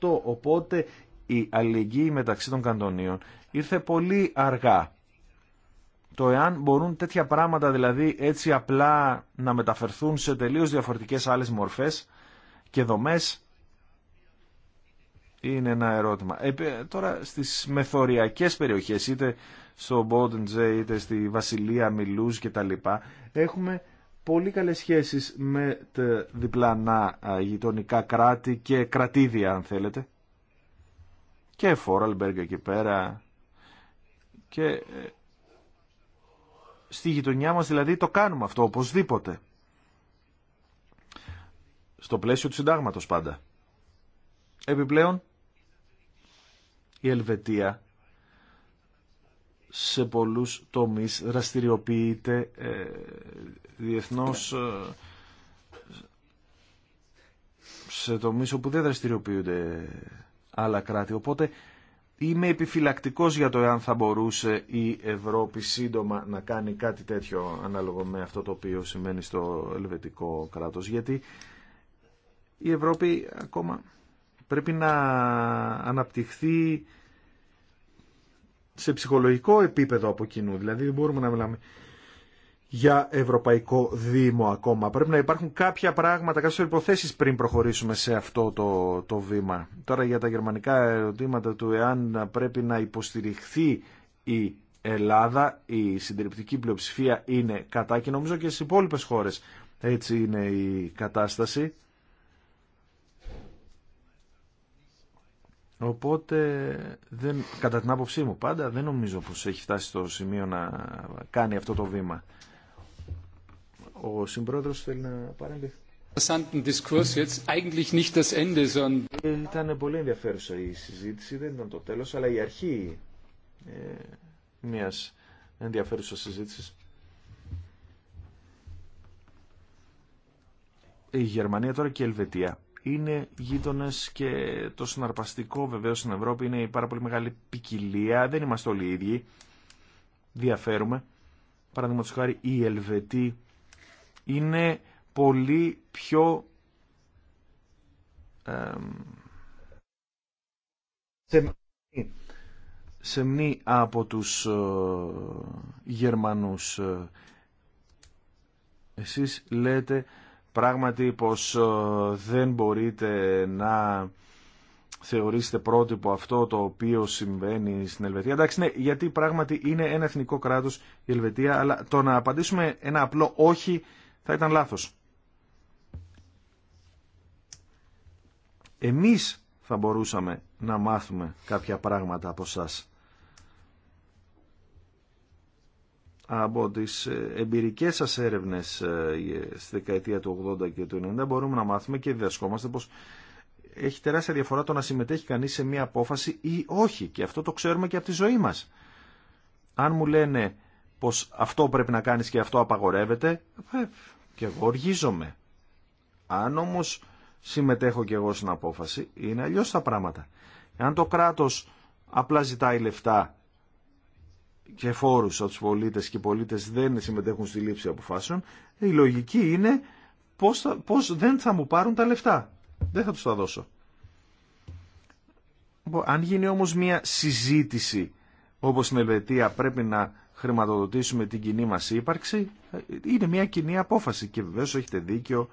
Speaker 1: 1848, οπότε η αλληλεγγύη μεταξύ των καντονίων ήρθε πολύ αργά. Το εάν μπορούν τέτοια πράγματα δηλαδή έτσι απλά να μεταφερθούν σε τελείως διαφορετικές άλλες μορφές και δομές είναι ένα ερώτημα. Ε, τώρα στις μεθοριακές περιοχές είτε στο Μπόντεντζε είτε στη Βασιλεία Μιλούς και τα λοιπά έχουμε πολύ καλές σχέσεις με τα διπλανά γειτονικά κράτη και κρατήδια αν θέλετε και Φόραλμπεργκ εκεί πέρα και ε, στη γειτονιά μας δηλαδή το κάνουμε αυτό οπωσδήποτε. Στο πλαίσιο του συντάγματος πάντα. Επιπλέον, η Ελβετία σε πολλούς τομείς δραστηριοποιείται ε, διεθνώς ε, σε τομείς όπου δεν δραστηριοποιούνται άλλα κράτη. Οπότε Είμαι επιφυλακτικός για το εάν θα μπορούσε η Ευρώπη σύντομα να κάνει κάτι τέτοιο ανάλογο με αυτό το οποίο σημαίνει στο ελβετικό κράτος γιατί η Ευρώπη ακόμα πρέπει να αναπτυχθεί σε ψυχολογικό επίπεδο από κοινού. Δηλαδή δεν μπορούμε να μιλάμε για Ευρωπαϊκό Δήμο ακόμα. Πρέπει να υπάρχουν κάποια πράγματα, κάποιε υποθέσεις πριν προχωρήσουμε σε αυτό το, το βήμα. Τώρα για τα γερμανικά ερωτήματα του εάν πρέπει να υποστηριχθεί η Ελλάδα, η συντριπτική πλειοψηφία είναι κατά και νομίζω και στι υπόλοιπε χώρες έτσι είναι η κατάσταση. Οπότε, δεν, κατά την άποψή μου πάντα, δεν νομίζω πως έχει φτάσει στο σημείο να κάνει αυτό το βήμα. Ο συμπρόεδρος θέλει να παρέμβει. Ήταν πολύ ενδιαφέρουσα η συζήτηση, δεν ήταν το τέλος, αλλά η αρχή ε, μιας ενδιαφέρουσας συζήτησης. Η Γερμανία τώρα και η Ελβετία είναι γείτονε και το συναρπαστικό βεβαίω στην Ευρώπη είναι η πάρα πολύ μεγάλη ποικιλία. Δεν είμαστε όλοι οι ίδιοι. Διαφέρουμε. Παραδείγματο χάρη, η Ελβετή είναι πολύ πιο σεμνή, σεμνή από τους ε, Γερμανούς. Ε, εσείς λέτε πράγματι πως ε, δεν μπορείτε να θεωρήσετε πρότυπο αυτό το οποίο συμβαίνει στην Ελβετία. Εντάξει, ναι, γιατί πράγματι είναι ένα εθνικό κράτος η Ελβετία, αλλά το να απαντήσουμε ένα απλό όχι θα ήταν λάθος. Εμείς θα μπορούσαμε να μάθουμε κάποια πράγματα από σας. από τις ε, εμπειρικές σας έρευνες ε, ε, στη δεκαετία του 80 και του 90 μπορούμε να μάθουμε και διδασκόμαστε πως έχει τεράστια διαφορά το να συμμετέχει κανείς σε μία απόφαση ή όχι και αυτό το ξέρουμε και από τη ζωή μας. Αν μου λένε πως αυτό πρέπει να κάνεις και αυτό απαγορεύεται και εγώ οργίζομαι. Αν όμως συμμετέχω και εγώ στην απόφαση, είναι αλλιώς τα πράγματα. Εάν το κράτος απλά ζητάει λεφτά και φόρους από τους πολίτες και οι πολίτες δεν συμμετέχουν στη λήψη αποφάσεων, η λογική είναι πώς, πώς δεν θα μου πάρουν τα λεφτά. Δεν θα τους τα δώσω. Αν γίνει όμως μια συζήτηση όπως στην Ελβετία πρέπει να χρηματοδοτήσουμε την κοινή μας ύπαρξη είναι μια κοινή απόφαση και βεβαίως έχετε δίκιο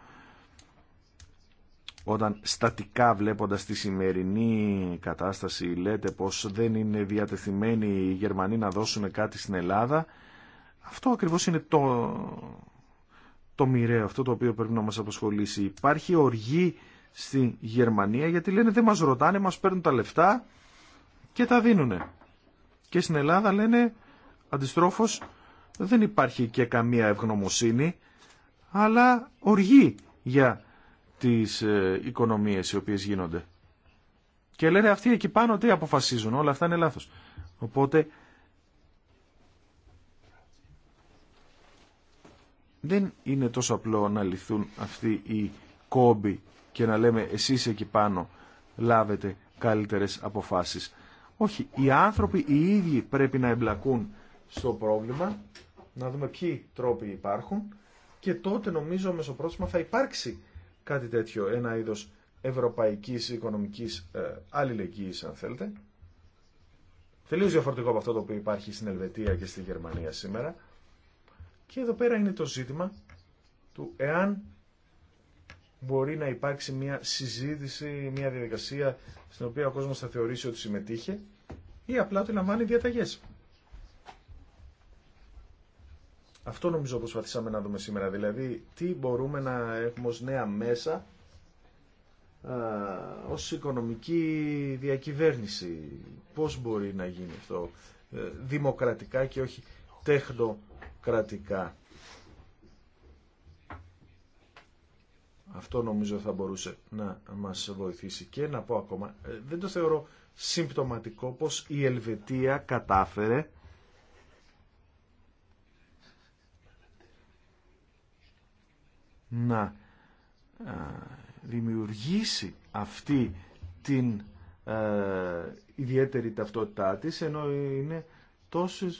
Speaker 1: όταν στατικά βλέποντας τη σημερινή κατάσταση λέτε πως δεν είναι διατεθειμένοι οι Γερμανοί να δώσουν κάτι στην Ελλάδα αυτό ακριβώς είναι το, το μοιραίο, αυτό το οποίο πρέπει να μας απασχολήσει. Υπάρχει οργή στη Γερμανία γιατί λένε δεν μας ρωτάνε, μας παίρνουν τα λεφτά και τα δίνουν Και στην Ελλάδα λένε Αντιστρόφως δεν υπάρχει και καμία ευγνωμοσύνη, αλλά οργή για τις ε, οικονομίες οι οποίες γίνονται. Και λένε αυτοί εκεί πάνω τι αποφασίζουν, όλα αυτά είναι λάθος. Οπότε δεν είναι τόσο απλό να λυθούν αυτοί οι κόμποι και να λέμε εσείς εκεί πάνω λάβετε καλύτερες αποφάσεις. Όχι, οι άνθρωποι οι ίδιοι πρέπει να εμπλακούν στο πρόβλημα, να δούμε ποιοι τρόποι υπάρχουν και τότε νομίζω μεσοπρόθεσμα θα υπάρξει κάτι τέτοιο, ένα είδος ευρωπαϊκής οικονομικής ε, αλληλεγγύης αν θέλετε. Τελείως διαφορετικό από αυτό το οποίο υπάρχει στην Ελβετία και στη Γερμανία σήμερα. Και εδώ πέρα είναι το ζήτημα του εάν μπορεί να υπάρξει μια συζήτηση, μια διαδικασία στην οποία ο κόσμος θα θεωρήσει ότι συμμετείχε ή απλά ότι λαμβάνει διαταγές. Αυτό νομίζω προσπαθήσαμε να δούμε σήμερα. Δηλαδή, τι μπορούμε να έχουμε ως νέα μέσα α, ως οικονομική διακυβέρνηση. Πώς μπορεί να γίνει αυτό ε, δημοκρατικά και όχι τεχνοκρατικά. Αυτό νομίζω θα μπορούσε να μας βοηθήσει και να πω ακόμα, ε, δεν το θεωρώ συμπτωματικό πως η Ελβετία κατάφερε να δημιουργήσει αυτή την ιδιαίτερη ταυτότητά της, ενώ είναι τόσοι,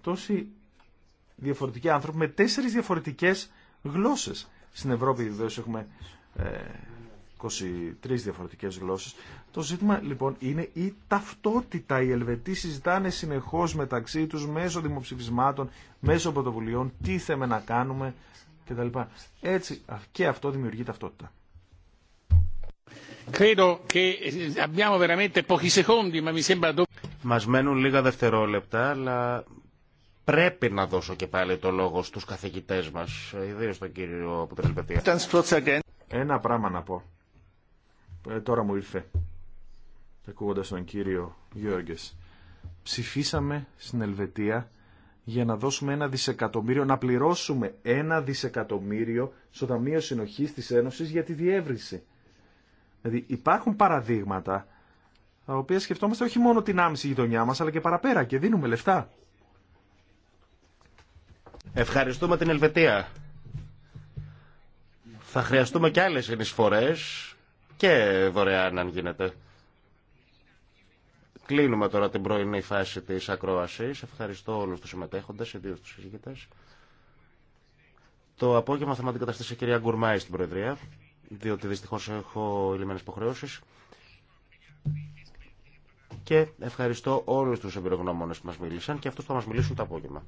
Speaker 1: τόσοι διαφορετικοί άνθρωποι με τέσσερις διαφορετικές γλώσσες. Στην Ευρώπη βεβαίω έχουμε 23 ε, διαφορετικές γλώσσες. Το ζήτημα λοιπόν είναι η ταυτότητα. Οι Ελβετοί συζητάνε συνεχώς μεταξύ τους μέσω δημοψηφισμάτων, μέσω πρωτοβουλειών, τι θέμε να κάνουμε έτσι και αυτό δημιουργεί ταυτότητα.
Speaker 2: Μας μένουν λίγα δευτερόλεπτα, αλλά πρέπει να δώσω και πάλι το λόγο στους καθηγητές μας, ε, ιδίως τον κύριο από την Ελβετία. Ένα πράγμα να πω.
Speaker 1: Ε, τώρα μου ήρθε, ακούγοντα τον κύριο Γιώργες. Ψηφίσαμε στην Ελβετία για να δώσουμε ένα δισεκατομμύριο, να πληρώσουμε ένα δισεκατομμύριο στο Ταμείο Συνοχής της Ένωσης για τη διεύρυνση. Δηλαδή υπάρχουν παραδείγματα τα οποία σκεφτόμαστε όχι μόνο την άμεση γειτονιά μας αλλά και παραπέρα
Speaker 2: και δίνουμε λεφτά. Ευχαριστούμε την Ελβετία. Θα χρειαστούμε και άλλες ενισφορές και δωρεάν αν γίνεται. Κλείνουμε τώρα την πρωινή φάση της ακρόαση. Ευχαριστώ όλους τους συμμετέχοντες, ιδίω του συζήτητε. Το απόγευμα θα με αντικαταστήσει η κυρία Γκουρμάη στην Προεδρία, διότι δυστυχώς έχω ηλυμένε υποχρεώσει. Και ευχαριστώ όλους τους εμπειρογνώμονε που μας μίλησαν και αυτούς που θα μας μιλήσουν το απόγευμα.